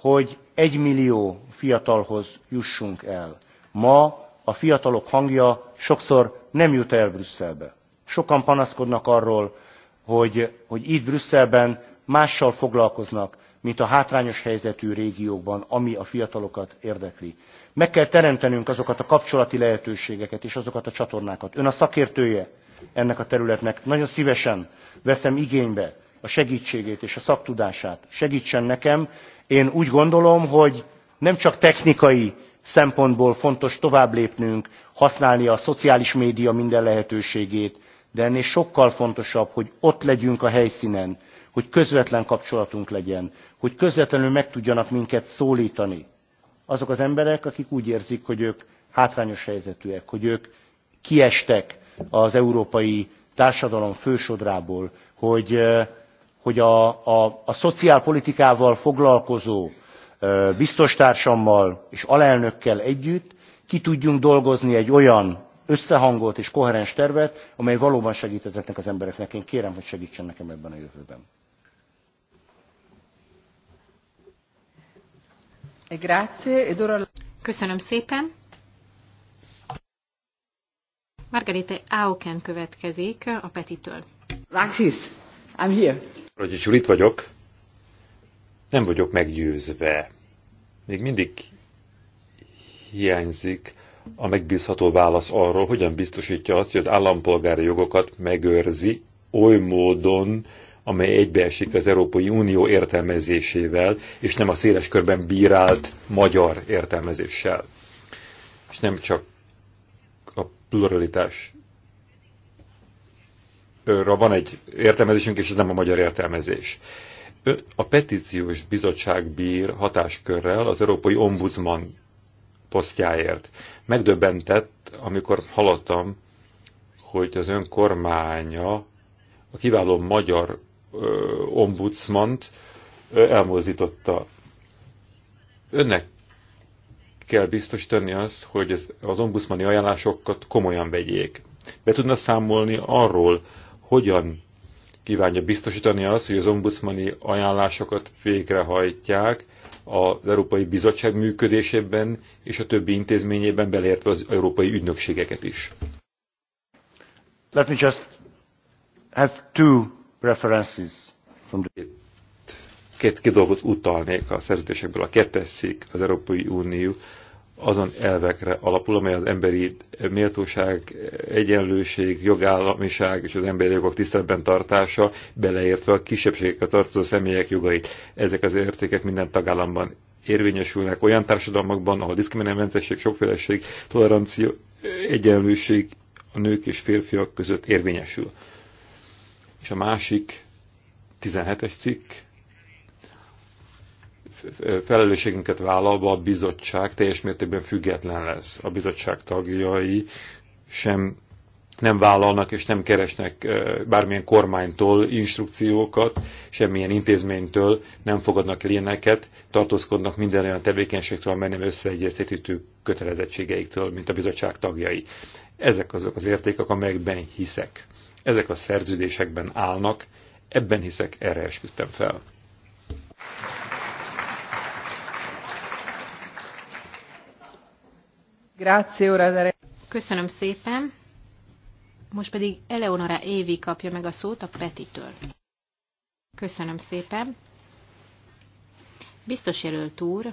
hogy egy millió fiatalhoz jussunk el. Ma a fiatalok hangja sokszor nem jut el Brüsszelbe. Sokan panaszkodnak arról, hogy, hogy itt Brüsszelben mással foglalkoznak, mint a hátrányos helyzetű régiókban, ami a fiatalokat érdekli. Meg kell teremtenünk azokat a kapcsolati lehetőségeket és azokat a csatornákat. Ön a szakértője ennek a területnek. Nagyon szívesen veszem igénybe a segítségét és a szaktudását. Segítsen nekem. Én úgy gondolom, hogy nem csak technikai szempontból fontos tovább lépnünk, használni a szociális média minden lehetőségét, de ennél sokkal fontosabb, hogy ott legyünk a helyszínen, hogy közvetlen kapcsolatunk legyen, hogy közvetlenül meg tudjanak minket szólítani azok az emberek, akik úgy érzik, hogy ők hátrányos helyzetűek, hogy ők kiestek az európai társadalom fősodrából, hogy, hogy a, a, a szociálpolitikával foglalkozó biztostársammal és alelnökkel együtt ki tudjunk dolgozni egy olyan összehangolt és koherens tervet, amely valóban segít ezeknek az embereknek. Én kérem, hogy segítsen nekem ebben a jövőben. E Köszönöm szépen. Margarita Auken következik a Petitől. Laxis, I'm here. Rogyi itt vagyok. Nem vagyok meggyőzve. Még mindig hiányzik a megbízható válasz arról, hogyan biztosítja azt, hogy az állampolgári jogokat megőrzi oly módon, amely egybeesik az Európai Unió értelmezésével, és nem a széles körben bírált magyar értelmezéssel. És nem csak a pluralitás ra van egy értelmezésünk, és ez nem a magyar értelmezés. A petíciós bizottság bír hatáskörrel az Európai Ombudsman posztjáért. Megdöbbentett, amikor hallottam, hogy az önkormánya a kiváló magyar ombudsmant elmozdította. Önnek kell biztosítani azt, hogy ez, az ombudsmani ajánlásokat komolyan vegyék. Be tudna számolni arról, hogyan kívánja biztosítani azt, hogy az ombudsmani ajánlásokat végrehajtják az Európai Bizottság működésében és a többi intézményében, beleértve az európai ügynökségeket is. Let me just have two references from the... Két, két dolgot utalnék a szerződésekből. A kettesszik az Európai Unió azon elvekre alapul, amely az emberi méltóság, egyenlőség, jogállamiság és az emberi jogok tiszteletben tartása, beleértve a kisebbségekre tartozó személyek jogait. Ezek az értékek minden tagállamban érvényesülnek olyan társadalmakban, ahol diszkriminálmentesség, sokféleség, tolerancia, egyenlőség a nők és férfiak között érvényesül és a másik 17-es cikk felelősségünket vállalva a bizottság teljes mértékben független lesz. A bizottság tagjai sem nem vállalnak és nem keresnek bármilyen kormánytól instrukciókat, semmilyen intézménytől, nem fogadnak ilyeneket, tartózkodnak minden olyan tevékenységtől, amely nem összeegyeztetítő kötelezettségeiktől, mint a bizottság tagjai. Ezek azok az értékek, amelyekben hiszek. Ezek a szerződésekben állnak, ebben hiszek, erre esküztem fel. Köszönöm szépen. Most pedig Eleonora Évi kapja meg a szót a Petitől. Köszönöm szépen. Biztos jelölt úr,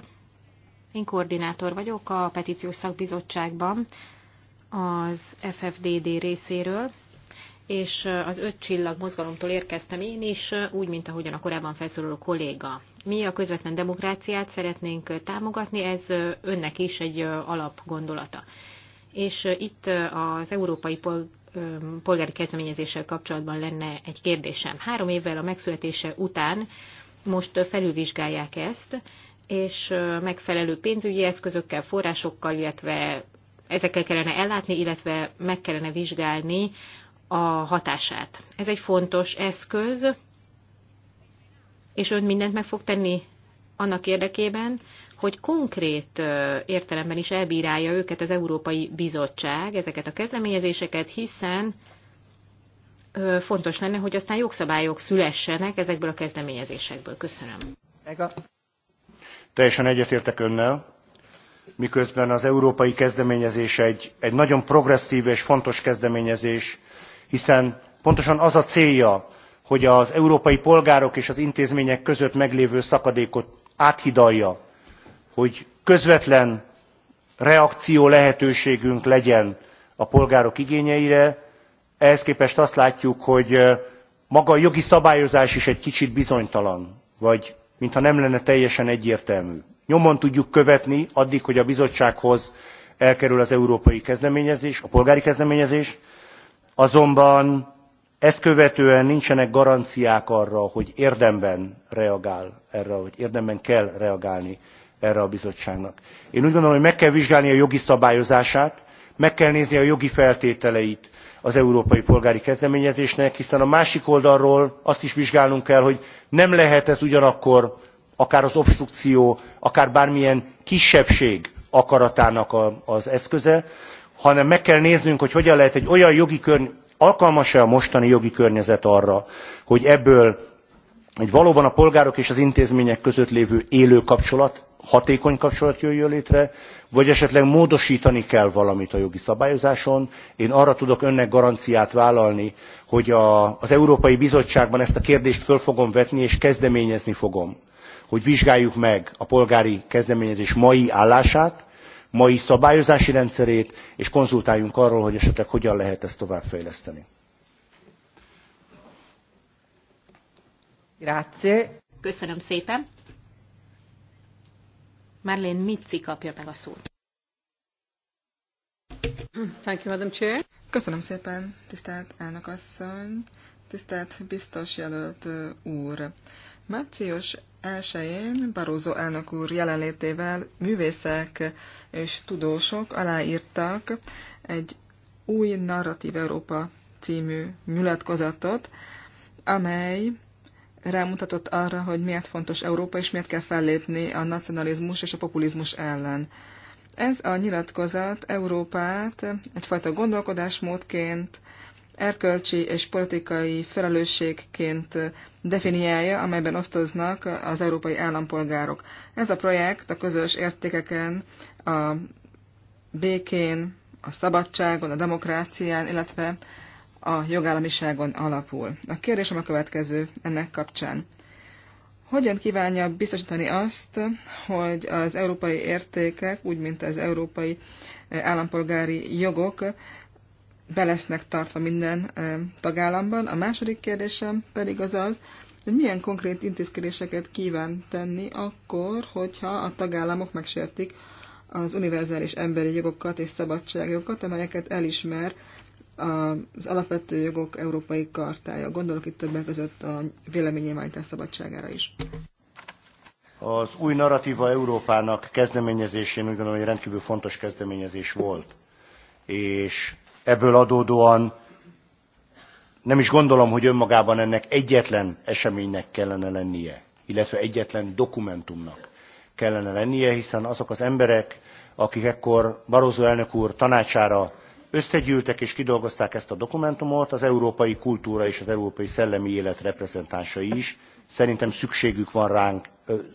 én koordinátor vagyok a Petíciós Szakbizottságban az FFDD részéről, és az öt csillag mozgalomtól érkeztem én is, úgy, mint ahogyan a korábban felszólaló kolléga. Mi a közvetlen demokráciát szeretnénk támogatni, ez önnek is egy alapgondolata. És itt az európai polgári kezdeményezéssel kapcsolatban lenne egy kérdésem. Három évvel a megszületése után most felülvizsgálják ezt, és megfelelő pénzügyi eszközökkel, forrásokkal, illetve ezekkel kellene ellátni, illetve meg kellene vizsgálni a hatását. Ez egy fontos eszköz, és ön mindent meg fog tenni annak érdekében, hogy konkrét értelemben is elbírálja őket az Európai Bizottság, ezeket a kezdeményezéseket, hiszen fontos lenne, hogy aztán jogszabályok szülessenek ezekből a kezdeményezésekből. Köszönöm. Teljesen egyetértek önnel, miközben az európai kezdeményezés egy, egy nagyon progresszív és fontos kezdeményezés, hiszen pontosan az a célja hogy az európai polgárok és az intézmények között meglévő szakadékot áthidalja hogy közvetlen reakció lehetőségünk legyen a polgárok igényeire ehhez képest azt látjuk hogy maga a jogi szabályozás is egy kicsit bizonytalan vagy mintha nem lenne teljesen egyértelmű. nyomon tudjuk követni addig hogy a bizottsághoz elkerül az európai kezdeményezés a polgári kezdeményezés azonban ezt követően nincsenek garanciák arra hogy érdemben reagál erre vagy érdemben kell reagálni erre a bizottságnak. én úgy gondolom hogy meg kell vizsgálni a jogi szabályozását meg kell nézni a jogi feltételeit az európai polgári kezdeményezésnek hiszen a másik oldalról azt is vizsgálnunk kell hogy nem lehet ez ugyanakkor akár az obstrukció akár bármilyen kisebbség akaratának az eszköze hanem meg kell néznünk, hogy hogyan lehet egy olyan jogi környezet, alkalmas-e a mostani jogi környezet arra, hogy ebből egy valóban a polgárok és az intézmények között lévő élő kapcsolat, hatékony kapcsolat jöjjön létre, vagy esetleg módosítani kell valamit a jogi szabályozáson. Én arra tudok önnek garanciát vállalni, hogy a, az Európai Bizottságban ezt a kérdést föl fogom vetni és kezdeményezni fogom, hogy vizsgáljuk meg a polgári kezdeményezés mai állását, mai szabályozási rendszerét és konzultáljunk arról hogy esetleg hogyan lehet ezt továbbfejleszteni. Grazie. Köszönöm szépen. Marlene Mitzi kapja meg a szót. Thank you, Madam Chair. Köszönöm szépen, tisztelt elnök asszony, tisztelt biztos jelölt úr. Március 1-én Barózó elnök úr jelenlétével művészek és tudósok aláírtak egy új narratív Európa című nyilatkozatot, amely rámutatott arra, hogy miért fontos Európa, és miért kell fellépni a nacionalizmus és a populizmus ellen. Ez a nyilatkozat Európát egyfajta gondolkodásmódként, erkölcsi és politikai felelősségként definiálja, amelyben osztoznak az európai állampolgárok. Ez a projekt a közös értékeken, a békén, a szabadságon, a demokrácián, illetve a jogállamiságon alapul. A kérdésem a következő ennek kapcsán. Hogyan kívánja biztosítani azt, hogy az európai értékek, úgy mint az európai állampolgári jogok be lesznek tartva minden tagállamban. A második kérdésem pedig az az, hogy milyen konkrét intézkedéseket kíván tenni akkor, hogyha a tagállamok megsértik az univerzális emberi jogokat és szabadságjogokat, amelyeket elismer az alapvető jogok európai kartája. Gondolok itt többek között a véleménynyilvánítás szabadságára is. Az új narratíva Európának kezdeményezésén úgy gondolom, hogy rendkívül fontos kezdeményezés volt. És ebből adódóan nem is gondolom, hogy önmagában ennek egyetlen eseménynek kellene lennie, illetve egyetlen dokumentumnak kellene lennie, hiszen azok az emberek, akik ekkor Barroso elnök úr tanácsára összegyűltek és kidolgozták ezt a dokumentumot, az európai kultúra és az európai szellemi élet reprezentánsai is. Szerintem szükségük van ránk,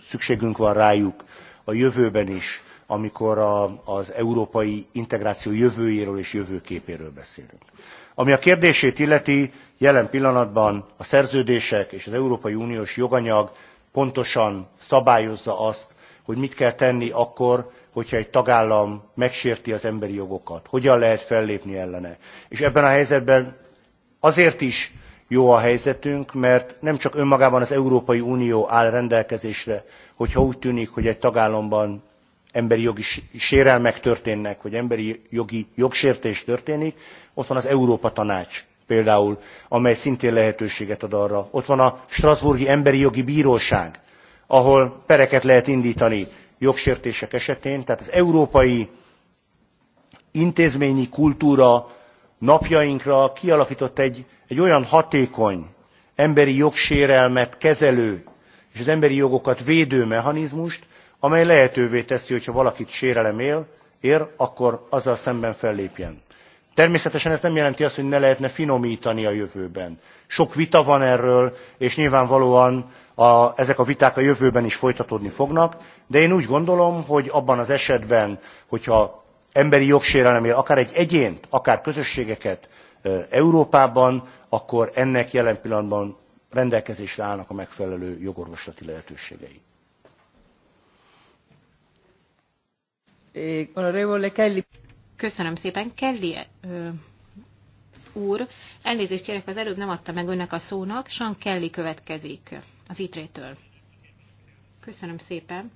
szükségünk van rájuk a jövőben is, amikor a, az európai integráció jövőjéről és jövőképéről beszélünk. Ami a kérdését illeti, jelen pillanatban a szerződések és az Európai Uniós joganyag pontosan szabályozza azt, hogy mit kell tenni akkor, hogyha egy tagállam megsérti az emberi jogokat, hogyan lehet fellépni ellene. És ebben a helyzetben azért is jó a helyzetünk, mert nem csak önmagában az Európai Unió áll rendelkezésre, hogyha úgy tűnik, hogy egy tagállamban emberi jogi sérelmek történnek, vagy emberi jogi jogsértés történik, ott van az Európa Tanács például, amely szintén lehetőséget ad arra. Ott van a Strasburgi Emberi Jogi Bíróság, ahol pereket lehet indítani jogsértések esetén. Tehát az európai intézményi kultúra napjainkra kialakított egy, egy olyan hatékony emberi jogsérelmet kezelő és az emberi jogokat védő mechanizmust, amely lehetővé teszi hogyha valakit sérelem ér akkor azzal szemben fellépjen. természetesen ez nem jelenti azt hogy ne lehetne finomtani a jövőben. sok vita van erről és nyilvánvalóan a, ezek a viták a jövőben is folytatódni fognak de én úgy gondolom hogy abban az esetben hogyha emberi jogsérelem él akár egy egyént akár közösségeket európában akkor ennek jelen pillanatban rendelkezésre állnak a megfelelő jogorvoslati lehetőségei. Köszönöm szépen. Kelly úr, elnézést kérek, az előbb nem adta meg önnek a szónak. Sean Kelly következik az ITRE-től. Köszönöm szépen.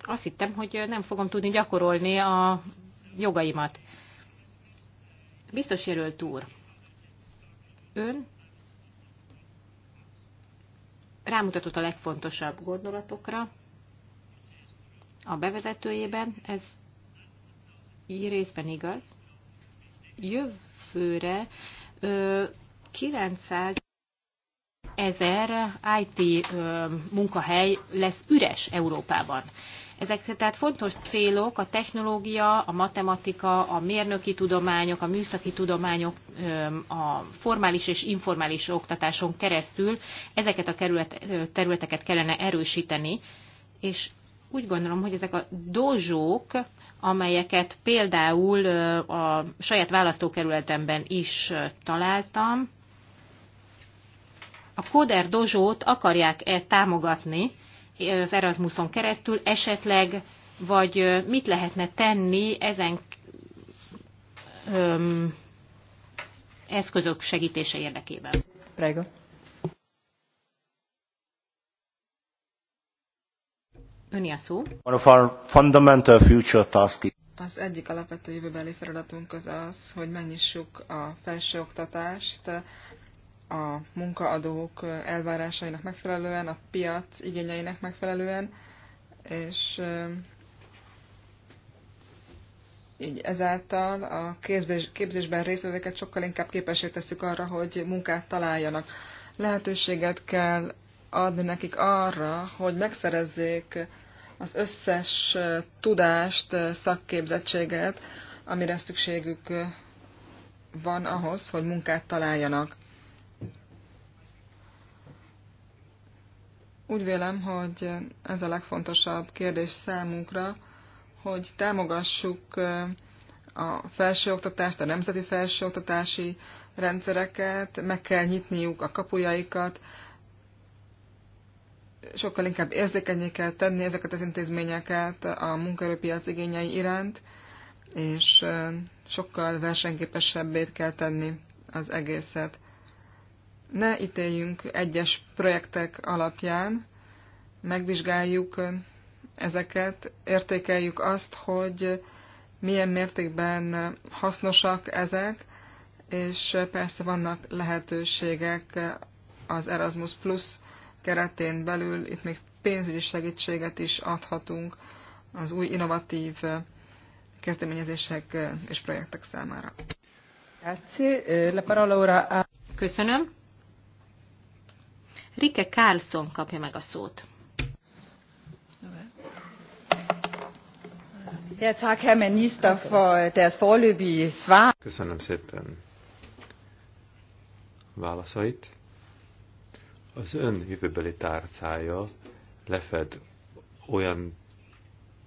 Azt hittem, hogy nem fogom tudni gyakorolni a jogaimat. Biztos jelölt úr, ön rámutatott a legfontosabb gondolatokra, a bevezetőjében, ez így részben igaz. Jövőre 900 ezer IT munkahely lesz üres Európában. Ezek tehát fontos célok, a technológia, a matematika, a mérnöki tudományok, a műszaki tudományok, a formális és informális oktatáson keresztül ezeket a területeket kellene erősíteni, és úgy gondolom, hogy ezek a dozsók, amelyeket például a saját választókerületemben is találtam, a Koder dozsót akarják-e támogatni az Erasmuson keresztül esetleg, vagy mit lehetne tenni ezen öm, eszközök segítése érdekében? Prego. Öni a szó. One of our fundamental future Az egyik alapvető jövőbeli feladatunk az az, hogy megnyissuk a felsőoktatást a munkaadók elvárásainak megfelelően, a piac igényeinek megfelelően, és így ezáltal a képzésben részvevőket sokkal inkább képessé tesszük arra, hogy munkát találjanak. Lehetőséget kell adni nekik arra, hogy megszerezzék az összes tudást, szakképzettséget, amire szükségük van ahhoz, hogy munkát találjanak. Úgy vélem, hogy ez a legfontosabb kérdés számunkra, hogy támogassuk a felsőoktatást, a nemzeti felsőoktatási rendszereket, meg kell nyitniuk a kapujaikat sokkal inkább érzékenyé kell tenni ezeket az intézményeket a munkaerőpiac igényei iránt, és sokkal versenyképesebbé kell tenni az egészet. Ne ítéljünk egyes projektek alapján, megvizsgáljuk ezeket, értékeljük azt, hogy milyen mértékben hasznosak ezek, és persze vannak lehetőségek az Erasmus Plus keretén belül itt még pénzügyi segítséget is adhatunk az új innovatív eh, kezdeményezések eh, és projektek számára. Eh, Köszönöm. Rike Carlson kapja meg a szót. Köszönöm szépen válaszait. Az ön jövőbeli tárcája lefed olyan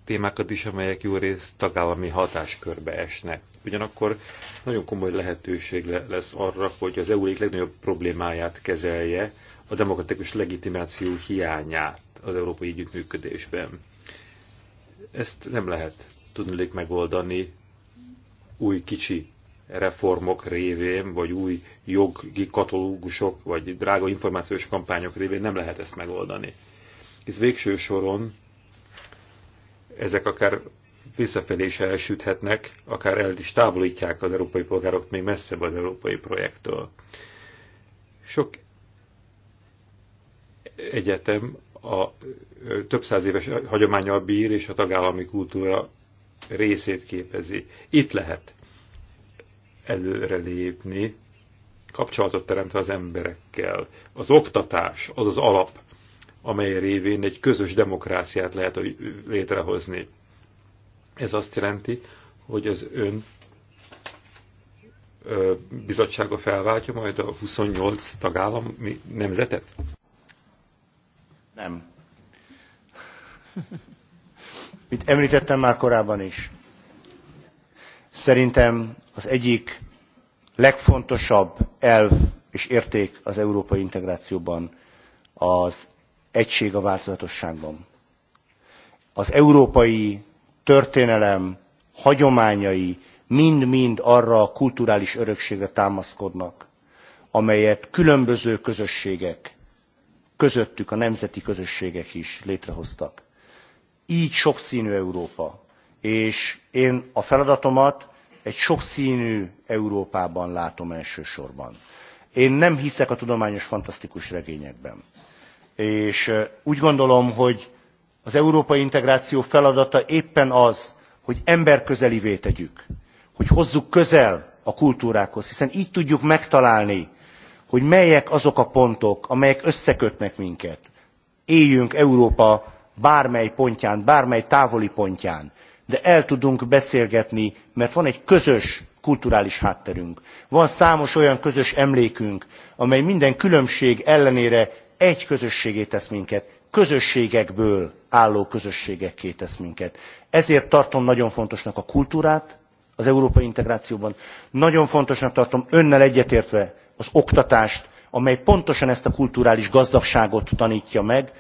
témákat is, amelyek jó részt tagállami hatáskörbe esnek. Ugyanakkor nagyon komoly lehetőség lesz arra, hogy az EU egyik legnagyobb problémáját kezelje, a demokratikus legitimáció hiányát az európai együttműködésben. Ezt nem lehet tudnék megoldani új kicsi reformok révén, vagy új jogi katalógusok, vagy drága információs kampányok révén nem lehet ezt megoldani. Ez végső soron ezek akár visszafelé is elsüthetnek, akár el is távolítják az európai polgárok még messzebb az európai projektől. Sok egyetem a több száz éves hagyományal bír, és a tagállami kultúra részét képezi. Itt lehet előrelépni, kapcsolatot teremtve az emberekkel. Az oktatás az az alap, amely révén egy közös demokráciát lehet létrehozni. Ez azt jelenti, hogy az ön bizottsága felváltja majd a 28 tagállam nemzetet? Nem. Mit említettem már korábban is szerintem az egyik legfontosabb elv és érték az európai integrációban az egység a változatosságban. Az európai történelem hagyományai mind-mind arra a kulturális örökségre támaszkodnak, amelyet különböző közösségek, közöttük a nemzeti közösségek is létrehoztak. Így sokszínű Európa, és én a feladatomat egy sokszínű Európában látom elsősorban. Én nem hiszek a tudományos fantasztikus regényekben. És úgy gondolom, hogy az európai integráció feladata éppen az, hogy emberközelivé tegyük, hogy hozzuk közel a kultúrákhoz, hiszen így tudjuk megtalálni, hogy melyek azok a pontok, amelyek összekötnek minket. Éljünk Európa bármely pontján, bármely távoli pontján de el tudunk beszélgetni, mert van egy közös kulturális hátterünk. Van számos olyan közös emlékünk, amely minden különbség ellenére egy közösségé tesz minket, közösségekből álló közösségekké tesz minket. Ezért tartom nagyon fontosnak a kultúrát az európai integrációban, nagyon fontosnak tartom önnel egyetértve az oktatást, amely pontosan ezt a kulturális gazdagságot tanítja meg,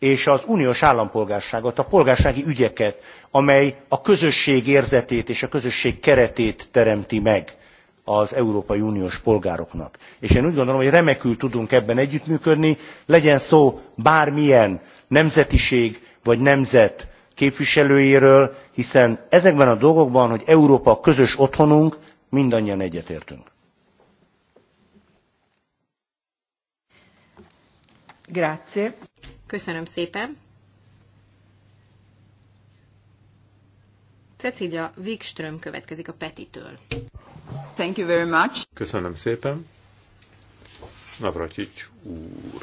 és az uniós állampolgárságot, a polgársági ügyeket, amely a közösség érzetét és a közösség keretét teremti meg az Európai Uniós polgároknak. És én úgy gondolom, hogy remekül tudunk ebben együttműködni, legyen szó bármilyen nemzetiség vagy nemzet képviselőjéről, hiszen ezekben a dolgokban, hogy Európa közös otthonunk, mindannyian egyetértünk. Grazie. Köszönöm szépen. Cecilia Wikström következik a Petitől. Thank you very much. Köszönöm szépen. Navracsics úr.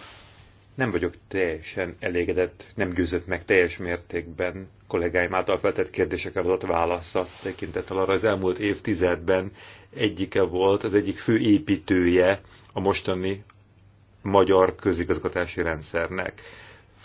Nem vagyok teljesen elégedett, nem győzött meg teljes mértékben kollégáim által feltett kérdésekre adott válasza tekintettel arra az elmúlt évtizedben egyike volt, az egyik fő építője a mostani magyar közigazgatási rendszernek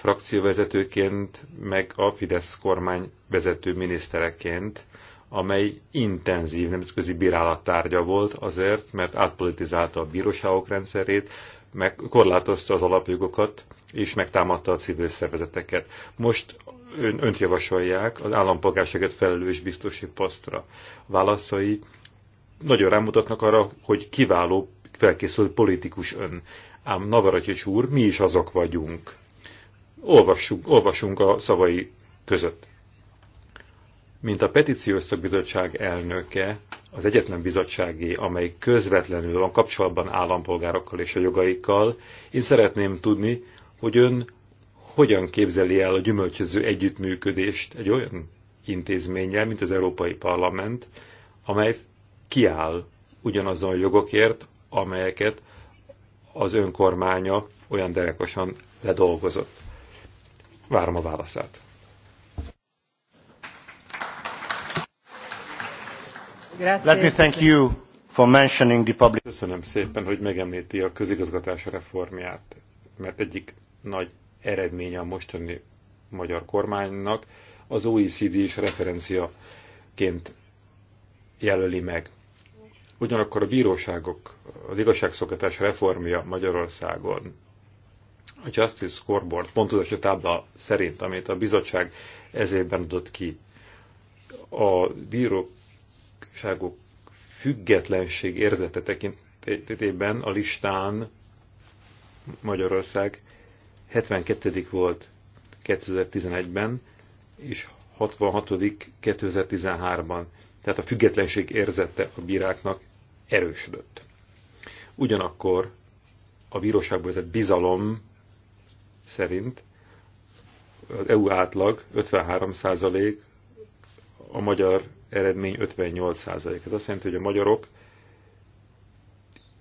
frakcióvezetőként, meg a Fidesz kormány vezető minisztereként, amely intenzív nemzetközi bírálattárgya volt azért, mert átpolitizálta a bíróságok rendszerét, meg korlátozta az alapjogokat, és megtámadta a civil szervezeteket. Most ön, önt javasolják az állampolgárságet felelős biztosi posztra. Válaszai nagyon rámutatnak arra, hogy kiváló felkészült politikus ön. Ám Navaracsics úr, mi is azok vagyunk, olvassunk, olvassunk a szavai között. Mint a petíciószak bizottság elnöke, az egyetlen bizottsági, amely közvetlenül van kapcsolatban állampolgárokkal és a jogaikkal, én szeretném tudni, hogy ön hogyan képzeli el a gyümölcsöző együttműködést egy olyan intézménnyel, mint az Európai Parlament, amely kiáll ugyanazon a jogokért, amelyeket az önkormánya olyan derekosan ledolgozott. Várom a válaszát. Let me thank you for mentioning the public. Köszönöm szépen, hogy megemlíti a közigazgatás reformját, mert egyik nagy eredménye a mostani magyar kormánynak az OECD is referenciaként jelöli meg. Ugyanakkor a bíróságok, az igazságszolgatás reformja Magyarországon a Justice Scoreboard pontozási tábla szerint, amit a bizottság ezében adott ki, a bíróságok függetlenség érzete tekintetében a listán Magyarország 72. volt 2011-ben, és 66. 2013-ban. Tehát a függetlenség érzete a bíráknak erősödött. Ugyanakkor a bíróságban ez a bizalom szerint az EU átlag 53%, a magyar eredmény 58%. Ez azt jelenti, hogy a magyarok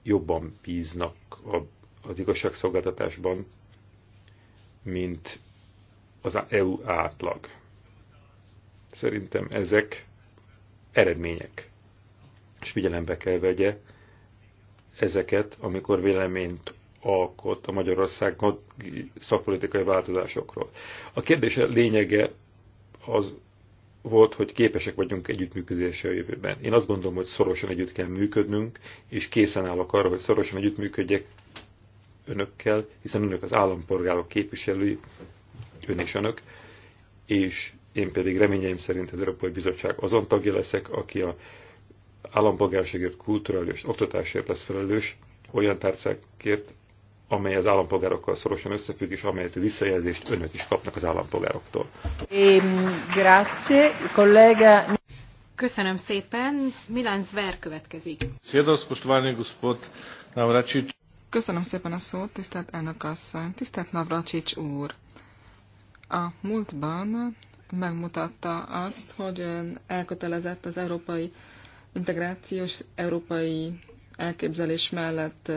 jobban bíznak a, az igazságszolgáltatásban, mint az EU átlag. Szerintem ezek eredmények. És figyelembe kell vegye ezeket, amikor véleményt alkot a Magyarország szakpolitikai változásokról. A kérdés lényege az volt, hogy képesek vagyunk együttműködésre a jövőben. Én azt gondolom, hogy szorosan együtt kell működnünk, és készen állok arra, hogy szorosan együttműködjek önökkel, hiszen önök az állampolgárok képviselői, ön és önök, és én pedig reményeim szerint az Európai Bizottság azon tagja leszek, aki a állampolgárságért, kulturális oktatásért lesz felelős, olyan tárcákért, amely az állampolgárokkal szorosan összefügg, és amelyet visszajelzést önök is kapnak az állampolgároktól. kollega. Köszönöm szépen. Milan Zver következik. Köszönöm szépen a szót, tisztelt elnök asszony. Tisztelt Navracsics úr. A múltban megmutatta azt, hogy ön elkötelezett az európai integrációs, európai elképzelés mellett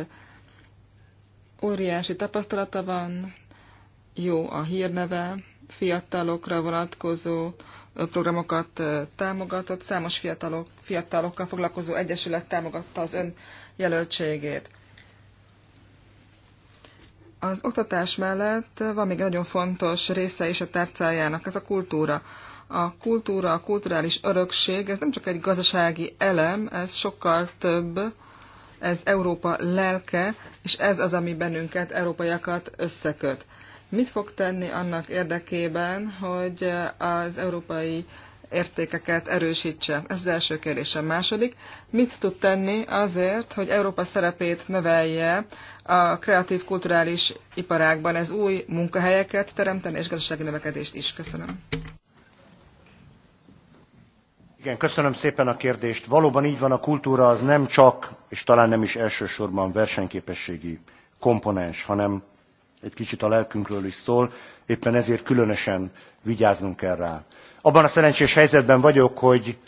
Óriási tapasztalata van, jó a hírneve, fiatalokra vonatkozó programokat támogatott, számos fiatalok, fiatalokkal foglalkozó egyesület támogatta az ön jelöltségét. Az oktatás mellett van még nagyon fontos része is a tárcájának, ez a kultúra. A kultúra, a kulturális örökség, ez nem csak egy gazdasági elem, ez sokkal több, ez Európa lelke, és ez az, ami bennünket, európaiakat összeköt. Mit fog tenni annak érdekében, hogy az európai értékeket erősítse? Ez az első a Második, mit tud tenni azért, hogy Európa szerepét növelje a kreatív kulturális iparákban? Ez új munkahelyeket teremteni és gazdasági növekedést is. Köszönöm. Igen, köszönöm szépen a kérdést. Valóban így van, a kultúra az nem csak, és talán nem is elsősorban versenyképességi komponens, hanem egy kicsit a lelkünkről is szól, éppen ezért különösen vigyáznunk kell rá. Abban a szerencsés helyzetben vagyok, hogy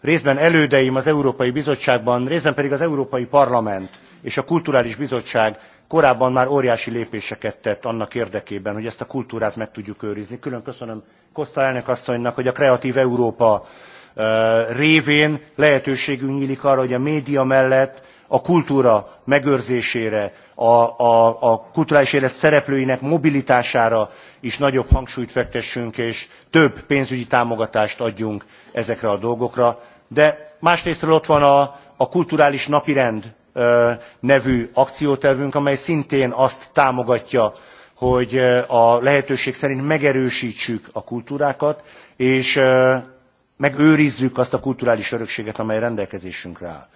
részben elődeim az Európai Bizottságban, részben pedig az Európai Parlament és a Kulturális Bizottság korábban már óriási lépéseket tett annak érdekében, hogy ezt a kultúrát meg tudjuk őrizni. Külön köszönöm Costa elnök asszonynak, hogy a Kreatív Európa révén lehetőségünk nyílik arra, hogy a média mellett a kultúra megőrzésére, a, a, a kulturális élet szereplőinek mobilitására is nagyobb hangsúlyt fektessünk, és több pénzügyi támogatást adjunk ezekre a dolgokra. De másrésztről ott van a, a kulturális napirend nevű akciótervünk, amely szintén azt támogatja, hogy a lehetőség szerint megerősítsük a kultúrákat, és megőrizzük azt a kulturális örökséget, amely rendelkezésünkre áll.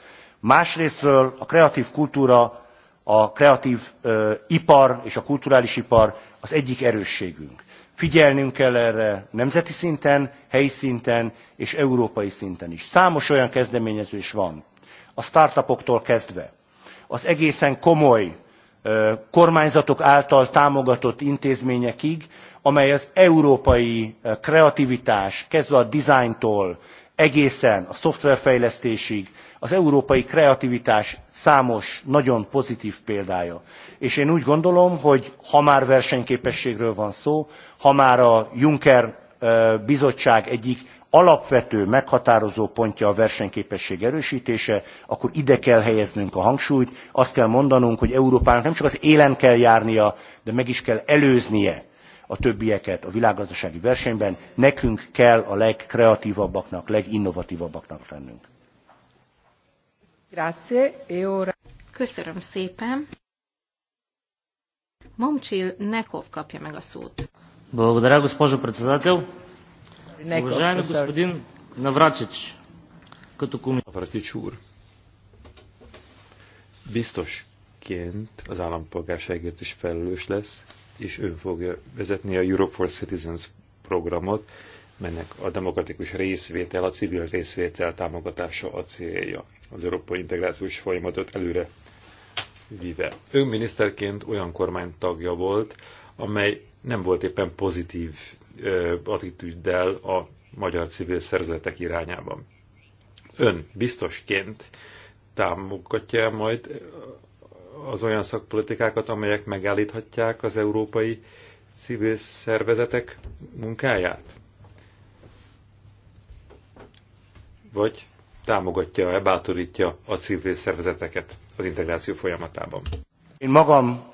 Másrésztről a kreatív kultúra, a kreatív ö, ipar és a kulturális ipar az egyik erősségünk. Figyelnünk kell erre nemzeti szinten, helyi szinten és európai szinten is. Számos olyan kezdeményezés van, a startupoktól kezdve, az egészen komoly kormányzatok által támogatott intézményekig, amely az európai eh, kreativitás kezdve a dizájntól egészen a szoftverfejlesztésig az európai kreativitás számos nagyon pozitv példája és én úgy gondolom hogy ha már versenyképességről van szó ha már a juncker eh, bizottság egyik alapvető meghatározó pontja a versenyképesség erőstése akkor ide kell helyeznünk a hangsúlyt azt kell mondanunk hogy európának nem csak az élen kell járnia de meg is kell előznie a többieket a világgazdasági versenyben, nekünk kell a legkreatívabbaknak, leginnovatívabbaknak lennünk. Grazie, e ora. Köszönöm szépen. Momcsil Nekov kapja meg a szót. Благодаря, госпожо председател. Уважаеми господин Навратич, като комисар. Навратич úr. Biztosként az állampolgárságért is felelős lesz, és ő fogja vezetni a Europe for Citizens programot, melynek a demokratikus részvétel, a civil részvétel támogatása a célja, az európai integrációs folyamatot előre vive. Ő miniszterként olyan kormány tagja volt, amely nem volt éppen pozitív ö, attitűddel a magyar civil szerzetek irányában. Ön biztosként támogatja majd az olyan szakpolitikákat, amelyek megállíthatják az európai civil szervezetek munkáját? Vagy támogatja-e, bátorítja a civil szervezeteket az integráció folyamatában? Én magam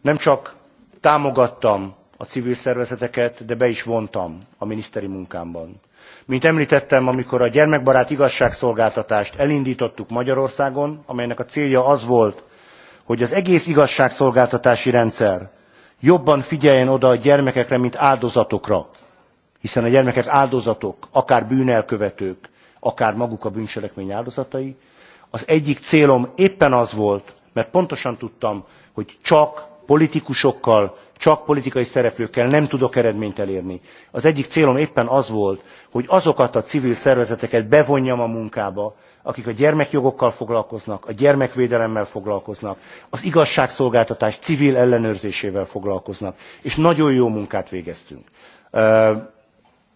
nem csak támogattam a civil szervezeteket, de be is vontam a miniszteri munkámban. Mint említettem, amikor a gyermekbarát igazságszolgáltatást elindítottuk Magyarországon, amelynek a célja az volt, hogy az egész igazságszolgáltatási rendszer jobban figyeljen oda a gyermekekre, mint áldozatokra, hiszen a gyermekek áldozatok, akár bűnelkövetők, akár maguk a bűncselekmény áldozatai. Az egyik célom éppen az volt, mert pontosan tudtam, hogy csak politikusokkal, csak politikai szereplőkkel nem tudok eredményt elérni. Az egyik célom éppen az volt, hogy azokat a civil szervezeteket bevonjam a munkába, akik a gyermekjogokkal foglalkoznak, a gyermekvédelemmel foglalkoznak, az igazságszolgáltatás civil ellenőrzésével foglalkoznak, és nagyon jó munkát végeztünk.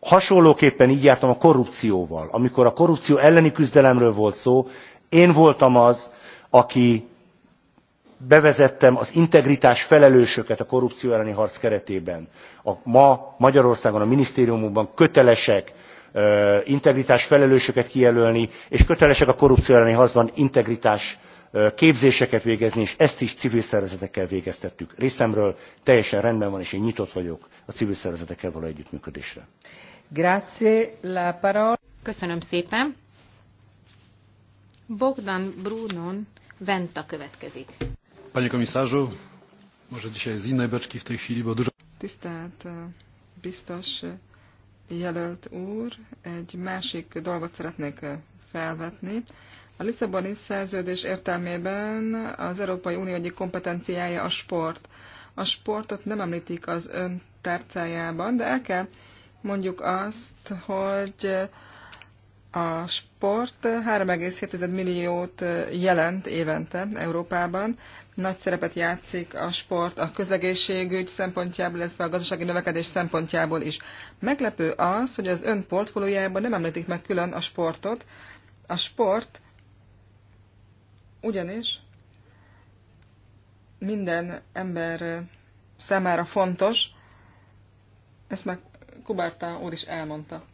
Hasonlóképpen így jártam a korrupcióval. Amikor a korrupció elleni küzdelemről volt szó, én voltam az, aki bevezettem az integritás felelősöket a korrupció elleni harc keretében. A ma Magyarországon a minisztériumokban kötelesek integritás felelősöket kijelölni és kötelesek a korrupció elleni harcban integritás képzéseket végezni és ezt is civil szervezetekkel végeztettük. részemről teljesen rendben van és én nyitott vagyok a civil szervezetekkel való együttműködésre. Grazie, la parola. Köszönöm szépen. Bogdan Brunon Venta következik. Panie komisarzu, może dzisiaj z innej beczki w tej chwili, bo dużo... Tisztelt e, biztos jelölt úr, egy másik dolgot szeretnék felvetni. A Lisszaboni szerződés értelmében az Európai Unió egyik kompetenciája a sport. A sportot nem említik az ön tárcájában, de el kell mondjuk azt, hogy a sport 3,7 milliót jelent évente Európában. Nagy szerepet játszik a sport a közegészségügy szempontjából, illetve a gazdasági növekedés szempontjából is. Meglepő az, hogy az ön portfóliójában nem említik meg külön a sportot. A sport ugyanis minden ember számára fontos, ezt meg Kubárta úr is elmondta.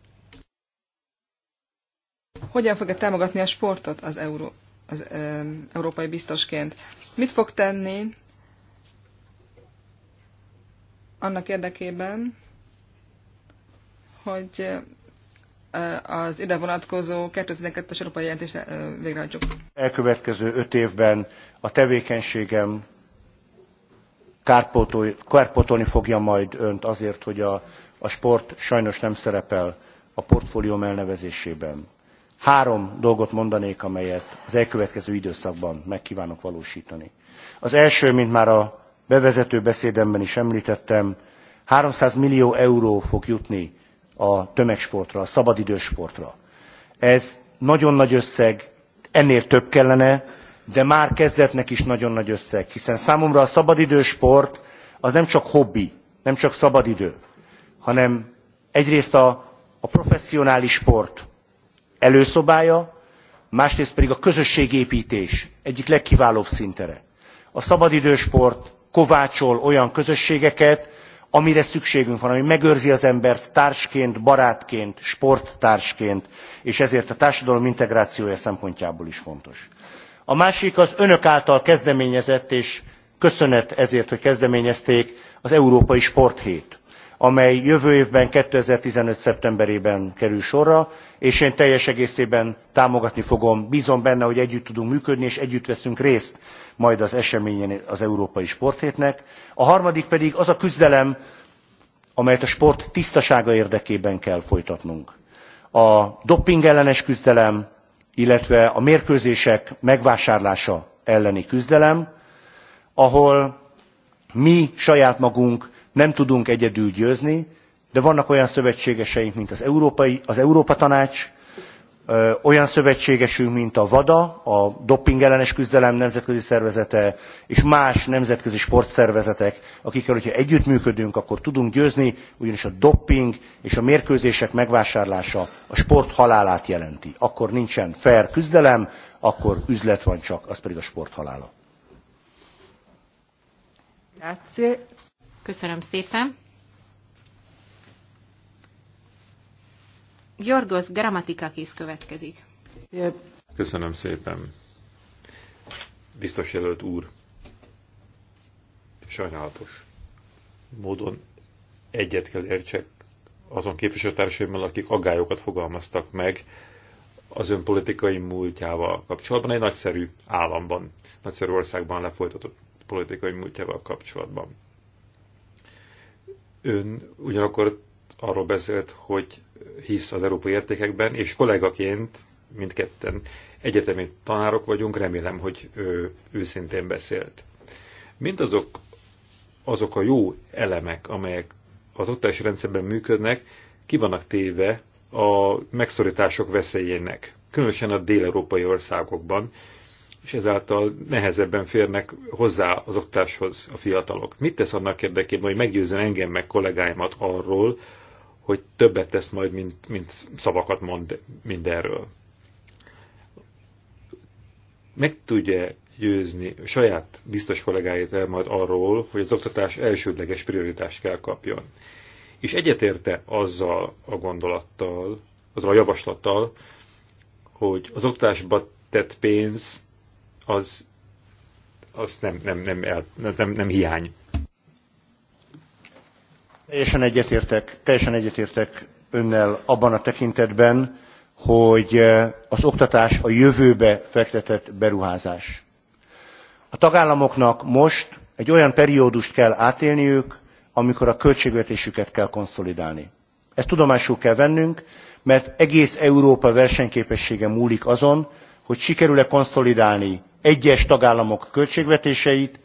Hogyan fogja támogatni a sportot az, Euró- az ö, európai biztosként? Mit fog tenni annak érdekében, hogy az ide vonatkozó 2012-es európai jelentést végrehajtsuk. Elkövetkező öt évben a tevékenységem kárpótolni, kárpótolni fogja majd önt azért, hogy a, a sport sajnos nem szerepel a portfólióm elnevezésében. Három dolgot mondanék, amelyet az elkövetkező időszakban meg kívánok valósítani. Az első, mint már a bevezető beszédemben is említettem, 300 millió euró fog jutni a tömegsportra, a szabadidős sportra. Ez nagyon nagy összeg, ennél több kellene, de már kezdetnek is nagyon nagy összeg, hiszen számomra a szabadidős sport az nem csak hobbi, nem csak szabadidő, hanem egyrészt a, a professzionális sport, előszobája másrészt pedig a közösségépítés egyik legkiválóbb szintere. a szabadidősport kovácsol olyan közösségeket amire szükségünk van ami megőrzi az embert társként barátként sporttársként és ezért a társadalom integrációja szempontjából is fontos. a másik az önök által kezdeményezett és köszönet ezért hogy kezdeményezték az európai sporthét amely jövő évben two thousand and fifteen szeptemberében kerül sorra és én teljes egészében támogatni fogom bzom benne hogy együtt tudunk működni és együtt veszünk részt majd az eseményen az európai sporthétnek. a harmadik pedig az a küzdelem amelyet a sport tisztasága érdekében kell folytatnunk a dopingellenes küzdelem illetve a mérkőzések megvásárlása elleni küzdelem ahol mi saját magunk nem tudunk egyedül győzni, de vannak olyan szövetségeseink, mint az, Európai, az Európa Tanács, olyan szövetségesünk, mint a VADA, a Dopingellenes ellenes küzdelem nemzetközi szervezete, és más nemzetközi sportszervezetek, akikkel, hogyha együttműködünk, akkor tudunk győzni, ugyanis a doping és a mérkőzések megvásárlása a sport halálát jelenti. Akkor nincsen fair küzdelem, akkor üzlet van csak, az pedig a sport halála. Grazie. Köszönöm szépen. Jorgos Grammatikakis következik. Yep. Köszönöm szépen. Biztos jelölt úr. Sajnálatos módon egyet kell értsek azon képviselőtársaimmal, akik aggályokat fogalmaztak meg az ön politikai múltjával kapcsolatban, egy nagyszerű államban, nagyszerű országban lefolytatott politikai múltjával kapcsolatban. Ön ugyanakkor arról beszélt, hogy hisz az európai értékekben, és kollégaként mindketten egyetemi tanárok vagyunk, remélem, hogy ő őszintén beszélt. Mint azok, azok a jó elemek, amelyek az oktatási rendszerben működnek, ki vannak téve a megszorítások veszélyének, különösen a dél-európai országokban, és ezáltal nehezebben férnek hozzá az oktáshoz a fiatalok. Mit tesz annak érdekében, hogy meggyőzzen engem meg kollégáimat arról, hogy többet tesz majd, mint, mint szavakat mond mindenről? Meg tudja győzni saját biztos kollégáit el majd arról, hogy az oktatás elsődleges prioritást kell kapjon. És egyetérte azzal a gondolattal, azzal a javaslattal, hogy az oktatásba tett pénz az, az nem, nem, nem, el, nem, nem hiány. Teljesen egyetértek, teljesen egyetértek önnel abban a tekintetben, hogy eh, az oktatás a jövőbe fektetett beruházás. A tagállamoknak most egy olyan periódust kell átélniük, amikor a költségvetésüket kell konszolidálni. Ezt tudomásul kell vennünk, mert egész Európa versenyképessége múlik azon, hogy sikerül-e konszolidálni egyes tagállamok költségvetéseit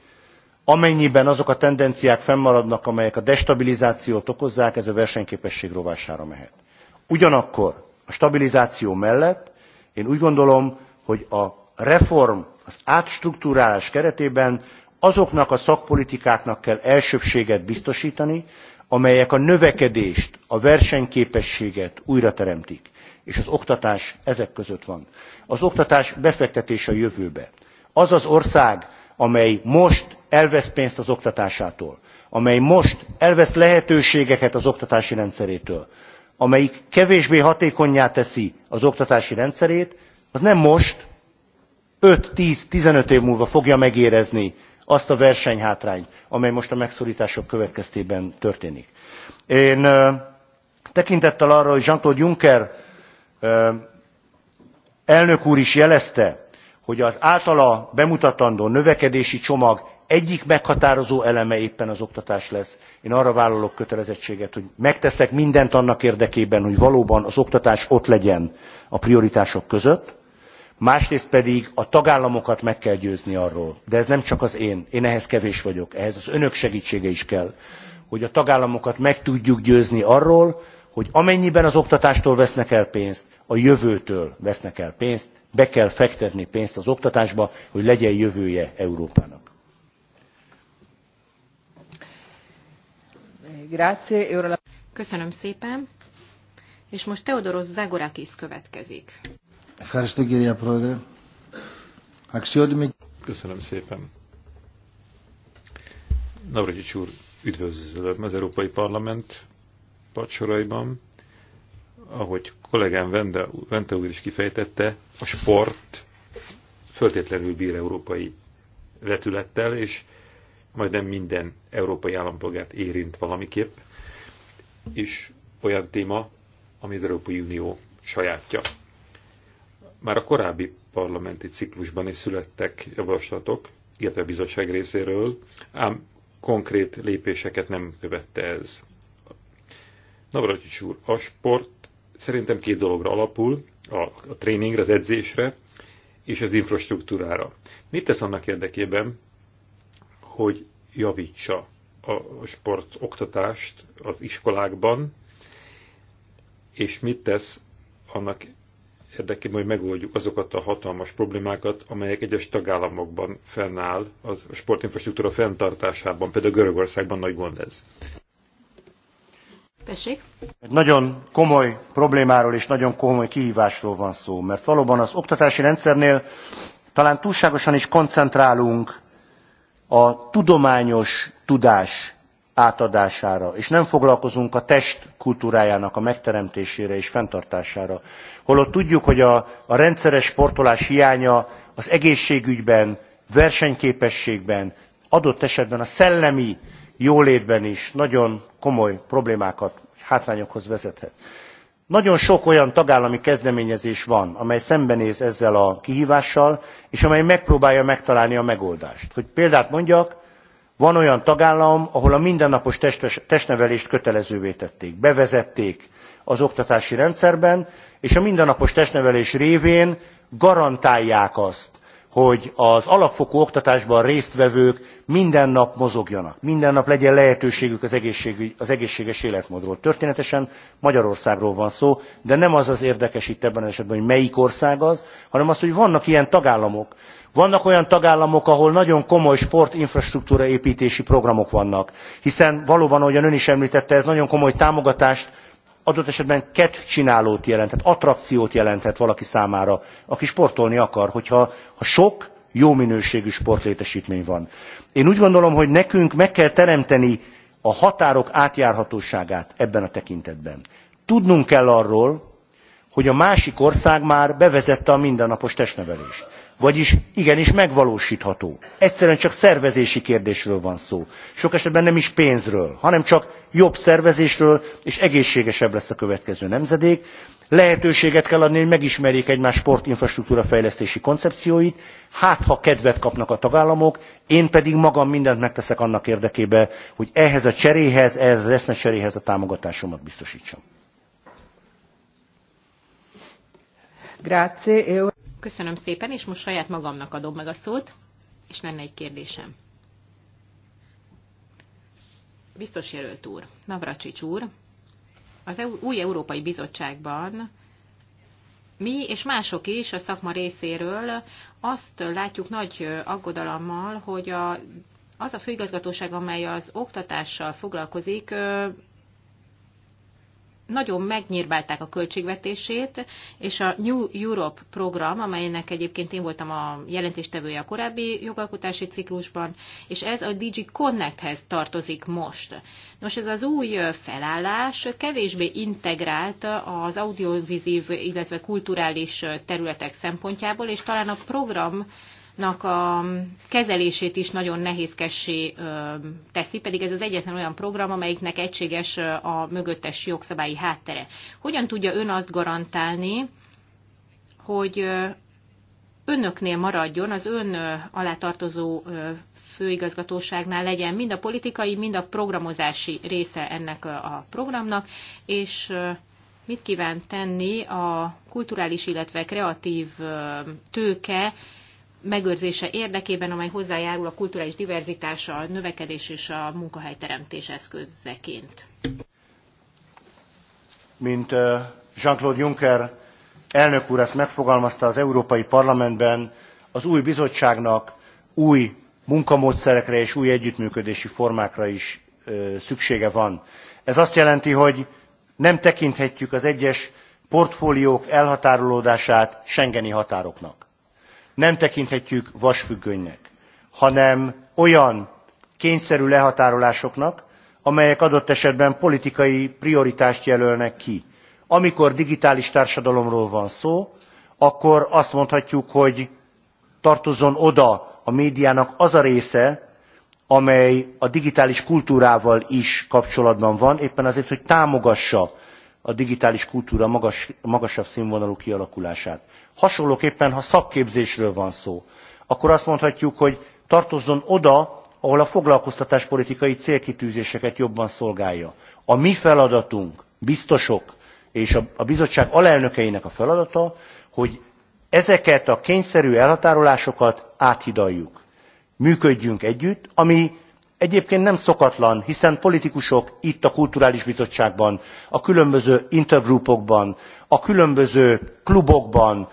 amennyiben azok a tendenciák fennmaradnak amelyek a destabilizációt okozzák ez a versenyképesség rovására mehet. ugyanakkor a stabilizáció mellett én úgy gondolom hogy a reform az átstruktúrálás keretében azoknak a szakpolitikáknak kell elsőbbséget biztostani amelyek a növekedést a versenyképességet újrateremtik és az oktatás ezek között van. az oktatás befektetés a jövőbe az az ország amely most elvesz pénzt az oktatásától amely most elvesz lehetőségeket az oktatási rendszerétől amelyik kevésbé hatékonnyá teszi az oktatási rendszerét az nem most five ten fifteen év múlva fogja megérezni azt a versenyhátrányt amely most a megszortások következtében történik. én tekintettel arra hogy jean claude juncker elnök úr is jelezte hogy az általa bemutatandó növekedési csomag egyik meghatározó eleme éppen az oktatás lesz. Én arra vállalok kötelezettséget, hogy megteszek mindent annak érdekében, hogy valóban az oktatás ott legyen a prioritások között, másrészt pedig a tagállamokat meg kell győzni arról. De ez nem csak az én, én ehhez kevés vagyok, ehhez az önök segítsége is kell, hogy a tagállamokat meg tudjuk győzni arról, hogy amennyiben az oktatástól vesznek el pénzt, a jövőtől vesznek el pénzt, be kell fektetni pénzt az oktatásba, hogy legyen jövője Európának. E Köszönöm szépen. És most Teodoros Zagorakis következik. Köszönöm szépen. Navracsics úr, üdvözlöm az Európai Parlament pacsoraiban ahogy kollégám Vende, Vente úr is kifejtette, a sport föltétlenül bír európai vetülettel, és majdnem minden európai állampolgárt érint valamiképp, és olyan téma, ami az Európai Unió sajátja. Már a korábbi parlamenti ciklusban is születtek javaslatok, illetve a bizottság részéről, ám konkrét lépéseket nem követte ez. Navracsics úr, a sport szerintem két dologra alapul, a, a tréningre, az edzésre és az infrastruktúrára. Mit tesz annak érdekében, hogy javítsa a sport oktatást az iskolákban, és mit tesz annak érdekében, hogy megoldjuk azokat a hatalmas problémákat, amelyek egyes tagállamokban fennáll, A sportinfrastruktúra fenntartásában, például Görögországban nagy gond ez. Tessék. Egy nagyon komoly problémáról és nagyon komoly kihívásról van szó, mert valóban az oktatási rendszernél talán túlságosan is koncentrálunk a tudományos tudás átadására, és nem foglalkozunk a test kultúrájának a megteremtésére és fenntartására. Holott tudjuk, hogy a, a rendszeres sportolás hiánya az egészségügyben, versenyképességben, adott esetben a szellemi jólétben is nagyon komoly problémákat hátrányokhoz vezethet. Nagyon sok olyan tagállami kezdeményezés van, amely szembenéz ezzel a kihívással, és amely megpróbálja megtalálni a megoldást. Hogy példát mondjak, van olyan tagállam, ahol a mindennapos testnevelést kötelezővé tették, bevezették az oktatási rendszerben, és a mindennapos testnevelés révén garantálják azt, hogy az alapfokú oktatásban résztvevők minden nap mozogjanak, minden nap legyen lehetőségük az, egészség, az egészséges életmódról. Történetesen Magyarországról van szó, de nem az az érdekes itt ebben az esetben, hogy melyik ország az, hanem az, hogy vannak ilyen tagállamok. Vannak olyan tagállamok, ahol nagyon komoly sportinfrastruktúra építési programok vannak, hiszen valóban, ahogyan ön is említette, ez nagyon komoly támogatást adott esetben kedvcsinálót jelenthet, attrakciót jelenthet valaki számára, aki sportolni akar, hogyha ha sok jó minőségű sportlétesítmény van. Én úgy gondolom, hogy nekünk meg kell teremteni a határok átjárhatóságát ebben a tekintetben. Tudnunk kell arról, hogy a másik ország már bevezette a mindennapos testnevelést vagyis igenis megvalósítható. Egyszerűen csak szervezési kérdésről van szó. Sok esetben nem is pénzről, hanem csak jobb szervezésről, és egészségesebb lesz a következő nemzedék. Lehetőséget kell adni, hogy megismerjék egymás sportinfrastruktúra fejlesztési koncepcióit, hát ha kedvet kapnak a tagállamok, én pedig magam mindent megteszek annak érdekében, hogy ehhez a cseréhez, ehhez az eszmecseréhez a támogatásomat biztosítsam. Grazie. E Köszönöm szépen, és most saját magamnak adom meg a szót, és lenne egy kérdésem. Biztos jelölt úr, Navracsics úr, az új Európai Bizottságban mi és mások is a szakma részéről azt látjuk nagy aggodalommal, hogy a, az a főigazgatóság, amely az oktatással foglalkozik, nagyon megnyírbálták a költségvetését, és a New Europe program, amelynek egyébként én voltam a jelentéstevője a korábbi jogalkotási ciklusban, és ez a DG Connecthez tartozik most. Nos, ez az új felállás kevésbé integrált az audiovizív, illetve kulturális területek szempontjából, és talán a program a kezelését is nagyon nehézkessé teszi, pedig ez az egyetlen olyan program, amelyiknek egységes a mögöttes jogszabályi háttere. Hogyan tudja ön azt garantálni, hogy önöknél maradjon, az ön alá tartozó főigazgatóságnál legyen mind a politikai, mind a programozási része ennek a programnak, és mit kíván tenni a kulturális, illetve kreatív tőke megőrzése érdekében, amely hozzájárul a kulturális diverzitás, a növekedés és a munkahelyteremtés eszközeként. Mint Jean-Claude Juncker elnök úr ezt megfogalmazta az Európai Parlamentben, az új bizottságnak új munkamódszerekre és új együttműködési formákra is szüksége van. Ez azt jelenti, hogy nem tekinthetjük az egyes portfóliók elhatárolódását Schengeni határoknak nem tekinthetjük vasfüggönynek, hanem olyan kényszerű lehatárolásoknak, amelyek adott esetben politikai prioritást jelölnek ki. Amikor digitális társadalomról van szó, akkor azt mondhatjuk, hogy tartozzon oda a médiának az a része, amely a digitális kultúrával is kapcsolatban van, éppen azért, hogy támogassa a digitális kultúra magas, magasabb színvonalú kialakulását. Hasonlóképpen, ha szakképzésről van szó, akkor azt mondhatjuk, hogy tartozzon oda, ahol a foglalkoztatáspolitikai célkitűzéseket jobban szolgálja. A mi feladatunk, biztosok és a bizottság alelnökeinek a feladata, hogy ezeket a kényszerű elhatárolásokat áthidaljuk. Működjünk együtt, ami egyébként nem szokatlan hiszen politikusok itt a kulturális bizottságban a különböző intergrupokban, a különböző klubokban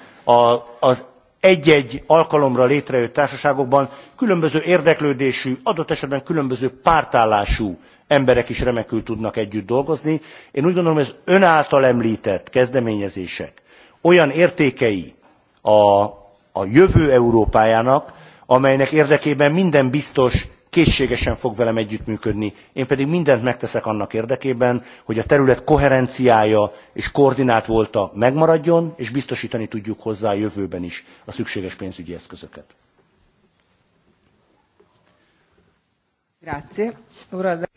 az egy egy alkalomra létrejött társaságokban különböző érdeklődésű adott esetben különböző pártállású emberek is remekül tudnak együtt dolgozni. én úgy gondolom hogy az ön által emltett kezdeményezések olyan értékei a, a jövő európájának amelynek érdekében minden biztos készségesen fog velem együttműködni én pedig mindent megteszek annak érdekében hogy a terület koherenciája és koordinált volta megmaradjon és biztosítani tudjuk hozzá a jövőben is a szükséges pénzügyi eszközöket.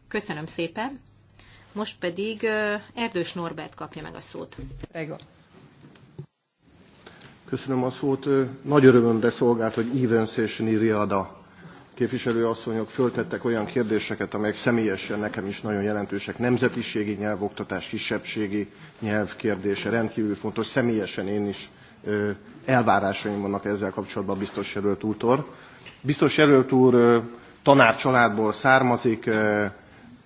Köszönöm szépen. Most pedig Erdős Norbert kapja meg a szót. Köszönöm a szót. Nagy örömömre szolgált, hogy Evans és Niriada képviselőasszonyok föltettek olyan kérdéseket, amelyek személyesen nekem is nagyon jelentősek. Nemzetiségi nyelvoktatás, kisebbségi nyelv kérdése rendkívül fontos. Személyesen én is elvárásaim vannak ezzel kapcsolatban biztos jelölt úrtól. Biztos jelölt úr tanárcsaládból származik,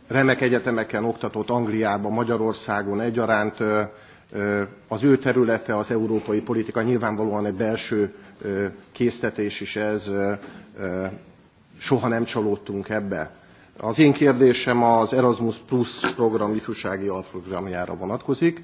remek egyetemeken oktatott Angliában, Magyarországon egyaránt. Az ő területe az európai politika, nyilvánvalóan egy belső késztetés is ez soha nem csalódtunk ebbe. Az én kérdésem az Erasmus Plus program ifjúsági alprogramjára vonatkozik.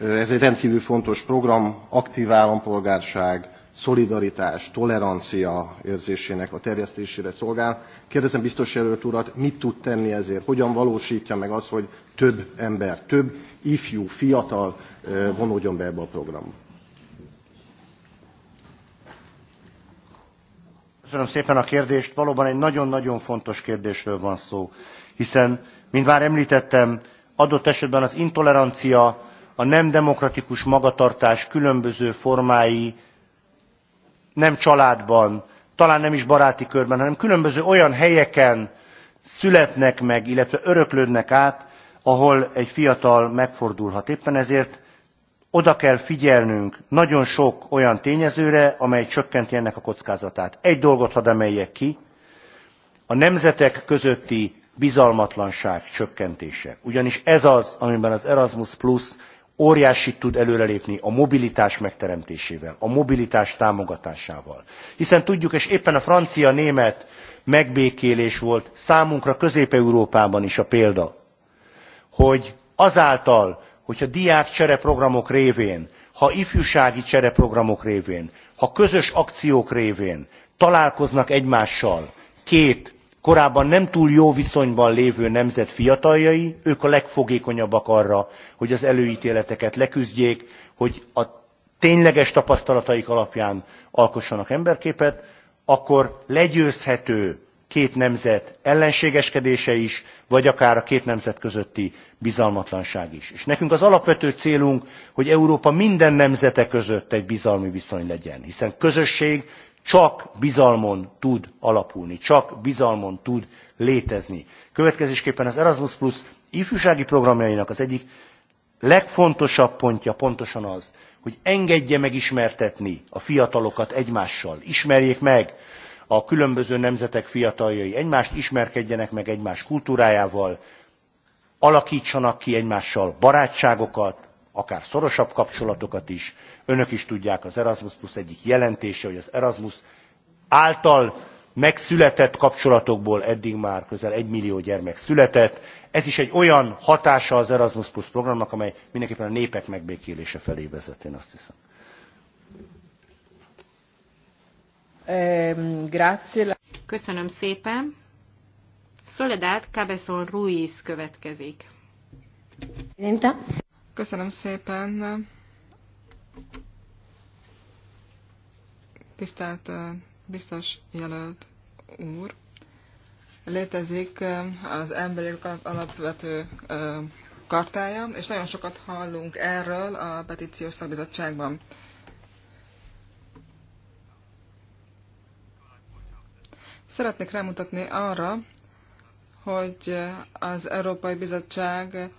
Ez egy rendkívül fontos program, aktív állampolgárság, szolidaritás, tolerancia érzésének a terjesztésére szolgál. Kérdezem biztos jelölt urat, mit tud tenni ezért? Hogyan valósítja meg az, hogy több ember, több ifjú, fiatal vonódjon be ebbe a programba? Köszönöm szépen a kérdést. Valóban egy nagyon-nagyon fontos kérdésről van szó, hiszen, mint már említettem, adott esetben az intolerancia, a nem demokratikus magatartás különböző formái nem családban, talán nem is baráti körben, hanem különböző olyan helyeken születnek meg, illetve öröklődnek át, ahol egy fiatal megfordulhat. Éppen ezért oda kell figyelnünk nagyon sok olyan tényezőre, amely csökkenti ennek a kockázatát. Egy dolgot hadd emeljek ki, a nemzetek közötti bizalmatlanság csökkentése. Ugyanis ez az, amiben az Erasmus Plus óriásit tud előrelépni a mobilitás megteremtésével, a mobilitás támogatásával. Hiszen tudjuk, és éppen a francia-német megbékélés volt számunkra Közép-Európában is a példa, hogy azáltal, hogyha diák csereprogramok révén, ha ifjúsági csereprogramok révén, ha közös akciók révén találkoznak egymással két korábban nem túl jó viszonyban lévő nemzet fiataljai, ők a legfogékonyabbak arra, hogy az előítéleteket leküzdjék, hogy a tényleges tapasztalataik alapján alkossanak emberképet, akkor legyőzhető két nemzet ellenségeskedése is, vagy akár a két nemzet közötti bizalmatlanság is. És nekünk az alapvető célunk, hogy Európa minden nemzete között egy bizalmi viszony legyen, hiszen közösség csak bizalmon tud alapulni, csak bizalmon tud létezni. Következésképpen az Erasmus Plus ifjúsági programjainak az egyik legfontosabb pontja pontosan az, hogy engedje megismertetni a fiatalokat egymással, ismerjék meg a különböző nemzetek fiataljai egymást ismerkedjenek meg egymás kultúrájával, alakítsanak ki egymással barátságokat, akár szorosabb kapcsolatokat is. Önök is tudják az Erasmus Plus egyik jelentése, hogy az Erasmus által megszületett kapcsolatokból eddig már közel egy millió gyermek született. Ez is egy olyan hatása az Erasmus Plus programnak, amely mindenképpen a népek megbékélése felé vezet, én azt hiszem. Ehm, Köszönöm szépen. Soledad Cabezón Ruiz következik. Köszönöm szépen. Tisztelt eh, biztos jelölt úr, létezik eh, az emberi alapvető eh, kartája, és nagyon sokat hallunk erről a petíciós szakbizottságban. Szeretnék rámutatni arra, hogy az Európai Bizottság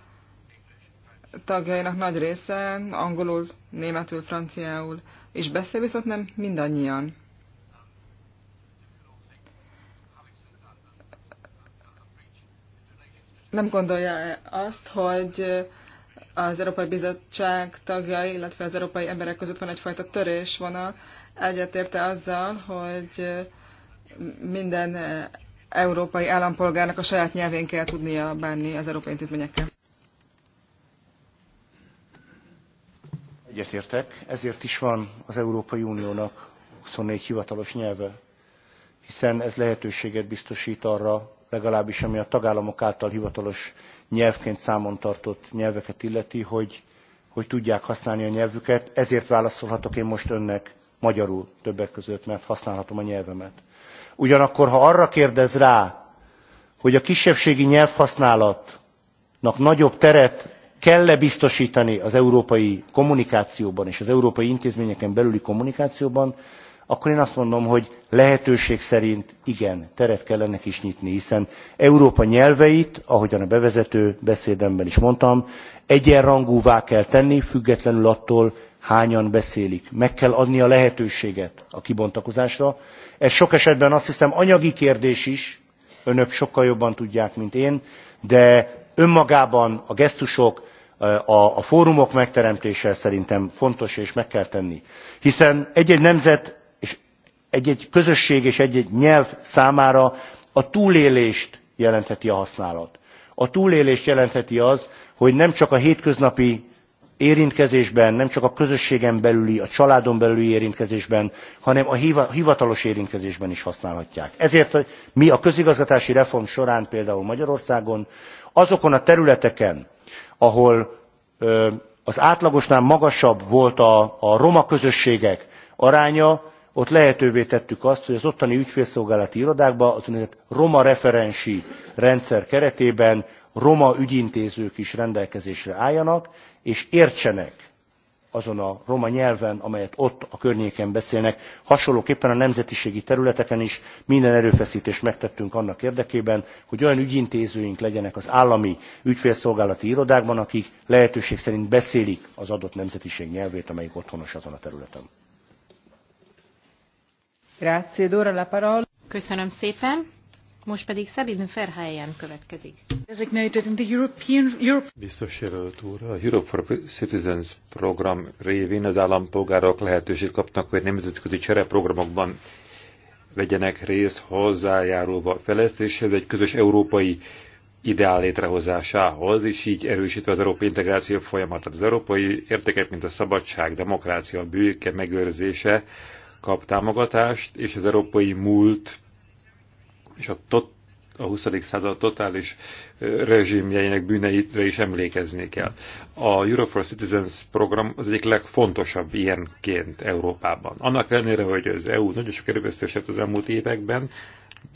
tagjainak nagy része angolul, németül, franciául is beszél, viszont nem mindannyian. Nem gondolja -e azt, hogy az Európai Bizottság tagjai, illetve az európai emberek között van egyfajta törésvonal, egyetérte azzal, hogy minden eh, európai állampolgárnak a saját nyelvén kell tudnia bánni az európai intézményekkel. Egyetértek, ezért is van az Európai Uniónak 24 hivatalos nyelve, hiszen ez lehetőséget biztosít arra, legalábbis ami a tagállamok által hivatalos nyelvként számon tartott nyelveket illeti, hogy, hogy tudják használni a nyelvüket. Ezért válaszolhatok én most önnek magyarul többek között, mert használhatom a nyelvemet. Ugyanakkor, ha arra kérdez rá, hogy a kisebbségi nyelvhasználatnak nagyobb teret kell-e biztosítani az európai kommunikációban és az európai intézményeken belüli kommunikációban, akkor én azt mondom, hogy lehetőség szerint igen, teret kell ennek is nyitni, hiszen Európa nyelveit, ahogyan a bevezető beszédemben is mondtam, egyenrangúvá kell tenni, függetlenül attól, hányan beszélik. Meg kell adni a lehetőséget a kibontakozásra. Ez sok esetben azt hiszem anyagi kérdés is, önök sokkal jobban tudják, mint én, de önmagában a gesztusok, a, a fórumok megteremtése szerintem fontos és meg kell tenni. Hiszen egy-egy nemzet, és egy-egy közösség és egy-egy nyelv számára a túlélést jelentheti a használat. A túlélést jelentheti az, hogy nem csak a hétköznapi érintkezésben, nem csak a közösségen belüli, a családon belüli érintkezésben, hanem a hivatalos érintkezésben is használhatják. Ezért mi a közigazgatási reform során például Magyarországon azokon a területeken, ahol az átlagosnál magasabb volt a, a roma közösségek aránya, ott lehetővé tettük azt, hogy az ottani ügyfélszolgálati irodákban, az úgynevezett roma referensi rendszer keretében roma ügyintézők is rendelkezésre álljanak, és értsenek azon a roma nyelven, amelyet ott a környéken beszélnek. Hasonlóképpen a nemzetiségi területeken is minden erőfeszítést megtettünk annak érdekében, hogy olyan ügyintézőink legyenek az állami ügyfélszolgálati irodákban, akik lehetőség szerint beszélik az adott nemzetiség nyelvét, amelyik otthonos azon a területen. Grazie, Dora la parola. Köszönöm szépen. Most pedig Sabine Ferhelyen következik. Biztos jelölt úr, a Europe for Citizens program révén az állampolgárok lehetőséget kapnak, hogy nemzetközi csereprogramokban vegyenek részt hozzájárulva a fejlesztéshez, egy közös európai ideál létrehozásához, és így erősítve az európai integráció folyamatát. Az európai értékek, mint a szabadság, demokrácia, a bűke megőrzése kap támogatást, és az európai múlt és a, tot, a 20. század totális rezsimjeinek bűneitre is emlékezni kell. A Europe for Citizens program az egyik legfontosabb ilyenként Európában. Annak ellenére, hogy az EU nagyon sok erőfeszítést az elmúlt években,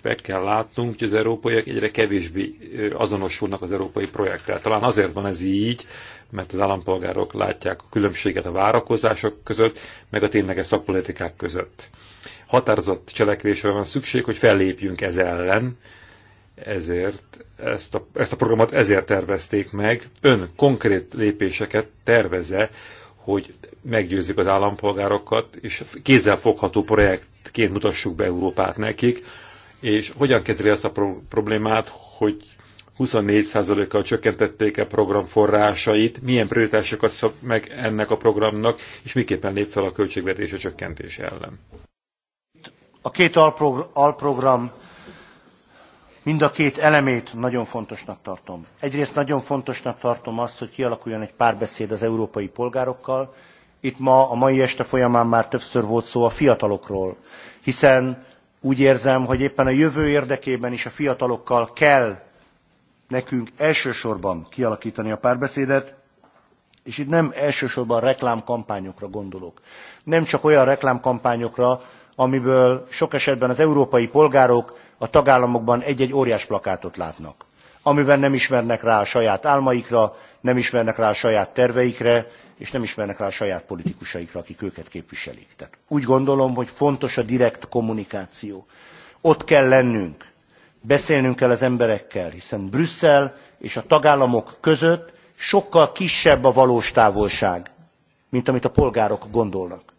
be kell látnunk, hogy az európaiak egyre kevésbé azonosulnak az európai projekttel. Talán azért van ez így, mert az állampolgárok látják a különbséget a várakozások között, meg a tényleges szakpolitikák között határozott cselekvésre van szükség, hogy fellépjünk ez ellen, ezért ezt a, ezt a programot ezért tervezték meg. Ön konkrét lépéseket terveze, hogy meggyőzzük az állampolgárokat, és kézzelfogható projektként mutassuk be Európát nekik, és hogyan kezeli ezt a pro problémát, hogy 24%-kal csökkentették a program forrásait, milyen prioritásokat szab meg ennek a programnak, és miképpen lép fel a költségvetése csökkentés ellen a két alprogram mind a két elemét nagyon fontosnak tartom. egyrészt nagyon fontosnak tartom azt hogy kialakuljon egy párbeszéd az európai polgárokkal itt ma a mai este folyamán már többször volt szó a fiatalokról hiszen úgy érzem hogy éppen a jövő érdekében is a fiatalokkal kell nekünk elsősorban kialaktani a párbeszédet és itt nem elsősorban reklámkampányokra gondolok nem csak olyan reklámkampányokra amiből sok esetben az európai polgárok a tagállamokban egy egy óriásplakátot látnak amiben nem ismernek rá a saját álmaikra nem ismernek rá a saját terveikre és nem ismernek rá a saját politikusaikra akik őket képviselik. tehát úgy gondolom hogy fontos a direkt kommunikáció. ott kell lennünk beszélnünk kell az emberekkel hiszen brüsszel és a tagállamok között sokkal kisebb a valós távolság mint amit a polgárok gondolnak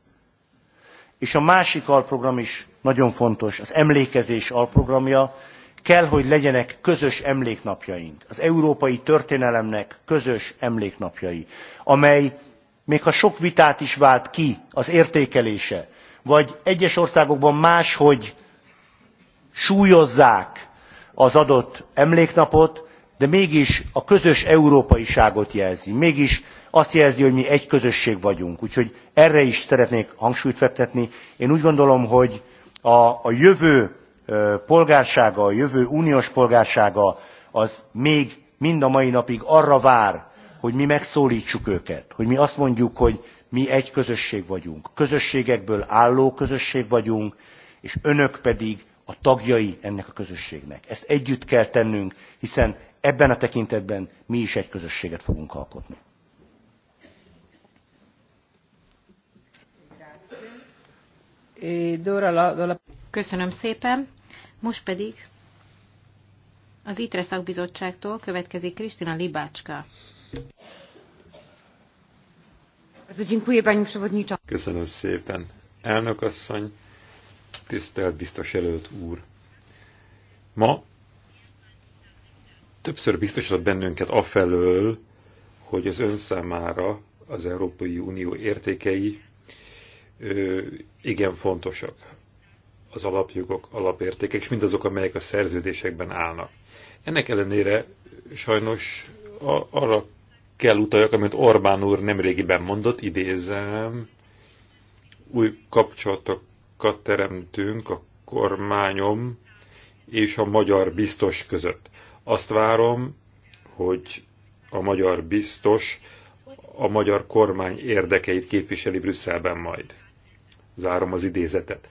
és a másik alprogram is nagyon fontos, az emlékezés alprogramja, kell, hogy legyenek közös emléknapjaink, az európai történelemnek közös emléknapjai, amely még ha sok vitát is vált ki az értékelése, vagy egyes országokban máshogy súlyozzák az adott emléknapot, de mégis a közös európaiságot jelzi, mégis azt jelzi, hogy mi egy közösség vagyunk. Úgyhogy erre is szeretnék hangsúlyt fektetni. Én úgy gondolom, hogy a, a jövő polgársága, a jövő uniós polgársága az még mind a mai napig arra vár, hogy mi megszólítsuk őket, hogy mi azt mondjuk, hogy mi egy közösség vagyunk. Közösségekből álló közösség vagyunk, és önök pedig a tagjai ennek a közösségnek. Ezt együtt kell tennünk, hiszen ebben a tekintetben mi is egy közösséget fogunk alkotni. Köszönöm szépen. Most pedig az ITRE szakbizottságtól következik Kristina Libácska. Köszönöm szépen. Elnök asszony, tisztelt biztos előtt úr. Ma többször biztosított bennünket afelől, hogy az ön számára az Európai Unió értékei igen fontosak az alapjogok, alapértékek, és mindazok, amelyek a szerződésekben állnak. Ennek ellenére sajnos a, arra kell utaljak, amit Orbán úr nemrégiben mondott, idézem, új kapcsolatokat teremtünk a kormányom és a magyar biztos között. Azt várom, hogy a magyar biztos a magyar kormány érdekeit képviseli Brüsszelben majd zárom az idézetet.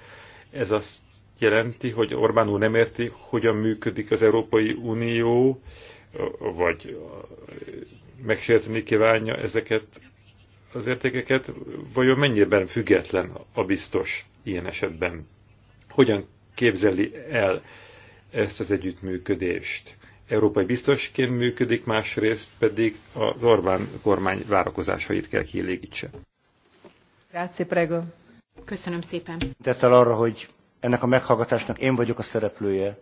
Ez azt jelenti, hogy Orbán úr nem érti, hogyan működik az Európai Unió, vagy megsérteni kívánja ezeket az értékeket, vajon mennyiben független a biztos ilyen esetben? Hogyan képzeli el ezt az együttműködést? Európai biztosként működik, másrészt pedig az Orbán kormány várakozásait kell kielégítse. Grazie, prego. Köszönöm szépen. Tettel arra, hogy ennek a meghallgatásnak én vagyok a szereplője,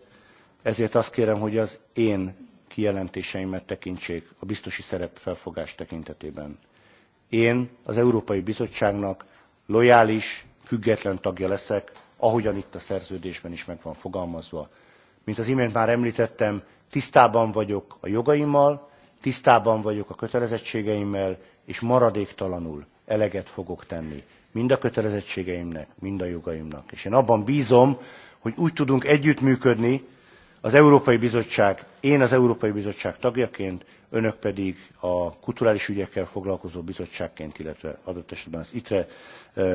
ezért azt kérem, hogy az én kijelentéseimet tekintsék a biztosi felfogás tekintetében. Én az Európai Bizottságnak lojális, független tagja leszek, ahogyan itt a szerződésben is meg van fogalmazva. Mint az imént már említettem, tisztában vagyok a jogaimmal, tisztában vagyok a kötelezettségeimmel, és maradéktalanul eleget fogok tenni mind a kötelezettségeimnek, mind a jogaimnak. És én abban bízom, hogy úgy tudunk együttműködni, az Európai Bizottság, én az Európai Bizottság tagjaként, önök pedig a kulturális ügyekkel foglalkozó bizottságként, illetve adott esetben az ITRE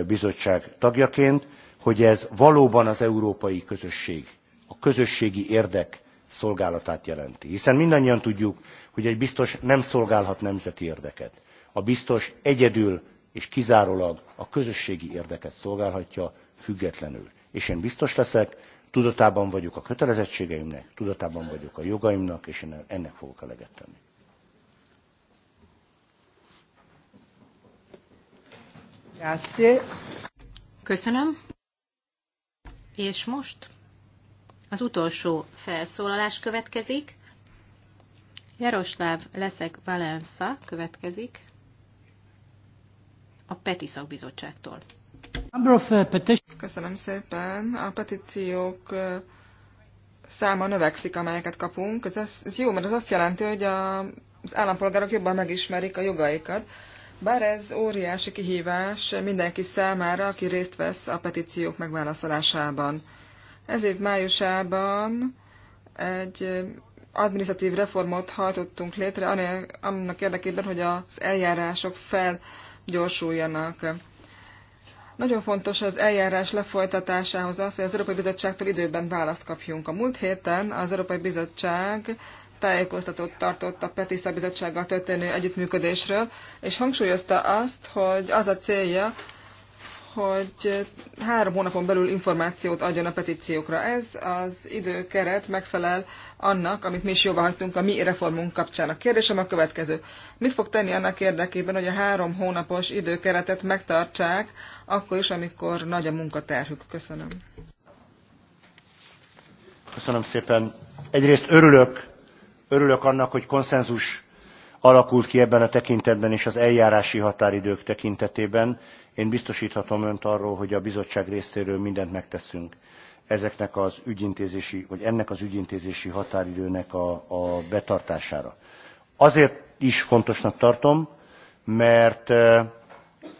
bizottság tagjaként, hogy ez valóban az európai közösség, a közösségi érdek szolgálatát jelenti. Hiszen mindannyian tudjuk, hogy egy biztos nem szolgálhat nemzeti érdeket. A biztos egyedül és kizárólag a közösségi érdeket szolgálhatja függetlenül. És én biztos leszek, tudatában vagyok a kötelezettségeimnek, tudatában vagyok a jogaimnak, és én ennek fogok eleget tenni. Grazie. Köszönöm. És most az utolsó felszólalás következik. Jaroslav Leszek Valensa következik a PETI szakbizottságtól. Uh, Köszönöm szépen. A petíciók uh, száma növekszik, amelyeket kapunk. Ez, ez jó, mert ez azt jelenti, hogy a, az állampolgárok jobban megismerik a jogaikat. Bár ez óriási kihívás mindenki számára, aki részt vesz a petíciók megválaszolásában. Ez év májusában egy uh, administratív reformot hajtottunk létre, annak érdekében, hogy az eljárások fel gyorsuljanak. Nagyon fontos az eljárás lefolytatásához az, hogy az Európai Bizottságtól időben választ kapjunk. A múlt héten az Európai Bizottság tájékoztatót tartott a PETI Bizottsággal történő együttműködésről, és hangsúlyozta azt, hogy az a célja, hogy három hónapon belül információt adjon a petíciókra. Ez az időkeret megfelel annak, amit mi is jóvá hagytunk a mi reformunk kapcsán. A kérdésem a következő. Mit fog tenni annak érdekében, hogy a három hónapos időkeretet megtartsák, akkor is, amikor nagy a munkaterhük? Köszönöm. Köszönöm szépen. Egyrészt örülök, örülök annak, hogy konszenzus alakult ki ebben a tekintetben és az eljárási határidők tekintetében én biztosíthatom önt arról, hogy a bizottság részéről mindent megteszünk ezeknek az ügyintézési, vagy ennek az ügyintézési határidőnek a, a betartására. Azért is fontosnak tartom, mert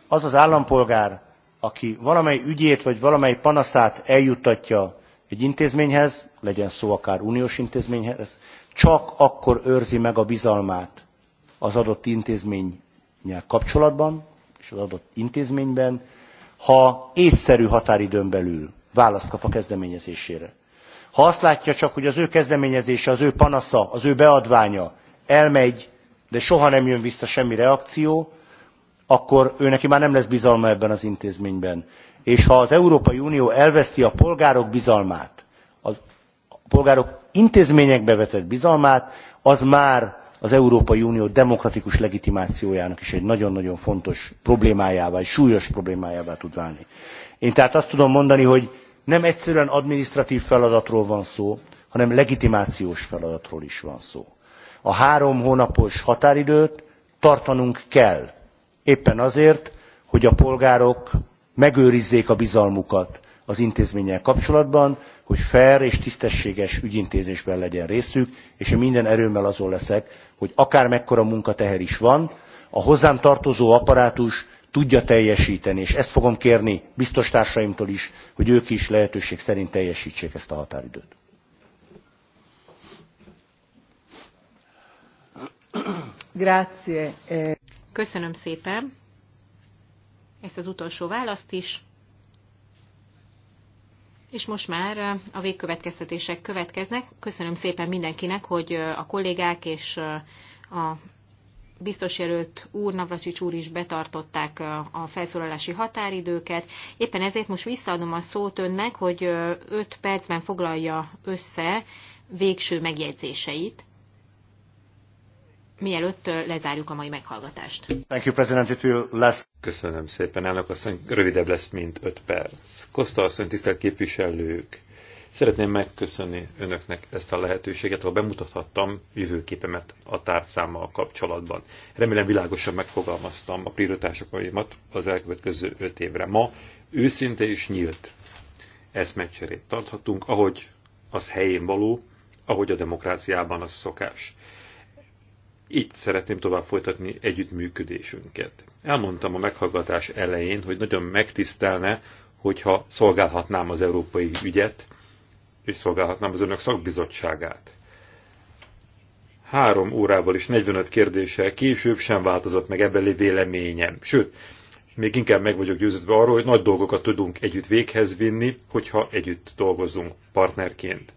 az az állampolgár, aki valamely ügyét vagy valamely panaszát eljuttatja egy intézményhez, legyen szó akár uniós intézményhez, csak akkor őrzi meg a bizalmát az adott intézménnyel kapcsolatban, és az adott intézményben, ha észszerű határidőn belül választ kap a kezdeményezésére. Ha azt látja csak, hogy az ő kezdeményezése, az ő panasza, az ő beadványa elmegy, de soha nem jön vissza semmi reakció, akkor ő neki már nem lesz bizalma ebben az intézményben. És ha az Európai Unió elveszti a polgárok bizalmát, a polgárok intézményekbe vetett bizalmát, az már az Európai Unió demokratikus legitimációjának is egy nagyon-nagyon fontos problémájává, egy súlyos problémájává tud válni. Én tehát azt tudom mondani, hogy nem egyszerűen administratív feladatról van szó, hanem legitimációs feladatról is van szó. A három hónapos határidőt tartanunk kell, éppen azért, hogy a polgárok megőrizzék a bizalmukat az intézménnyel kapcsolatban, hogy fair és tisztességes ügyintézésben legyen részük, és én minden erőmmel azon leszek, hogy akár mekkora munkateher is van, a hozzám tartozó apparátus tudja teljesíteni, és ezt fogom kérni biztos társaimtól is, hogy ők is lehetőség szerint teljesítsék ezt a határidőt. Grazie. Köszönöm szépen ezt az utolsó választ is. És most már a végkövetkeztetések következnek. Köszönöm szépen mindenkinek, hogy a kollégák és a biztos jelölt úr, Navracsics úr is betartották a felszólalási határidőket. Éppen ezért most visszaadom a szót önnek, hogy 5 percben foglalja össze végső megjegyzéseit mielőtt lezárjuk a mai meghallgatást. Thank you, President. It will last... Köszönöm szépen, elnök asszony, rövidebb lesz, mint 5 perc. Kosta asszony, tisztelt képviselők, szeretném megköszönni önöknek ezt a lehetőséget, ahol bemutathattam jövőképemet a tárcámmal kapcsolatban. Remélem világosan megfogalmaztam a prioritásokaimat az elkövetkező 5 évre. Ma őszinte és nyílt eszmecserét tarthatunk, ahogy az helyén való, ahogy a demokráciában az szokás itt szeretném tovább folytatni együttműködésünket. Elmondtam a meghallgatás elején, hogy nagyon megtisztelne, hogyha szolgálhatnám az európai ügyet, és szolgálhatnám az önök szakbizottságát. Három órával és 45 kérdéssel később sem változott meg ebbeli véleményem. Sőt, még inkább meg vagyok győződve arról, hogy nagy dolgokat tudunk együtt véghez vinni, hogyha együtt dolgozunk partnerként.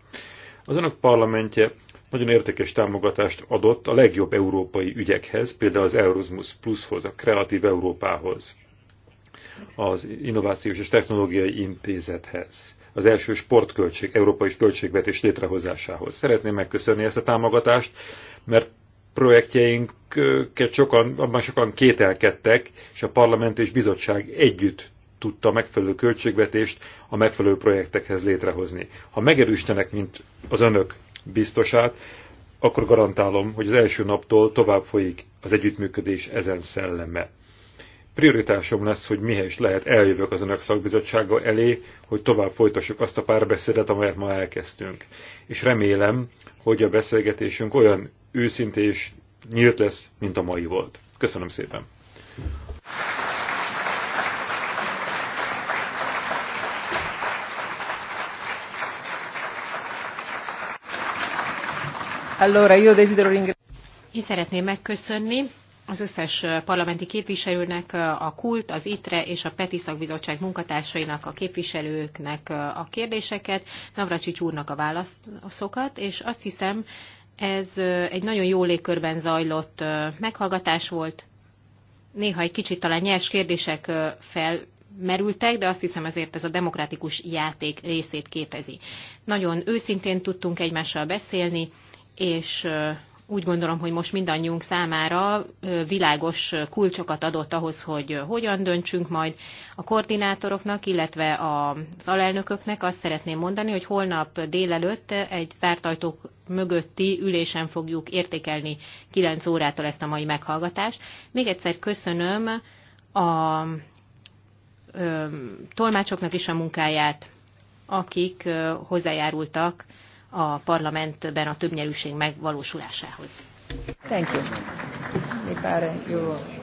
Az önök parlamentje nagyon értékes támogatást adott a legjobb európai ügyekhez, például az Erasmus Plushoz, a Kreatív Európához, az Innovációs és Technológiai Intézethez, az első sportköltség, európai költségvetés létrehozásához. Szeretném megköszönni ezt a támogatást, mert projektjeinket sokan, abban sokan kételkedtek, és a parlament és bizottság együtt tudta a megfelelő költségvetést a megfelelő projektekhez létrehozni. Ha megerősítenek, mint az önök biztosát, akkor garantálom, hogy az első naptól tovább folyik az együttműködés ezen szelleme. Prioritásom lesz, hogy mihez lehet eljövök az önök szakbizottsága elé, hogy tovább folytassuk azt a párbeszédet, amelyet ma elkezdtünk. És remélem, hogy a beszélgetésünk olyan őszintés és nyílt lesz, mint a mai volt. Köszönöm szépen! Én szeretném megköszönni az összes parlamenti képviselőnek, a KULT, az ITRE és a PETI szakbizottság munkatársainak, a képviselőknek a kérdéseket, Navracsics úrnak a válaszokat, és azt hiszem, ez egy nagyon jó légkörben zajlott meghallgatás volt. Néha egy kicsit talán nyers kérdések felmerültek, de azt hiszem ezért ez a demokratikus játék részét képezi. Nagyon őszintén tudtunk egymással beszélni, és úgy gondolom, hogy most mindannyiunk számára világos kulcsokat adott ahhoz, hogy hogyan döntsünk majd a koordinátoroknak, illetve az alelnököknek. Azt szeretném mondani, hogy holnap délelőtt egy zárt ajtók mögötti ülésen fogjuk értékelni 9 órától ezt a mai meghallgatást. Még egyszer köszönöm a tolmácsoknak is a munkáját, akik hozzájárultak a parlamentben a többnyelűség megvalósulásához. Thank you.